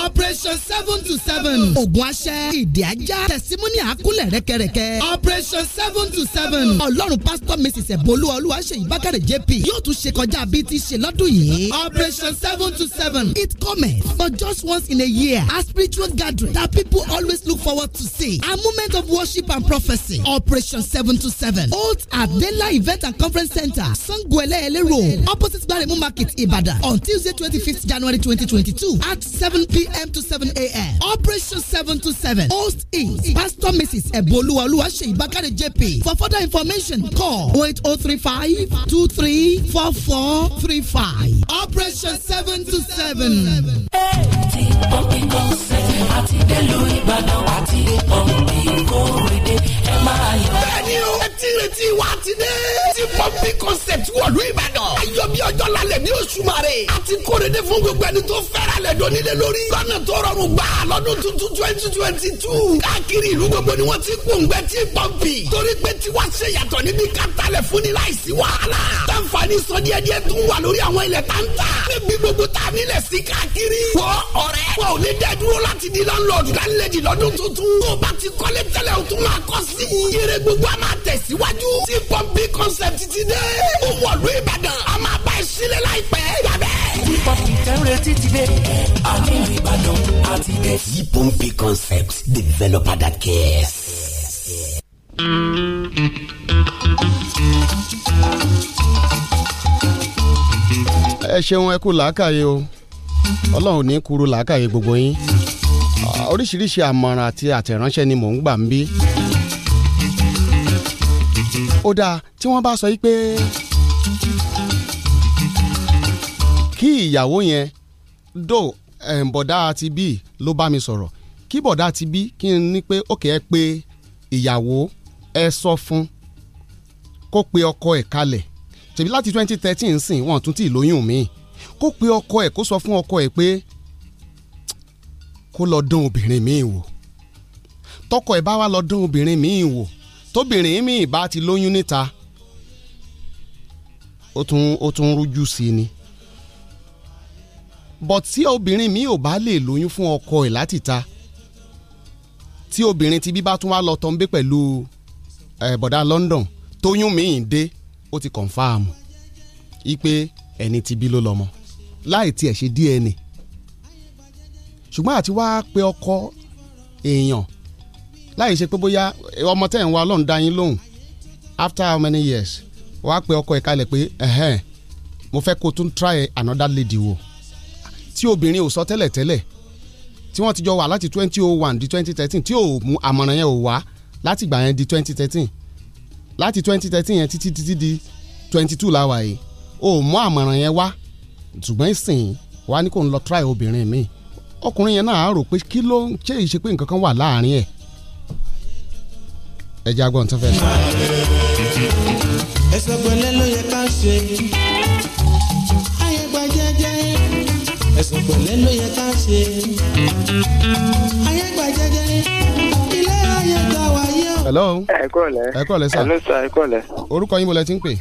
operation seven to seven. ògùn aṣẹ ìdí ajá tẹ̀símúnì àkúlẹ̀ lẹ́sẹ̀ operation seven to seven. ọlọ́run pásítọ̀ mrs ẹ̀bọ́lú olúwa ṣe ìbákẹ́rẹ́ jp yóò tún ṣe kọjá bíi ti ṣe lọ́dún yìí. operation seven to seven. it comes for just once in a year. a spiritual gathering that people always look forward to see. a moment of worship and prophecy. operation seven to seven. hold Adela event and conference center sangoele ele road opposite gbaremu market ibadan on tuesday twenty fifth january twenty twenty two at seven pm to seven am. operation seven to seven. host is pastor mrs ẹ̀bùn olúwa ṣe ìbákàrẹ̀ jp for further information call oh eight oh three five two three four four three five operation seven to seven. ti pọ́ńpì kan ṣẹ̀ṣẹ̀ àti délùú ìbàdàn àti pọ́ńpì kórè dé máa yọ. bẹ́ẹ̀ni o etí retí wa ti dé. ti pọ́ńpì concept wọ̀lú ìbàdàn. ayọ̀ bí ọjọ́ lálẹ́ ní oṣù mare. a ti kóre de fún gbogbo ẹni tó fẹ́ràn lẹ̀ dọ́nílé lórí. lọ́nà tó rọrùn gbà lọ́dún tuntun twenty twenty two. káàkiri ìlú gbogbo ni wọ́n ti gbòǹgbẹ́ ti pọ́ńpì. torí pé tiwa ṣe yàtọ̀ níbi kátàlẹ̀ fúnni láìsí wàhálà. táǹfààní sọ díẹ̀ díẹ̀ tún wà lórí àwọn ilẹ̀ táǹtà. níbi gbogbo ta nílẹ̀ sí káàkiri. wọ ọ̀rẹ́ wọn ò ní dẹ́dúró láti di lọ́nlọ́ọ̀dù lálẹ́ yìí gbogbo a máa tẹ̀síwájú tí pọ́ǹpì concept ti dé. ó wọ̀lú ìbàdàn a máa bá ẹ sílẹ̀ láìpẹ́ yàbẹ́. tí pọ́ǹpì tẹ́rẹ̀ títí dé àní ìbàdàn àti dé. tí pọ́ǹpì concept developer that cares. ẹ ṣeun ẹ kú làákàyè o ọlọ́run ní kúrú làákàyè gbogbo yín ah, oríṣiríṣi àmọ̀ràn àti àtẹ̀ránṣẹ́ ni mò ń gbà ń bí ó dáa tí wọ́n bá sọ yí pé kí ìyàwó yẹn dò eh, bọ̀dá ti bí ló bá mi sọ̀rọ̀ kí bọ̀dá ti bí kí n ní pé ókè ẹ pé ìyàwó ẹ sọ fún kó pe ọkọ ẹ kalẹ̀ tèmi láti twenty thirteen sìn wọn tún ti lóyún mi kó pe ọkọ ẹ kó sọ fún ọkọ ẹ pé kó lọ dán obìnrin míì wò tọkọ ẹ bá wá lọ dán obìnrin míì wò tóbìnrin mi ìbá ti lóyún níta ó tún ó tún rújú sí ni bọ̀ tí obìnrin mi ò bá lè lóyún fún ọkọ ẹ̀ láti ta tí obìnrin ti bí bá tún wá lọ tọ́ ń pẹ̀lú bọ̀dá London tóyún mi-ín dé ó ti kọ̀nfàmù ipe ẹni tí bí ló lọ́mọ láì tiẹ̀ ṣe DNA ṣùgbọ́n àti wá pé ọkọ èèyàn láì ṣe pé bóyá ọmọ tẹ̀ ń wá ọlọ́run dá yín lóhùn after how many years wàá pe ọkọ ẹ̀ kalẹ̀ pé ẹ̀hẹ́n mo fẹ́ kó tún try another lady wo tí obìnrin ò sọ tẹ́lẹ̀ tẹ́lẹ̀ tí wọ́n ti jọ wà láti twenty oh one di twenty thirteen tí ò mú àmọ̀ràn yẹn ò wá láti gbà yẹn di twenty thirteen láti twenty thirteen yẹn títí títí di twenty two láwa yìí ò mú àmọ̀ràn yẹn wá ṣùgbọ́n ìsìn wa ni kò ń lọ try obìnrin mi ọkùnrin yẹn náà á rò pé kí ló ń ṣe ìṣe pé nǹkan kan wà láàrin ẹ̀ ẹ jẹ́ agbọ́n tó fẹ́ sọ. ẹsẹ̀ pẹ̀lẹ́ ló yẹ ká ṣe ayé gba jẹ́jẹ́ ẹsẹ̀ pẹ̀lẹ́ ló yẹ ká ṣe ayé gba jẹ́jẹ́ ilé ayé gba wáyé o. hello ẹ kúrọ̀lẹ́ ẹ kúrọ̀lẹ́ sà hello sà ẹ kúrọ̀lẹ́. orúkọ yín mo lẹ ti ń pè.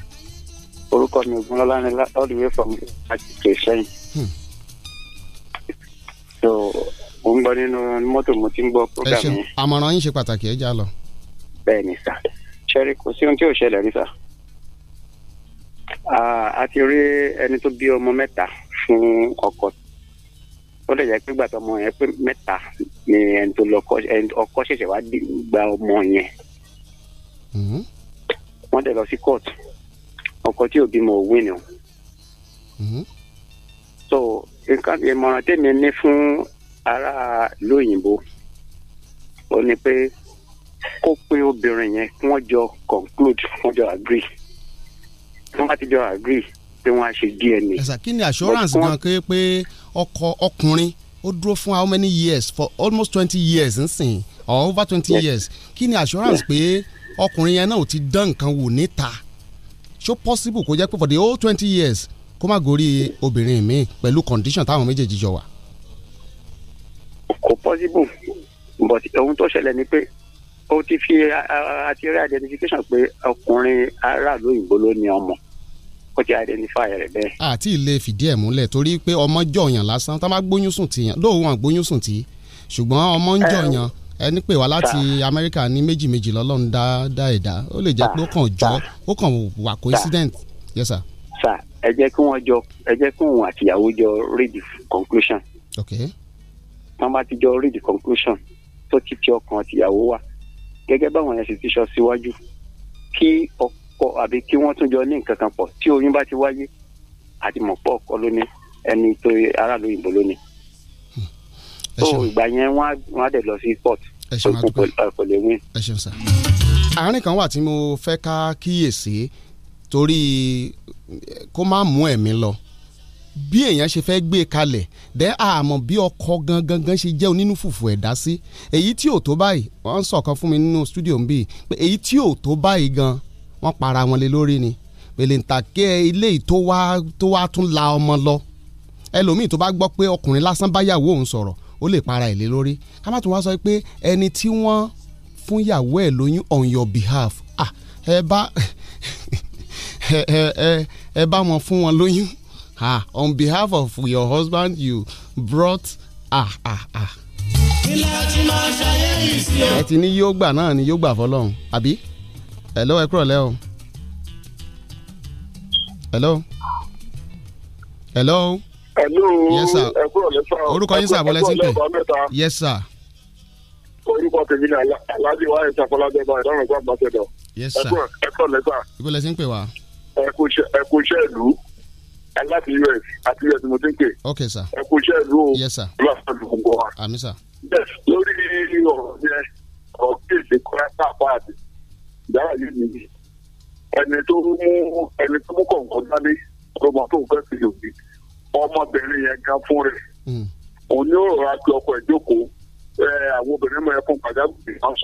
orúkọ mi ògúnlọ́lá ni all the way from àjèjì sẹ́yìn. Hmm. so mo ń gbọ́ nínú mọ́tò mo ti ń gbọ́ program yẹn. ẹ ṣe àmọ̀ràn yín ṣe pàtàkì ẹ já lọ bẹ́ẹ̀ ni sà ṣẹ́rí kò sí ohun tí ò ṣẹlẹ̀ ní sà a ti rí ẹni tó bí ọmọ mẹ́ta fún ọkọ ó lè jẹ́ pé gbàtọ́ ọmọ yẹn pé mẹ́ta ni ẹni tó lọ ọkọ ṣẹ̀ṣẹ̀ wá gba ọmọ yẹn mm-hmm. wọ́n dẹ̀ lọ sí court ọkọ tí òbí mọ̀ òwe ni o. Mm-hmm. so nǹkan ìmọ̀ràn tèmi ní fún ará ìlú òyìnbó ó ní pé kó pe obìnrin yẹn kí wọ́n jọ conclude wọ́n jọ agree wọ́n bá ti jọ agree pé wọ́n á ṣe DNA. ẹ̀sà kí ni assurance gan pé pé ọkọ ọkùnrin ó dúró fún how many years for almost twenty years nsìn or over twenty yes. years kí ni assurance pé ọkùnrin yẹn náà ò ti dán nǹkan wò níta ṣó possible kó jẹ́ pé for the whole twenty years kó má gorí obìnrin mi pẹ̀lú condition táwọn méjèèjì jọ wà. kò possible but ohun tó ṣẹlẹ̀ ni pé ó ti fi àti rí identification pé ọkùnrin aráàlú òyìnbó ló ní ọmọ ó ti identify rẹ̀ bẹ́ẹ̀. àti ilé fìdí ẹ̀ múlẹ̀ torí pé ọmọ jọ̀yàn lásán tá a bá gbóyún sùn tì yàn lóòwò àwọn gbóyún sùn tì ṣùgbọ́n ọmọ ń jọ̀yàn ẹni pè wá láti amẹ́ríkà ní méjì méjì lọ́lọ́run dá dá ẹ̀dá ó lè jẹ́ pé ó kàn jọ ó kàn wà coincident sir. sà ẹ jẹ́ kí wọ́n jọ ẹ jẹ́ kí òun àtìyàwó jọ read the conclusion. ok. tán bá ti jọ read the conclusion tó ti ti ọkàn àtìyàwó wá gẹ́gẹ́ báwọn yẹn ṣe ti sọ síwájú kí ọkọ àbí kí wọ́n tún jọ ní nǹkan kan pọ̀ tí oyún bá ti wáyé àti mọ̀ pọ̀ ọkọ ló ẹni tó aráàlú òyìnbó ló ní. so ìgbà yẹn wọ́n á dẹ̀ lọ sí court kò lè win. àárín kan wà tí mo fẹ́ ká kíyèsí torí kó má mú ẹ̀mí lọ bí èèyàn ṣe fẹ́ gbé kalẹ̀ dẹ́ àmọ́ bí ọkọ gangan gan ṣe jẹ́ onínú fùfù ẹ̀dá sí èyí tí ò tó báyìí wọ́n ń sọ̀kan fún mi nínú stúdíò ń pé èyí tí ò tó báyìí gan wọ́n para wọn lé lórí ni pèlè ntàkẹ́ ilé tó wá tó wá tún la ọmọ lọ ẹlòmíì tó bá gbọ́ pé ọkùnrin lásán báyàwó òun sọ̀rọ̀ ó lè para ẹ̀ lé lórí ká má tún wá sọ pé ẹni tí wọ́n fún yàwó ẹ̀ lóyún on your behalf ah ẹ bá [LAUGHS] ẹ ẹ ẹ bá wọn fún wọn lóyún ah on behalf of your husband you brought ah ah ah. ilé tí máa ṣayé yìí sí o. ẹ ti ní yóò gbà náà ni yóò gbà fọlọ́run àbí ẹ ẹ kúrọ̀lẹ́ o. hello. hello. hello yes sir ẹ kúrọ̀lẹ́ sọ. orúkọ yín sàbọ̀lẹ́ sí pé yes sir. orúkọ tèmi ni aláàbí wa ẹ̀sán fọlájọ bá ìdáhùn ìgbà àgbàṣẹ̀dọ̀. yes sir ẹ kúrọ̀lẹ́ sà. ìkúlẹ̀ sí ń aláti us àti us mo ok sir. ẹ kú iṣẹ́ ìlú o. yes sir. ìlú àfẹ́lù gbogbo wa. àmì sir. yes lórí ọ̀rọ̀ yẹn ọ̀rọ̀ kéèsì kọ́ńtà pàdé ìdára yìí nìyí ẹni tó mú ẹni tó mú kọ̀ǹkọ̀ dání ọmọ tó fẹ́ fi lòdì ọmọbìnrin yẹn gan fún rẹ̀ hmm. òun ni ó rọra pe ẹ̀ jókòó àwọn obìnrin mọ̀ ẹ́ fún pàjáwìrì kan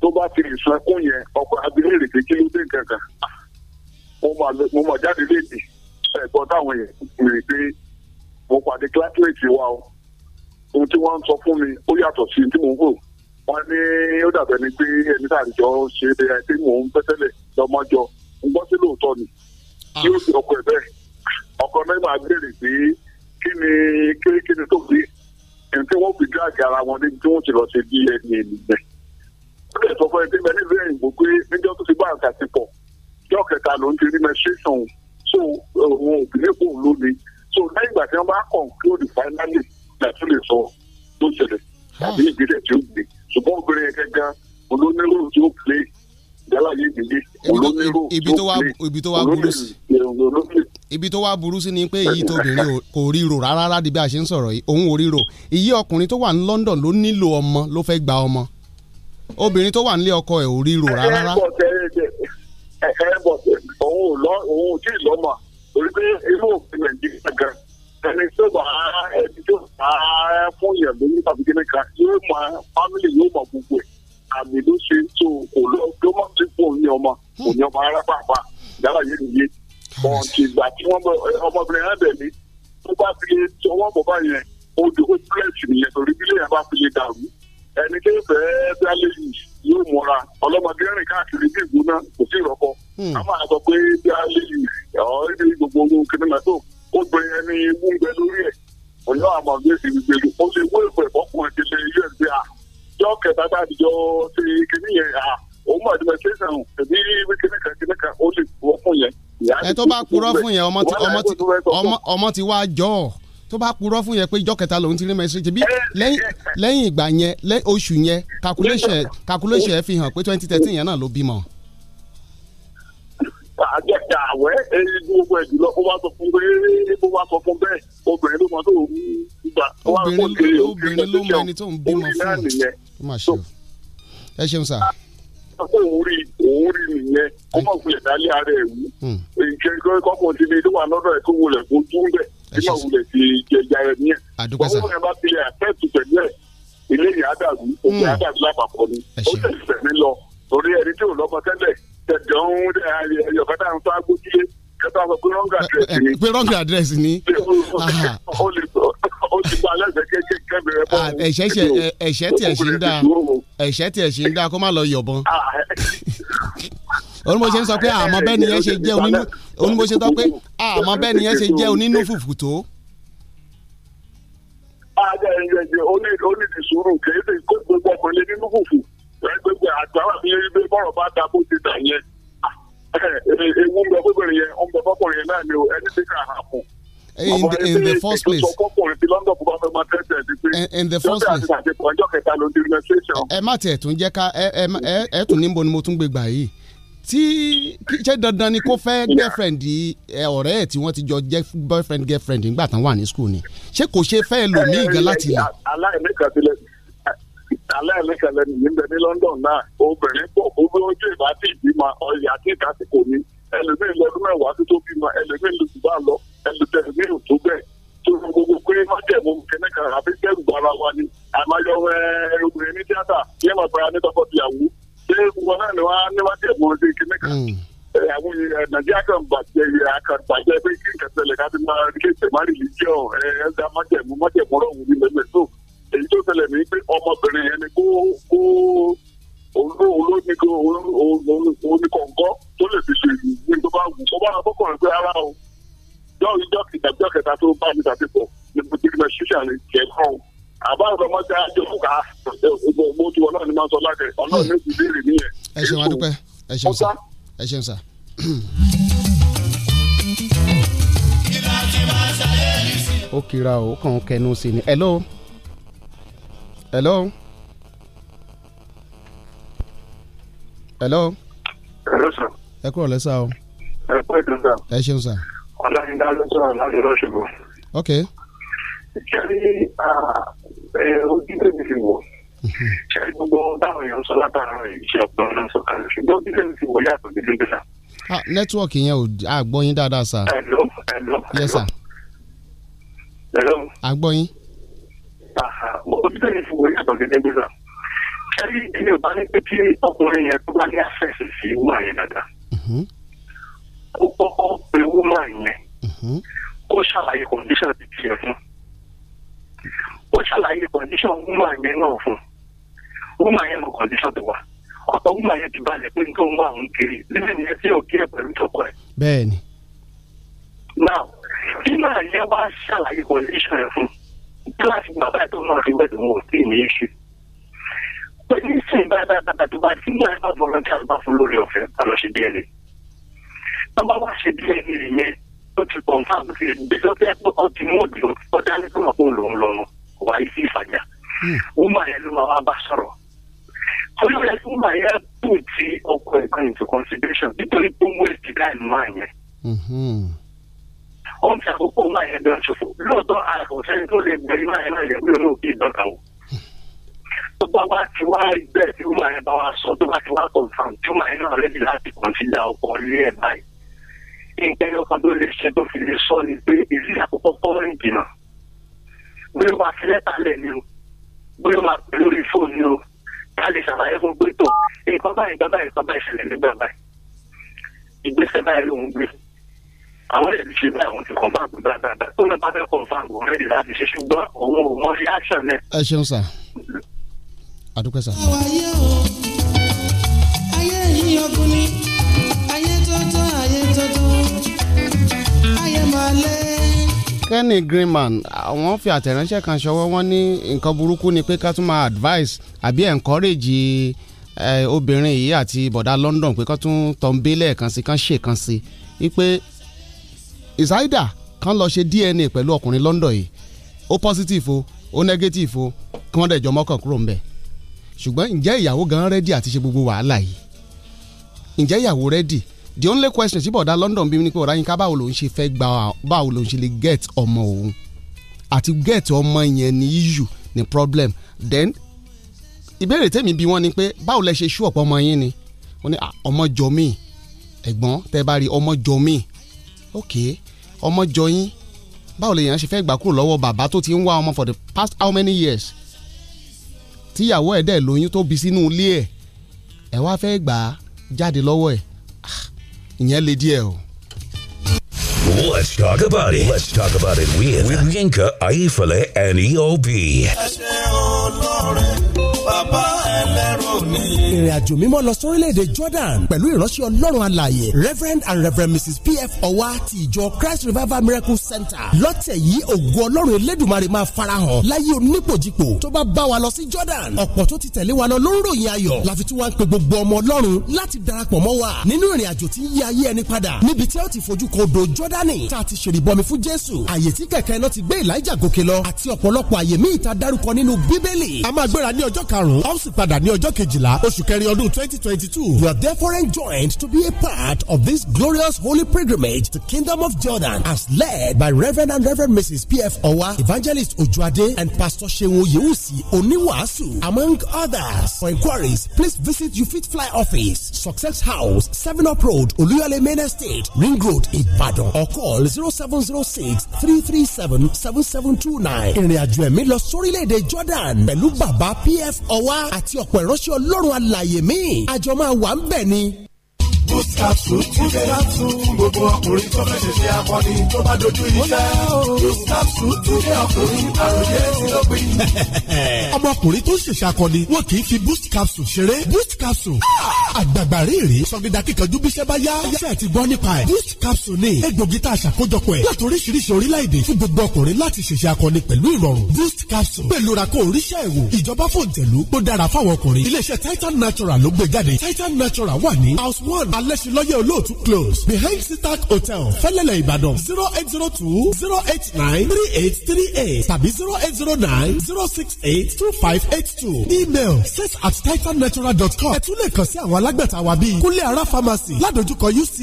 tó bá fi ìsun ẹkún yẹn ọkọ abiléèrè kékeré dé nǹkan kan ah, mo mọ̀ jáde léèdì ẹ̀gbọ́n táwọn yẹn béèrè pé mo pàdé classmate wa o ohun tí wọ́n ń sọ fún mi ó yàtọ̀ sí tí mò ń rò wọ́n ní ó dàbẹ̀ ni pé ẹni tá àjọ ṣe é bẹ́ẹ̀ pé mò ń pẹ́tẹ́lẹ̀ lọ́mọ́jọ ń gbọ́ sí lóòótọ́ ni ah. yóò fi ọkọ̀ ẹ̀ bẹ́ẹ̀ ọkọ̀ náà máa béèrè pé kí ni kí ni tó gbé ẹni tí wọ́n fi dáàgì ara wọn ní tí wọ́n ti lọ ṣe bí ẹni ènìyàn ó lè sọ fún ẹni tí mẹ́rin bẹ́ẹ̀ ìgbó pé níjọ́ tó ti bá àǹkà ti pọ̀ jọ́ kẹta ló ń ti rí menstruation so òun uh, ò bí lẹ́kọ̀ọ́ ló le so lẹ́yìn ìgbà tí wọ́n bá conclude finally láti lè sọ tó ṣẹlẹ̀ tàbí hmm. ìgbésẹ̀ tí ó gbé ṣùgbọ́n obìnrin yẹn kẹga olónírò tí ó play ìdálàyé ìdílé olónírò tó play ibi tó wá burú sí ibi tó wá burú sí ni pé èyí tóbìnrin kò ríro rárá di bí a ṣe ń sọ̀rọ̀ yìí òun ò ríro ìyí ọkùnrin tó wà ní London ló nílò ọmọ ló fẹ́ gba ọmọ obìnrin tó wà nílé ọkọ ẹ̀ ò ríro rárá. ẹ ẹ bọ̀ òun ò lọ òun ò tí ì lọ́mọ torí pé inú òfin nàìjíríà gan ẹni tó bá ẹni tó bá fún yẹn lóyún tàbí kíni kan yóò mọ fámìlì yóò mọ gbogbo ẹ àmì ló ṣe tó kò lọ tó má ti fún òun ní ọmọ kò ní ọmọ ara pàápàá yálà yé nìyé ọ̀ǹtì ìgbà tí wọ́n bọ ọmọbìnrin náà bẹ̀ mí tó bá fi lè tó wọ́n bọ̀ báyẹn odò ó búrẹ́sì nìyẹn torí bílẹ̀ yẹn bá fi lè dàrú ẹni tó fẹ́ẹ́ bí alẹ́ yìí yóò mọ̀ra ọlọ́mọdé rìn káàkiri bí ìgbóná kò sí ìrọ́kọ Hmm. a máa sọ pé bí a lè ọ̀ ẹ́ gbogbo owó kìnnìkan tó obìnrin ẹni ikú ń bẹ lórí ẹ̀ òun náà àmọ̀ bí èsì gbèlú ó lè wé ìwé ìfọkùnrin ti ṣe ilé ẹ̀sìn à jọ kẹta tá a ti jọ ṣe kìnnì yẹn à òun mọ̀ nípa ṣé sàn tẹ̀bí wí kìnnìkan kìnnìkan ó lè wọ́ fún yẹn. ẹ tó bá purọ́ fún yẹn ọmọ ti wá jọ tó bá purọ́ fún yẹn pé ìjọ kẹta lòun ti rí mẹ́sìrì tẹ̀bí lẹ́yìn ìgbà yẹn oṣù yẹn calculation calculation fi hàn pé twenty thirteen yẹn náà ló bímọ àjẹta àwẹ ẹni eh, gbogbo ẹ jùlọ ó wá sọ fún pé ó eh, wá sọ fún bẹ́ẹ̀ obìnrin ló mọ tó ń gbà ó wá kó kéré obìnrin ló mọ ẹni tó ń bímọ fún un ó ṣe o ẹ ṣeun sá. òun rí òun rí nìyẹn kó mọ̀ fún ẹ̀dá ara ẹ̀ wú hmm. ìṣe kọ́kọ́ ti ní wà lọ́dọ̀ ẹ̀ tó wọlé kó tún bẹ̀ tí wulẹ̀ ti jẹjà ẹ̀ ní ẹ̀. àdúgbò sá ilé ìyá dàrú òkè àdàrú hmm. lápapọ̀ ni ó tẹ̀sí jẹjọ ń ẹyọkọ ń sọ agbójúlé kẹta sọ pé wrong address ni. pé wrong address ni. o lè sọ o ti gba alẹ́sẹ̀ kékeré kẹ́bẹ̀rẹ̀ bọ́. ẹ̀ṣẹ̀ tí ẹ̀ ń dá ẹ̀ṣẹ̀ tí ẹ̀ ń dá kó má lọ yọ̀bọ̀n onímọ̀ọ́sẹ̀ ah. ń sọ pé ah, àmọ́ bẹ́ẹ̀ nìyẹn ṣe jẹ́ onínú onímọ̀ọ́sẹ̀ sọ pé ah, àmọ́ bẹ́ẹ̀ nìyẹn ṣe jẹ́ onínú fùfù tó. ajá ẹ̀yẹ̀ ẹ̀yẹ̀ ó ìdí sùúrù kì gbẹgbẹ àgbà wà ní ebi bọ́rọ̀ bá ta bó ti tà yẹn eh, ewu ń bẹ fọkùnrin yẹn ń bẹ fọkùnrin náà ni o ẹni tí kà á kù. Eh, in the, in the first place. In, in the first place. ẹ má tiẹ̀ tún jẹ́ ká ẹ tún níbo ni mo tún gbé gbà yìí tí ṣé dandan ni kó fẹ́ girlfriend ọ̀rẹ́ ẹ̀ tí wọ́n ti jọ jẹ́ boyfriend girlfriend nígbà tán wà ní school ni ṣé kò ṣe fẹ́ lòmíì eh, gan láti lè. aláìní kan sílẹ̀ kálẹ̀ mi kẹlẹ̀ nìyí ń bẹ ní London náà obìnrin pọ̀ bó bí ojú ìbá tí ìbímọ ọyà tí ìkásíkò ni ẹlòmíín lọ́dún mẹ́wàá tó tó bímọ ẹlòmíín ló ti bá lọ ẹlòmíín ò tó bẹ́ẹ̀ tó ń gbogbo pé májẹ̀mú kẹ́lẹ́ kan àbí kẹ́rù bara wa ni àmàyọ obìnrin ní tíátà yẹ́n máa bára ní tọkọtìyàwó ṣé wọn náà ni wọn ní májẹ̀mú ọdún kẹ́lẹ́ kan àwọn nàìjíríà kan bàjẹ́ kan bàjẹ́ pé kí n kẹsẹ̀ lẹ̀ ká ti máa rí kéṣe má rí ìjọ ẹ̀ ẹ̀ ẹ̀ májẹ̀mú májẹ̀mú ọ̀rọ̀ òun ni mẹ́mẹ́ tó èyí tó tẹ̀lé ní pé ọmọbìnrin yẹn ni kó kó oníkọ̀ǹkọ́ tó lè fi ṣe ìlú tó bá wù kó bá wọn fọkàn pé ara o jọ ìjọ kìtà jọ kẹta tó bá mi tàbí pọ̀ ní bùtíkì náà ṣíṣà ní kẹ̀kọ́ àbá ọ̀dọ́mọdé ajọ́ fúkà mo ti wọ́n náà ni máa ń sọ lákẹ́ ọlọ́run ní ti béèrè nìyẹn. ẹ ṣeun adúpẹ́ ẹ ṣeun sá ẹ ṣeun sá. ó kira o kàn kẹnu sí ni ẹ lọ́wọ́ hello. hello. hello sir. ẹ kúrò lẹ́sà o. ẹ kú ètò sà. ẹ ṣeun sà. ọ̀làyìndá ló sọ̀rọ̀ láti rọ́ṣùgbọ̀. ok. ṣẹ́rí ojú tèmi fi wọ̀ mhm. ṣẹ́rí gbogbo táwọn èèyàn sọ látara ìṣe ọ̀pọ̀ ọ̀nà sọ̀kalẹ̀ ṣùgbọ́n ojú tèmi fi wọ̀ yàtọ̀ gidigidi sà. ah nẹ́tíwọ̀kì yẹn ò àgbọ̀yìn dáadáa sà. hello hello. yes sir. hello. àgbọ̀yìn onítẹ̀yìn fún orí àtọ̀gẹ́dẹ́ gbéra ẹ̀rí ẹni ò bá ní pé kí ọkùnrin yẹn tó bá ní àfẹ́sì sí wúmà yẹn dáadáa ó kọ́kọ́ pé wúmà yẹn kó ṣàlàyé kọ̀ǹdíṣàn ti tiẹ̀ fún ó ṣàlàyé kọ̀ǹdíṣàn wúmà yẹn náà fún wúmà yẹn lọ kọ̀ǹdíṣàn tó wà ọ̀tọ̀ wúmà yẹn ti balẹ̀ pé nǹkan wà ń kiri lẹ́yìn yẹn tí ò kí ẹ pẹ̀lú tọkọ ẹ̀. bẹ́ẹ̀ni. now kí náà yẹn wá ṣàlàyé kọ̀ǹdíṣàn yẹn fún un kíláàsì bàbá tó máa fi wẹ́ẹ̀dì wọn ò sí ní iṣu. pé ní sìn bàbá bàbá tó bá sí náà bá bọ̀rọ̀ tí a bá fún lórí ọ̀fẹ́ a lọ ṣe díẹ̀ ni. bàbá wa ṣe díẹ̀ ni ìyẹn ó ti pọ̀ nǹkan àbúté ìgbésọ́ fẹ́ pé ọ ti mú òdì ọ dání tó máa kó lòun lọ́nu wà á sí ìfàjà. wọ́n máa yẹn ló máa wá bá sọ̀rọ̀. olórí ẹ̀sìn máa yẹ ó ń fi àkókò máa yẹn gan ṣòfò lóòótọ́ àkọsẹ́ni tó lè gbẹ̀rí máa yẹn náà yẹ pé olóògbé ìdọ́ta o tó bá wá ti wá bẹ́ẹ̀ tí ó máa yẹn bá wá sọ tó bá ti wá confam tí ó máa yẹn náà rẹ́dí láti kọ̀ǹsídà ọkọ̀ ilé ẹ̀ báyìí nǹkan ẹ̀yọ́ kan tó lè ṣe tó fi lè sọ ni pé ìlú àkọ́kọ́ kọ́rin jìnnà bóyá máa fi lẹ́tà lẹ̀ ni o bóyá máa lórí fóònù o ká lè ṣàlàyé fún pé tó nǹkan báyìí nǹkan báyìí nǹkan àwọn ẹ̀rí ṣe báyìí àwọn ti confam dáadáa tó náà bá fẹ́ confam òun rẹ̀ láti ṣe ṣùgbọ́n òun ò mọ reaction náà. ẹ ṣeun sà àdúpẹ́ sà. Kenny Greenman àwọn fi àtẹ̀ránṣẹ́ kan ṣọwọ́ wọn ní nǹkan burúkú ni pé ká tún máa advice àbí encourage eh, obìnrin yìí àti bọ̀dá London pé ká tún tọ́ ń bélẹ̀ kan sí kan ṣèkan sí i pé is either kan lọ ṣe DNA pẹ̀lú ọkùnrin London yìí ó positive o ó negative o kí wọ́n dẹ̀ jọ mọ́kàn kúrò ńbẹ̀ ṣùgbọ́n ǹjẹ́ ìyàwó gan rẹ́dì àti ṣe gbogbo wàhálà yìí ǹjẹ́ ìyàwó rẹ́dì the only question tí bọ̀dá London bí ni pé ọ̀rá yín ká báwo lòun ṣe fẹ́ gba báwo lòun ṣe lè get ọmọ òun àti get ọmọ yẹn ni issue ni problem then ìbéèrè tèmi bí wọ́n ni pé báwo lẹ ṣe ṣú ọ̀pọ̀ ọmọ yín ni wọ́n ní ọmọ jọ mí ẹ̀gbọ́n tẹ́ bá rí ọmọ jọ mí okay ọmọ jọyín báwo lèèyàn ṣe fẹ́ gbà kúrò lọ́wọ́ bàbá tó ti ń wá ọmọ for the past how many years tíyàwó ẹ̀ dẹ̀ lóyún tó bí sínú ilé ẹ̀ ẹ̀ wá fẹ́ gbà á jáde lọ́wọ́ ẹ̀ ah, ìyẹn le díẹ̀ o. Let's talk about it. Let's talk about it with, with Yinka Ayefele and EOB ìrìn àjò mímọ́ lọ sórílẹ̀-èdè Jordan pẹ̀lú ìránṣẹ́ Ọlọ́run alààyè Reverend and Reverend Mrs P.F. Ọwa ti ìjọ Christ Revival Miracle Center lọ́tẹ̀ yìí ògo Ọlọ́run Elédùmarè máa farahàn láyé onípòjìpò tó bá bá wa lọ sí Jordan ọ̀pọ̀ tó ti tẹ̀lé wa lọ ló ń ròyìn ayọ̀ láfi tí wọ́n ń pe gbogbo ọmọ Ọlọ́run láti darapọ̀ mọ́ wa nínú ìrìn àjò tí ń yí ayé ẹni padà níbi tí ó ti fojú kan odò Jọ́dánì tá a ti ṣèrìbọmi fún Jésù àyè tí kẹ̀kẹ́ náà ti gbé Èlíjà gòkè lọ àti ọ̀pọ̀lọpọ̀ àyè míì ta dárúkọ nínú Bíbélì a máa gbéra ní ọjọ́ karùn-ún a padà ní ọjọ́ kejìlá oṣù kẹrin ọdún twenty twenty two you are therefore enjoined to be a part of this glorious holy pilgrimage to kingdom of Jordan as led by Reverend and Reverend Mrs. P.F. Owa Evangelist Ojuade and Pastor Shewo Yewusi Oniwasu among others. For inquiries please visit Ufit Fly office Success House Seven Up Road Oluyale Main Estate Ring Road Ibadan or call zero seven zero six three three seven seven seven two nine. Ìrìnàjò ẹ̀mí lọ sórílẹ̀-èdè Jordan pẹ̀lú bàbá P.F. Owa àti ọ̀pọ̀ ìránṣẹ́ Ọlọ́run alá àyè míì àjọ máa wà ń bẹ̀ ni boost capsule ti bẹ̀rẹ̀ fún gbogbo ọkùnrin tó fẹ́ ṣe ṣe akọni tó bá dojú iṣẹ́ boost capsule ti bẹ̀rẹ̀ ọkùnrin àròyé ti ló pin. [LAUGHS] ọmọkùnrin tó ṣẹ̀ṣẹ̀ akọni wọn kì í fi boost capsule ṣeré boost capsule àgbàgbà rèé sọgídà kíkanjú bíṣẹ́ bá yá ṣe ti gbọ́ nípa ẹ̀ boost capsule ni egbògi tá a ṣàkójọpọ̀ ẹ̀ láti oríṣiríṣi orílẹ̀-èdè fún gbogbo ọkùnrin láti ṣẹ̀ṣẹ̀ akọni pẹ̀lú ìrọ̀rùn boost capsule pẹ̀lú rakó oríṣẹ́ ẹ̀wò ìjọba fòǹtẹ̀lú kó dára fáwọn ọkùnrin iléeṣẹ́ titan natural ló gbé jáde titan natural wà ní house one alẹ́sìlọ́yẹ̀ olóòtú close behind sitak hotel fẹ́lẹ́lẹ̀ ìbàdàn zero eight zero two zero eight nine three eight three eight tàbí zero eight zero nine zero six eight two five eight two email sales at titannatural.com ẹ tún lè kàn sí àwọn alágbàtà wa bíi kúnlé ara pharmacy ládojúkọ uch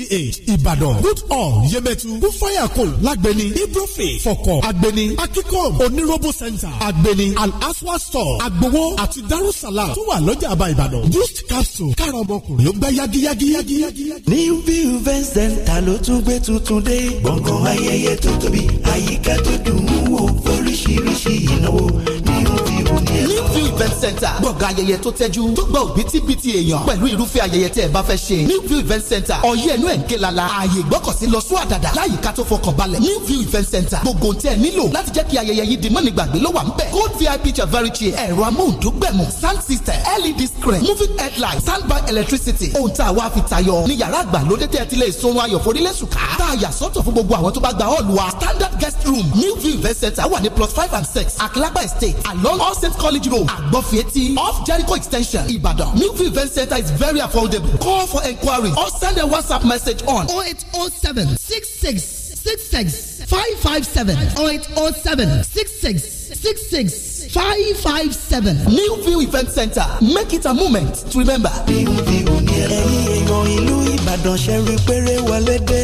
ìbàdàn good all yemẹtu bufayakun lágbẹni ibrofe fọkọ agbẹni akikom onirobo center agbẹni alaswa store agbowo àti darussalam tó wà lọ́jà àbá ìbàdàn boost capsule káàrọ̀ ọmọkùnrin ó gbá yagiyagiyagi new view event center ló tún gbé tuntun dé. gbọ̀ngàn ayẹyẹ tó tóbi àyíká tó dùn ún wò oríṣiríṣi ìnáwó new view ìlú ní ẹ̀kọ́. Newview event center gbọ̀ngàn ayẹyẹ tó tẹ́jú tó gba òbítíbitì èèyàn pẹ̀lú irúfẹ́ ayẹyẹ tẹ́ ẹ bá fẹ́ ṣe. Newview event center ọyẹ́ ẹnu ẹ̀ ń ké lala ààyè ìgbọ́kọ̀sí lọ sún àdàdà láyìíká tó fọkàn balẹ̀. Newview event center gbogbo tẹ́ ẹ nílò láti jẹ́ kí ayẹyẹ yìí di mọ́ni gbàgbé ló wà ń bẹ̀. gold vip chavari chair ẹ̀rọ amóhùndógbẹ̀mù sound system led screen moving headlight standby electricity ohun tá a wá fi tayọ ní yàrá àgbàlódé tẹ́ ẹ ti lè sunrun ayọ̀ forílẹ̀sùká tá a yà sọ́tọ̀ fún gbogbo àwọn tó bá gba hall wa standard guest room Newview event center wà ní plus five and six àkìlágbà estate along all Lagos State College Road, Agbofieti, off Jericho Extension, Ibadan. New Event Center is very affordable. Call for inquiry or send a WhatsApp message on 0807 66 557 0807 66 557. New View Event Center. Make it a moment to remember. ẹ̀yin èèyàn ìlú Ìbàdàn ṣe rí péré wọlé dé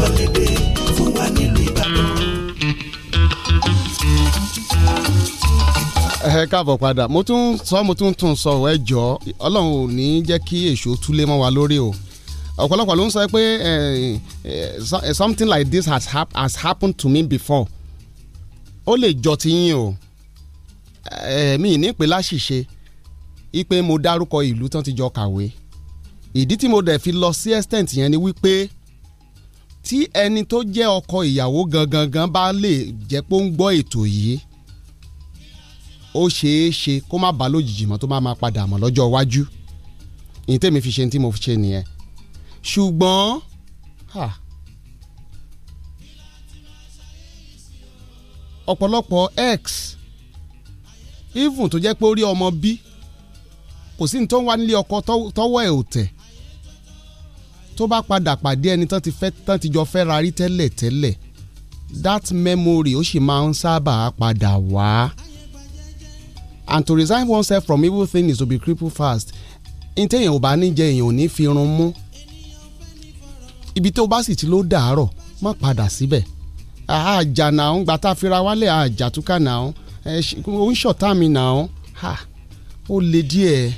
wọlé dé fún wa nílùú Ìbàdàn ẹ káàbọ̀ padà mo tún sọ mo tún tún sọ ẹ jọ ọlọ́run ò ní jẹ́ kí èṣù túlé mọ́ wa lórí o ọ̀pọ̀lọpọ̀ ló ń sọ pé something like this has, hap has happened to me before ó lè jọ ti yín o mi ní pé láṣìṣe ipe mo dárúkọ ìlú tán ti jọ kàwé ìdí tí mo dẹ̀ fi lọ sí extent yẹn ni wípé tí ẹni tó jẹ́ ọkọ ìyàwó gangan bá lè jẹ́ pé ó ń gbọ́ ètò yìí ó ṣeé ṣe kó má bàá lójijì mọ́ tó má máa padà mọ́ lọ́jọ́ iwájú ìyẹn tèmi fi ṣe ní tí mo fi ṣe nìyẹn ṣùgbọ́n ọ̀pọ̀lọpọ̀ x even tó jẹ́ pé ó rí ọmọ bí kò sí ní tó ń wá nílé ọkọ tọ́wọ́ ẹ̀ ò tẹ̀ tó bá padà pàdé ẹni tán ti fẹ́ tán ti jọ fẹ́ ra rí tẹ́lẹ̀ tẹ́lẹ̀ that memory ó sì máa ń sábà padà wá and to resign oneself from evil thing is to be crippled fast n tẹ́yìn ò bá ní jẹ èèyàn ò ní fi irun mú ibi tó bá sì ti ló dàárọ̀ má padà síbẹ̀ àjà náà ń gbàtà fira wálẹ̀ àjà túkà náà ó ń ṣọ̀tá mi náà ó le díẹ̀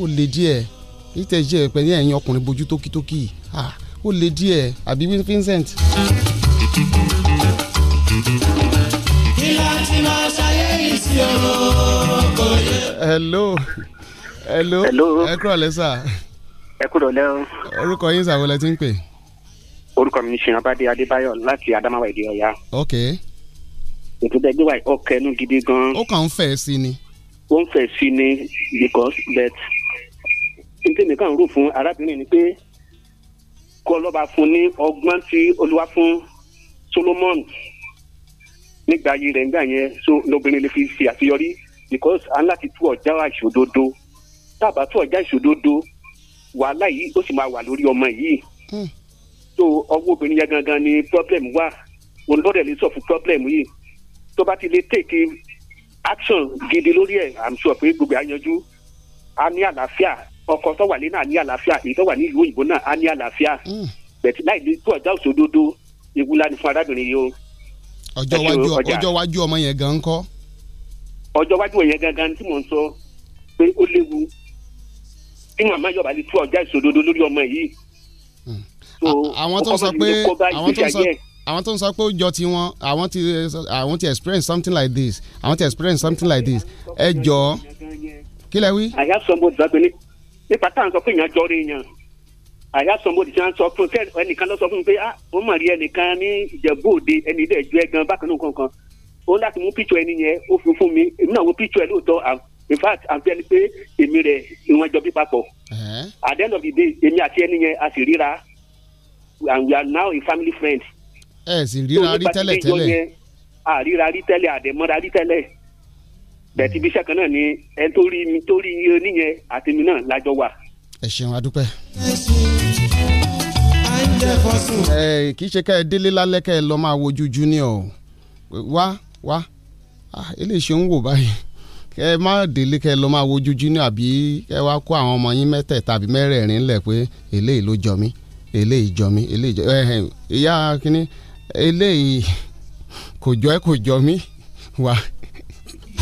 ó le díẹ̀ ìtẹ̀jẹ́ pẹ̀lú ẹ̀yin ọkùnrin bojú tókítókì ó le díẹ̀ àbí Vincent sí hello hello ẹ kúrọ̀ lẹ́ sà. ẹ kúrọ̀ lẹ́ o. orúkọ yín sàwọn lẹ ti ń pè. orúkọ mi ni sinabade adébáyọ̀ láti adamawa èdè ọ̀yá. ok. ètò ìgbẹ́jọ́ wa ò kẹnu gidi gan. ó kàn ń fẹ́ sí ni. ó ń fẹ́ sí ni because bet n tèmi kàn ń rò fún arábìnrin ni pé kọ́ lọ́ba fún ní ọgbọ́n tí olúwa fún Solomon nígbà ayé rẹ̀ nígbà yẹn so lóbìnrin lè fi ṣe àṣeyọrí because a ń láti tú ọjà ìṣòdodo tábà tú ọjà ìṣòdodo wàhálà yìí ó sì máa wà lórí ọmọ yìí hmm. so ọwọ́ obìnrin yẹn gangan ni problem wà olóòrè lè sọ fún problem yìí tó bá ti lè take action gidi lórí ẹ̀ i'm sure pé gbogbo àyanjú a ní àlàáfíà ọkọ tó wà ní náà ní àlàáfíà èyí tó wà ní ìlú òyìnbó náà á ní àlàáfíà hmm. bẹ̀tì láì lè tó ọjà òṣòdodo ewu lánìí fún arábìnrin yìí o ọjọ́ iwájú ọjọ́ iwájú ọmọ yẹn gan kọ́. ọjọ́ iwájú yẹn gangan tí mò ń sọ pé ó léwu tí màmá yọba lè tú ọjà ìṣòdodo lórí ọmọ yìí. Hmm. àwọn tó ń sọ pé àwọn tó ń sọ àwọn tó ń sọ pé ó jọ tiwọn àwọn ti àwọn ti experience something like this àwọn ti experience something like this ẹ jọ kí lẹ wí. àyà sọ mo dàgbé nípa táwọn sọ pé èèyàn jọ èèyàn àyà sọmbọdì tí wọn sọ fún kẹ ẹnìkan lọ sọ fún pé ah wọn mà rí ẹnìkan ní ìjẹ̀bú òde ẹni dẹ̀ ju ẹgan bákan náà kankan ó láti mú píṣọ ẹni yẹn ó fi fún mi èmi náà wo píṣọ ẹ lóòótọ́ in fact àti ẹni pé èmi rẹ̀ ìwọ̀n jọ bí papọ̀ at the end èmi àti ẹni yẹn a sì ríra and we are now a family friend. ẹ sì ríra rí tẹ́lẹ̀ tẹ́lẹ̀ a ríra rí tẹ́lẹ̀ àdèmọ́ra rí tẹ́lẹ̀ bẹ̀ẹ́tì hmm. bíṣẹ́ kan náà ni ẹni tó rí iye oníyẹn àtẹ̀mí náà lájọ wà ẹ ṣeun adúpẹ́. ẹ kì í ṣe ká ẹ délé lálẹ́ ká ẹ lọ máa wojú junior wá wá ah, eléṣẹ́ ń wò báyìí kẹ ẹ má délé kẹ ẹ lọ máa wojú junior àbí kẹ ẹ wá kó àwọn ọmọ yín mẹ́tẹ̀ẹ̀ta àbí mẹ́rẹ̀ẹ̀rin lẹ̀ pé eléyìí ló jọ mí eléyìí jọ mí eléyìí jọ ìyá kínní eléyìí kò jọ ẹ kò jọ mí wá.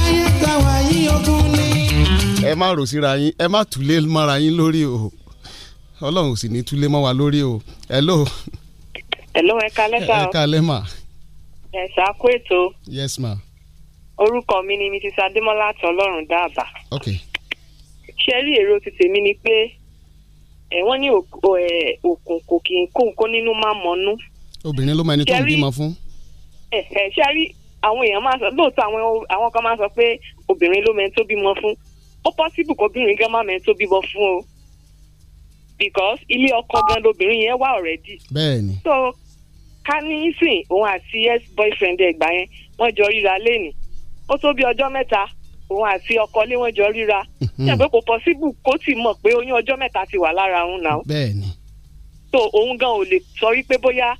ayé ta wàyí ni ẹ má rò síra yín ẹ má túlé mọ́ra yín lórí o ọlọ́run sì ní túlé mọ́ wa lórí o hello. hello ẹ kalẹ́ o ẹ kalẹ́ ẹ sá ètò. yes ma. orúkọ mi ni mrs adémọ́lá àti dáàbà. ok. ṣé rí èrò ti tèmi ni pé ẹ wọ́n ní òkun kì í kó nǹkan nínú má mọ́nú. obìnrin ló máa ẹni tó ń bímọ fún. ẹ ẹ ṣe rí àwọn èèyàn máa sọ lóòótọ́ àwọn kan máa sọ pé obìnrin ló mẹ́ni tó bímọ fún ó pọ́sibù kóbìnrin gan má mẹ́tò bíbọ fún o because ilé ọkọ gan lobìnrin yẹn wà already. bẹ́ẹ̀ni. so ká ní sìn òun àti ex boyfriend ẹgbà yẹn wọ́n jọ ríra lẹ́nìí ó tó bí ọjọ́ mẹ́ta òun àti ọkọ lé wọ́n jọ ríra mhm. ṣe pé kò pọ́sibù kó tì mọ̀ pé oyún ọjọ́ mẹ́ta ti wà lára òun náà. bẹ́ẹ̀ni. so òun gan ò lè sọ wípé bóyá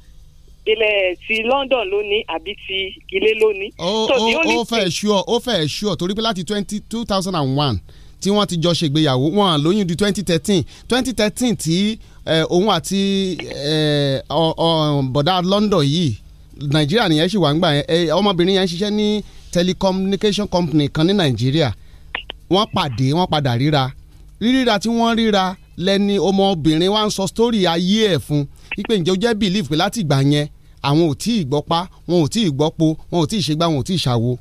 ilẹ̀ ti London ló ní àbí ti ilé ló ní. ó ó ó fẹ́ ṣúọ̀ ó fẹ́ ṣúọ̀ torí pé láti twenty two thousand and one tí wọ́n ti jọ ṣègbéyàwó wọn lóyún di twenty thirteen twenty thirteen tí òun àti bọ̀dá London yìí Nàìjíríà nìyẹn ṣì wà ń gbà yẹn ọmọbìnrin yẹn ń ṣiṣẹ́ ní telecommunication company kan ní Nàìjíríà wọ́n pàdé wọ́n padà ríra ríríra tí wọ́n ríra lẹ́ni ọmọbìnrin wa ń sọ sítórì ayé ẹ̀ fún wípé ǹjẹ́ ó jẹ́ belief pé láti ìgbà yẹn àwọn ò tí ì gbọ́pá wọn ò tí ì gbọ́po wọn ò tí ì ṣègbà wọn ò tí ì ṣàwo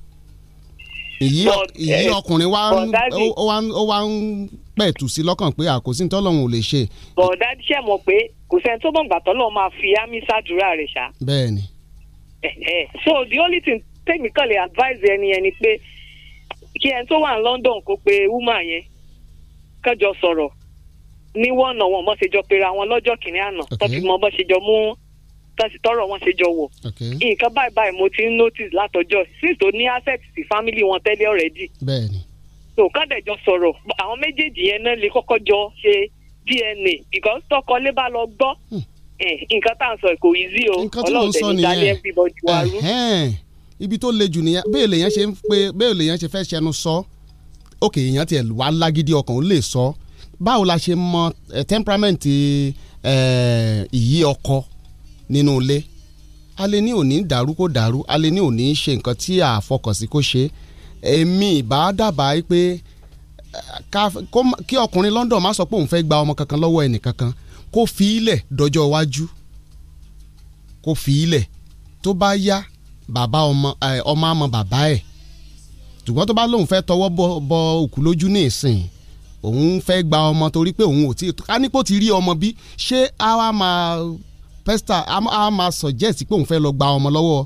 èyí eh, ọkùnrin wa ó wá ń pẹ̀tù sí lọ́kàn pé àkòsí tọ́lọ́hún ò lè ṣe. bọ̀dá ṣe mọ̀ pé kò sẹ́ni tó bọ̀ǹgbà tọ́lọ́ máa fi ámì ṣàdúrà rẹ̀ ṣá. bẹ́ẹ̀ni. Eh, eh. so the only thing tèmi kàn lè advise ẹni ẹni pé kí ẹni tó wà ní London kó pe woman yẹn kẹjọ sọ̀rọ̀ ní wọ́n náà wọ́n mọ̀ ṣe jọ pera wọn lọ́jọ́ kìnínní àná tó fi mọ bọ́ ṣe jọ mú tọrọ wọn ṣe jọ wọ nǹkan báyìí báyìí mo ti ń notice látọjọ́ since tó ní access sí family wọn tẹ́lẹ̀ already so kádẹjọ sọ̀rọ̀ àwọn méjèèjì yẹn náà lè kọ́kọ́ jọ ṣe DNA because tọkọlé bá lọ gbọ́ hmm. eh, nǹkan tá à ń sọ kò easy o Ọlọ́run tẹ ní dalẹ everybody wa rú ibi tó le jù nìyẹn bẹ́ẹ̀ lèyàn ṣe ń pe bẹ́ẹ̀ lèyàn ṣe fẹ́ ṣẹnu sọ òkè èèyàn tiẹ̀ wá lágídí ọkàn ó lè sọ báwo la ṣe mọ eh, temperament eh, ìyí ọkọ nínú ilé a lè ní òní dàrú kó dàrú a lè ní òní ṣe nǹkan tí a fọkànsí kó ṣe èmi ìbá dábàá pé kí ọkùnrin London má sọ pé òun fẹ́ gba ọmọ kankan lọ́wọ́ ẹnì kankan kó fi ilẹ̀ dọjọ́ iwájú kó fi ilẹ̀ tó bá yá bàbá ọmọ ọmọ àmọ́ bàbá ẹ̀ ṣùgbọ́n tó bá lóun fẹ́ tọwọ́ bọ òkú lójú ní ìsìn òun fẹ́ gba ọmọ torí pé òun ò tí ká nípò ti rí ọmọ bí ṣé a wá máa pesta a máa suggest pé òun fẹ́ lọ gba ọmọ lọ́wọ́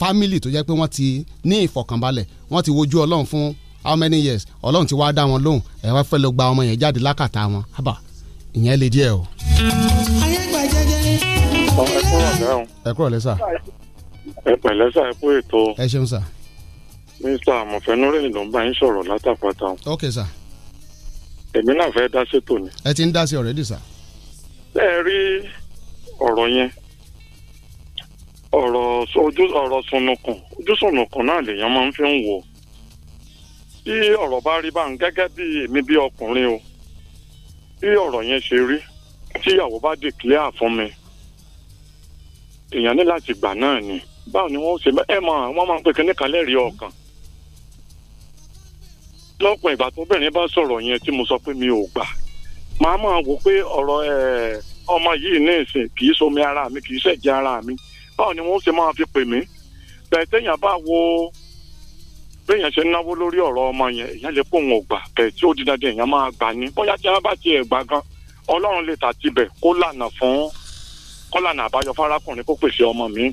family tó jẹ́ pé wọ́n ti ní ìfọ̀kànbalẹ̀ wọ́n ti wojú ọlọ́run fún how many years ọlọ́run ti wá dá wọn lóhùn ẹ wá fẹ́ lọ gba ọmọ yẹn jáde lákàtà wọn àbá ìyẹn le díẹ̀ o. ayé gbà jẹjẹ. ẹ kúrò lẹ́sà. ẹ pẹ̀lẹ́ sà ẹ kú ètò. ẹ ṣeun sà. mr amọ̀fẹ́núrẹ́ ló ń sọ̀rọ̀ látàpátá. ok sà. èmi náà fẹ́ dá sí tòní. ẹ ti ń dá sí already sà. ẹ rí ọ̀rọ̀ yẹn ọ̀rọ̀ ọ̀rọ̀ sunukun ojú sunukun náà lèèyàn máa ń fi ń wò bí ọ̀rọ̀ bá rí bá báyìí gẹ́gẹ́ bí èmi bí ọkùnrin o bí ọ̀rọ̀ yẹn ṣe rí ìyàwó bá dìkìlíà fún mi èèyàn ní láti gbà náà ni báwo ni wọ́n ṣe ẹ mọ̀ wọ́n máa ń pè kíní kalẹ̀ rí ọkàn lọ́pọ̀ ìgbà tóbìnrin bá sọ̀rọ̀ yẹn tí mo sọ pé mi ò gbà màá máa wò pé ọ̀rọ̀ ẹ̀ẹ́ ọmọ yìí ní ìsìn kì í somi ara mi kì í ṣẹ̀jẹ̀ ara mi báwo ni wọ́n ṣe máa fi pè mí bẹ́ẹ̀ téèyàn bá wo béèyàn ṣe náwó lórí ọ̀rọ̀ ọmọ yẹn èèyàn lè pò wọn ò gbà bẹ́ẹ̀ tí ó di dandan èèyàn máa gbà ní bóyá tí wọ́n bá tiẹ̀ gbà gan ọlọ́run lè tàtibẹ̀ kó lànà fún kó lànà àbáyọ fárákùnrin kó pèsè ọmọ mi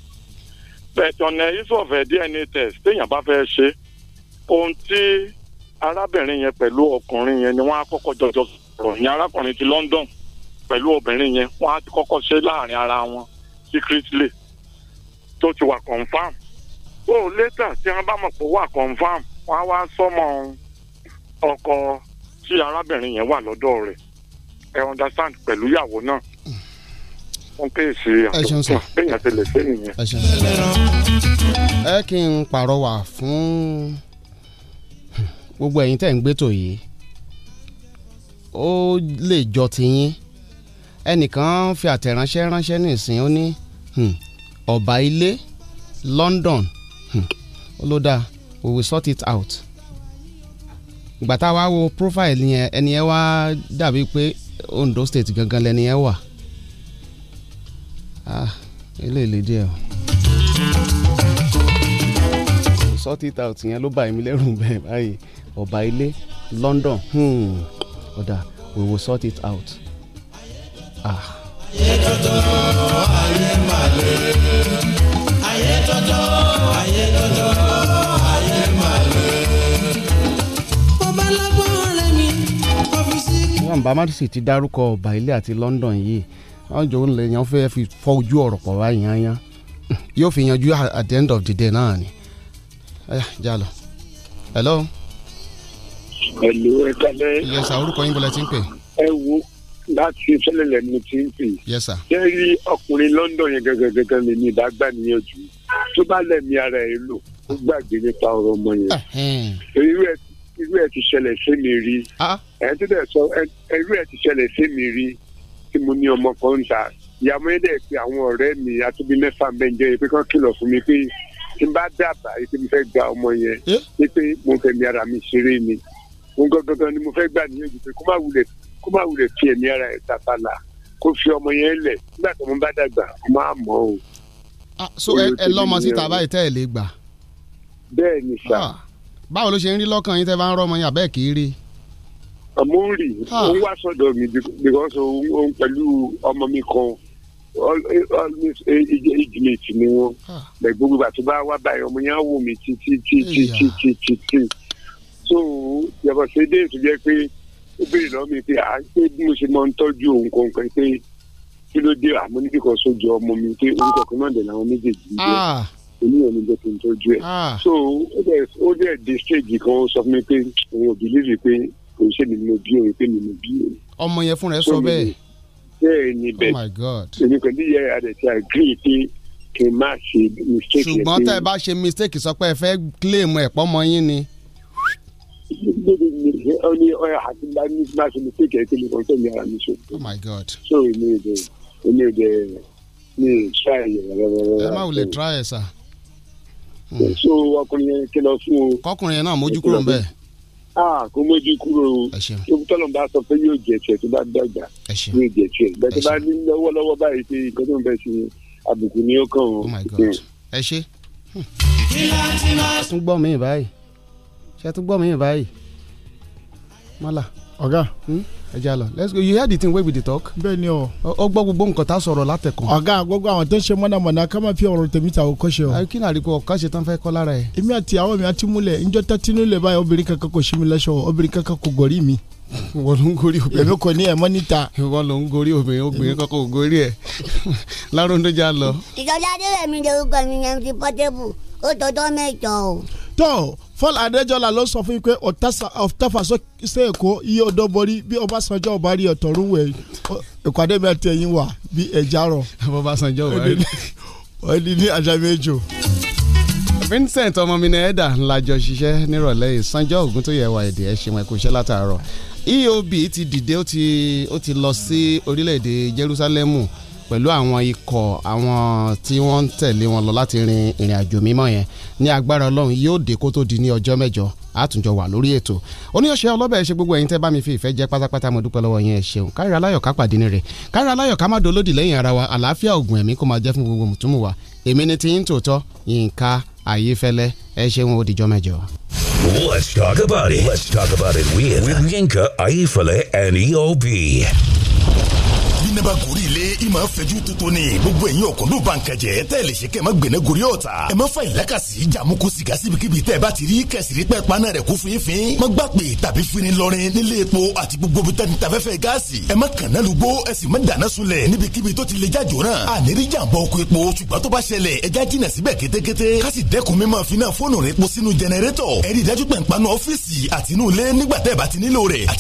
bẹ́ẹ̀ tí ọ̀nà issue of DNA test téèyàn bá fẹ́ ṣe ohun tí arábìnrin yẹn pẹ̀lú ọkùnrin yẹn ni wọ́n á kọ́kọ́ jọjọ sọ̀rọ̀ ní arákùnrin ti London pẹ̀lú obìnrin yẹn wọ́n á ti kọ́kọ́ ṣe láàrin ara wọn secretly tó ti wà confam ó létà tí wọ́n bá mọ̀ pé wà confam wọ́n á wá sọ́mọ ọkọ tí arábìnrin yẹn wà lọ́dọ̀ rẹ̀ ẹ understand pẹ̀lú ìyàwó náà wọ́n pè sí àtúntò bẹ́ẹ̀ yẹn ẹ kí n pàrọwà fún gbogbo ẹ̀yin tẹ́ ń gbé tò yìí ó lè jọ tiyín ẹnìkan fi àtẹ̀ránṣẹ́ ránṣẹ́ ní ìsìn ó ní hmm, ọba ilé London hmm, ó ló we will sort it out ìgbà tá a wá wo profile yẹn ẹni yẹn wá dàbí pé Ondo state gangan lẹni yẹn wà ah eléyìí díẹ̀ o sort it out yẹn ló bá èmi lẹ́rù [LAUGHS] bẹ́ẹ̀ báyìí ọba ilé London ọ̀dà hmm. we will sort it out ayé tuntun ayé ti dárúkọ ọba ilé àti London yìí wọn jọ ń lè yan fẹ́ fi fọ́ ojú ọ̀rọ̀ pọ̀ báyìí yányán yóò fi yanjú at the end of the day náà ni. ẹ jà lọ. hello. hello ẹ kalẹ. yẹ sàrúkọ yín bọ́lá ti ń pè. ẹ wo láti fẹ́lẹ̀lẹ̀ mi ti ń pè. jẹ́ rí ọkùnrin London yẹn gangan gangan lè ní ìdágbà níyànjú tó bá lẹ̀mí ara ẹ̀ lò ó gbàgbé nípa ọ̀rọ̀ ọmọ yẹn. irú ẹ̀ irú ẹ̀ ti ṣẹlẹ̀ sí mi rí. Ah. ẹ̀ tó dẹ̀ sọ irú ẹ̀ ti ṣẹlẹ̀ sí mi rí tí mo ní ọmọ kan ń ta. ìyàmú yẹn dẹ̀ pé àwọn ọ̀rẹ́ mi àtúbí mẹ́fà mẹ́jọ pé kán kìlọ̀ fún mi pé tí n bá dábàá yìí tí mo fẹ́ gba ọmọ yẹn eh? pé mo fẹ́ mi ara mi ṣeré ni. mo gbọ́dọ̀ ni mo fẹ́ gbà níyànjú pé kó má wulẹ̀ kó má wulẹ̀ fi ẹ̀mí ara ẹ̀ tàfàlà kó fi ọmọ yẹn lẹ̀ nígbà tó mo bá dàgbà mo máa mọ̀ o. Ah, so ẹ lọ́mọ síta báyìí tẹ́ ẹ lè gbà. bẹ́ẹ̀ ni sà. Ah, báwo ló ṣe ń rí lọ́kàn yín tẹ́ bá ń rọ́ ọmọ yín àbẹ́ẹ̀ kì í rí. àmọ́ ah, ń rì ó wá sọ́dọ̀ mi because òun pẹ̀lú ọmọ mi kan ìjìnlẹ̀tì e, e, ni wọn bẹ̀ gbogbo ìgbà tó bá wá báyìí ọmọ yẹn á wò mí títí títí títí títí so yàtọ̀ sí dé ètò jẹ́ pé ó lọ́wọ́ mi pé à ṣé bí mo ṣe mọ ń tọ́jú òun kankan pé kí ló dé àmúníkíkọ sójú ọmọ mi pé orúkọ kan náà dẹ̀ làwọn méjèèjì ń ah. jẹ́ oníyàn ní bẹ́ẹ̀ tó ń tọ́jú ẹ̀ ah. so ó dẹ̀ dé stage kan ó sọ fún mi pé òun ò bìlíìfì pé kò ṣe mi mo bí òun pé mi mo bí òun. ọmọ yẹn fúnra ẹ sọ bẹ́ẹ̀. bẹ́ẹ̀ ni bẹ́ẹ̀ oh èmi pẹ̀lú ìyá rẹ̀ ti agree pé kí n má ṣe mistake ṣùgbọ́n tẹ́ ẹ bá ṣe mistake sọ pé ẹ fẹ́ claim ẹ̀pọ́ mọ́ ni ó ní ọyà àti bá ṣe lè tẹ̀kẹ̀ kí nìkan tó yára mi ṣe. oh my god. so èmi ò dé èmi ò dé mi ò ṣáà yẹ rárá. ẹ má wulẹ̀ tra ẹ̀ sà. so hmm. ọkùnrin yẹn kí lọ fún o. kọkùnrin yẹn náà mójú kúrò ń bẹ́ẹ̀ aa kò mójú kúrò o tọ́lọ̀ bá sọ pé yóò jẹ tiẹ̀ tó bá dàgbà yóò jẹ tiẹ̀ bẹ́ẹ̀ tó bá ní lọ́wọ́lọ́wọ́ báyìí pé nǹkan tó ń bẹ sí àbùkù ni ó kàn ó. ẹ ṣe. kí ló ti máa. tún gbọ́ mi báyìí ṣe tún gbọ́ mi báyìí mọ́là. ọ̀gá hmm? ẹ jẹ́ àlọ́ let's go you hear the thing wey we dey talk. bẹ́ẹ̀ ni o. ọ gbọ́ gbogbo nǹkan tá a sọ̀rọ̀ látẹ̀kàn. ọ̀gá gbogbo àwọn tó ń ṣe mọ̀nàmọ̀nà ká máa fi ọ̀rọ̀ tèmi ta òkò ṣe o. àyè kí ni àríkò ọ̀ká ṣe tán fẹ́ kọ́ lára ẹ̀. èmi àti àwọn mi àti múlẹ̀ njọ́ tẹ́tínú lè báyìí obìnrin kankan kò sí mi lẹ́sọ̀ obìnrin kankan kò gòrí mi. wọ́n ló ń gorí obìnrin. èmi kò ní ẹ̀ mọ́ níta. wọ́n ló ń gorí obìnrin obìnrin kankan kò gorí ẹ̀ [LAUGHS] lárúndójà lọ. ìjọba adé rẹ̀ mi lorúkọ mi yẹn ti pọ́tébù ó tọ́jọ́ mẹ́jọ o. tó Fall Adéjọlá ló sọ fún yín pé ọ̀tàfàsókè èkó iye ọ̀dọ́ borí bí Ọbásanjọ́ ọba rí ọ̀tọ̀rún wẹ̀ ìpàdé mẹ́ta ẹ̀yìn wà bí ẹ̀já rọ̀. Ọbásanjọ́ ọba rí ọdí [LAUGHS] ní àjàméjò. Vincent ọmọ mi ní ẹ̀dà ńlá jọ ṣiṣẹ́ nírọ̀lẹ́ yìí Sanjọ́ Ògùn tó yẹ wà èdè ẹ̀ ṣe wọn kò ṣe látàárọ̀ EOB ti dìde ó ti ó ti lọ sí orílẹ̀-èdè Jerusalem pẹ̀lú àwọn ikọ̀ àwọn tí wọ́n ń tẹ̀lé wọn lọ láti rin ìrìn àjò mímọ́ yẹn ní agbára ọlọ́run yóò dé kó tó di ní ọjọ́ mẹ́jọ àtúnjọ wà lórí ètò oníyọ̀ṣẹ́ ọlọ́bẹ̀ ṣe gbogbo ẹ̀yin tẹ́ bá mi fi ìfẹ́ jẹ́ pátápátá mo dúpẹ́ lọ́wọ́ yẹn ẹ ṣeun kárí aláyọ̀ ká pàdé ní rẹ̀ kárí aláyọ̀ ká má dolódì lẹ́yìn ara wa Let's talk about it. Let's talk about it with, with Yinka Ayefele and EOB bí nẹ́bà gòrí ilé ìmọ̀ fẹ́jú tuntun ni gbogbo ẹ̀yin ọ̀kọ́ndún bankẹ́jẹ́ tẹ́ lè ṣe kẹ́ ẹ̀ má gbẹ̀nẹ́ gòrí ọ̀tà ẹ̀ má fa ìlàkàsí jàmú kó sìgá síbikíbi tẹ́ ẹ bá ti rí kẹsìrí pẹ́ paná rẹ̀ kú fínfín má gbà pé tàbí fini lọrin nílé epo àti gbogbo bí tẹ́ni tafẹ́fẹ́ gáàsì ẹ̀ má kànáà lùgbó ẹ̀ sì má dáná sunlẹ̀ níbikíbi tó ti lè jájò náà àníri jàǹbọ̀ ọkọ̀ epo ṣùgbọ́n tó bá ṣẹlẹ̀ ẹ já jìnà síbẹ̀ kétékété ká sì dẹ́kun mímọ́ finá fóònù rẹ̀ epo sínú jẹnẹrétọ̀ ẹ rí dájú pé ń panu ọ́fíìsì àtinúlé nígbà tẹ́ ẹ bá ti nílò rẹ̀ àti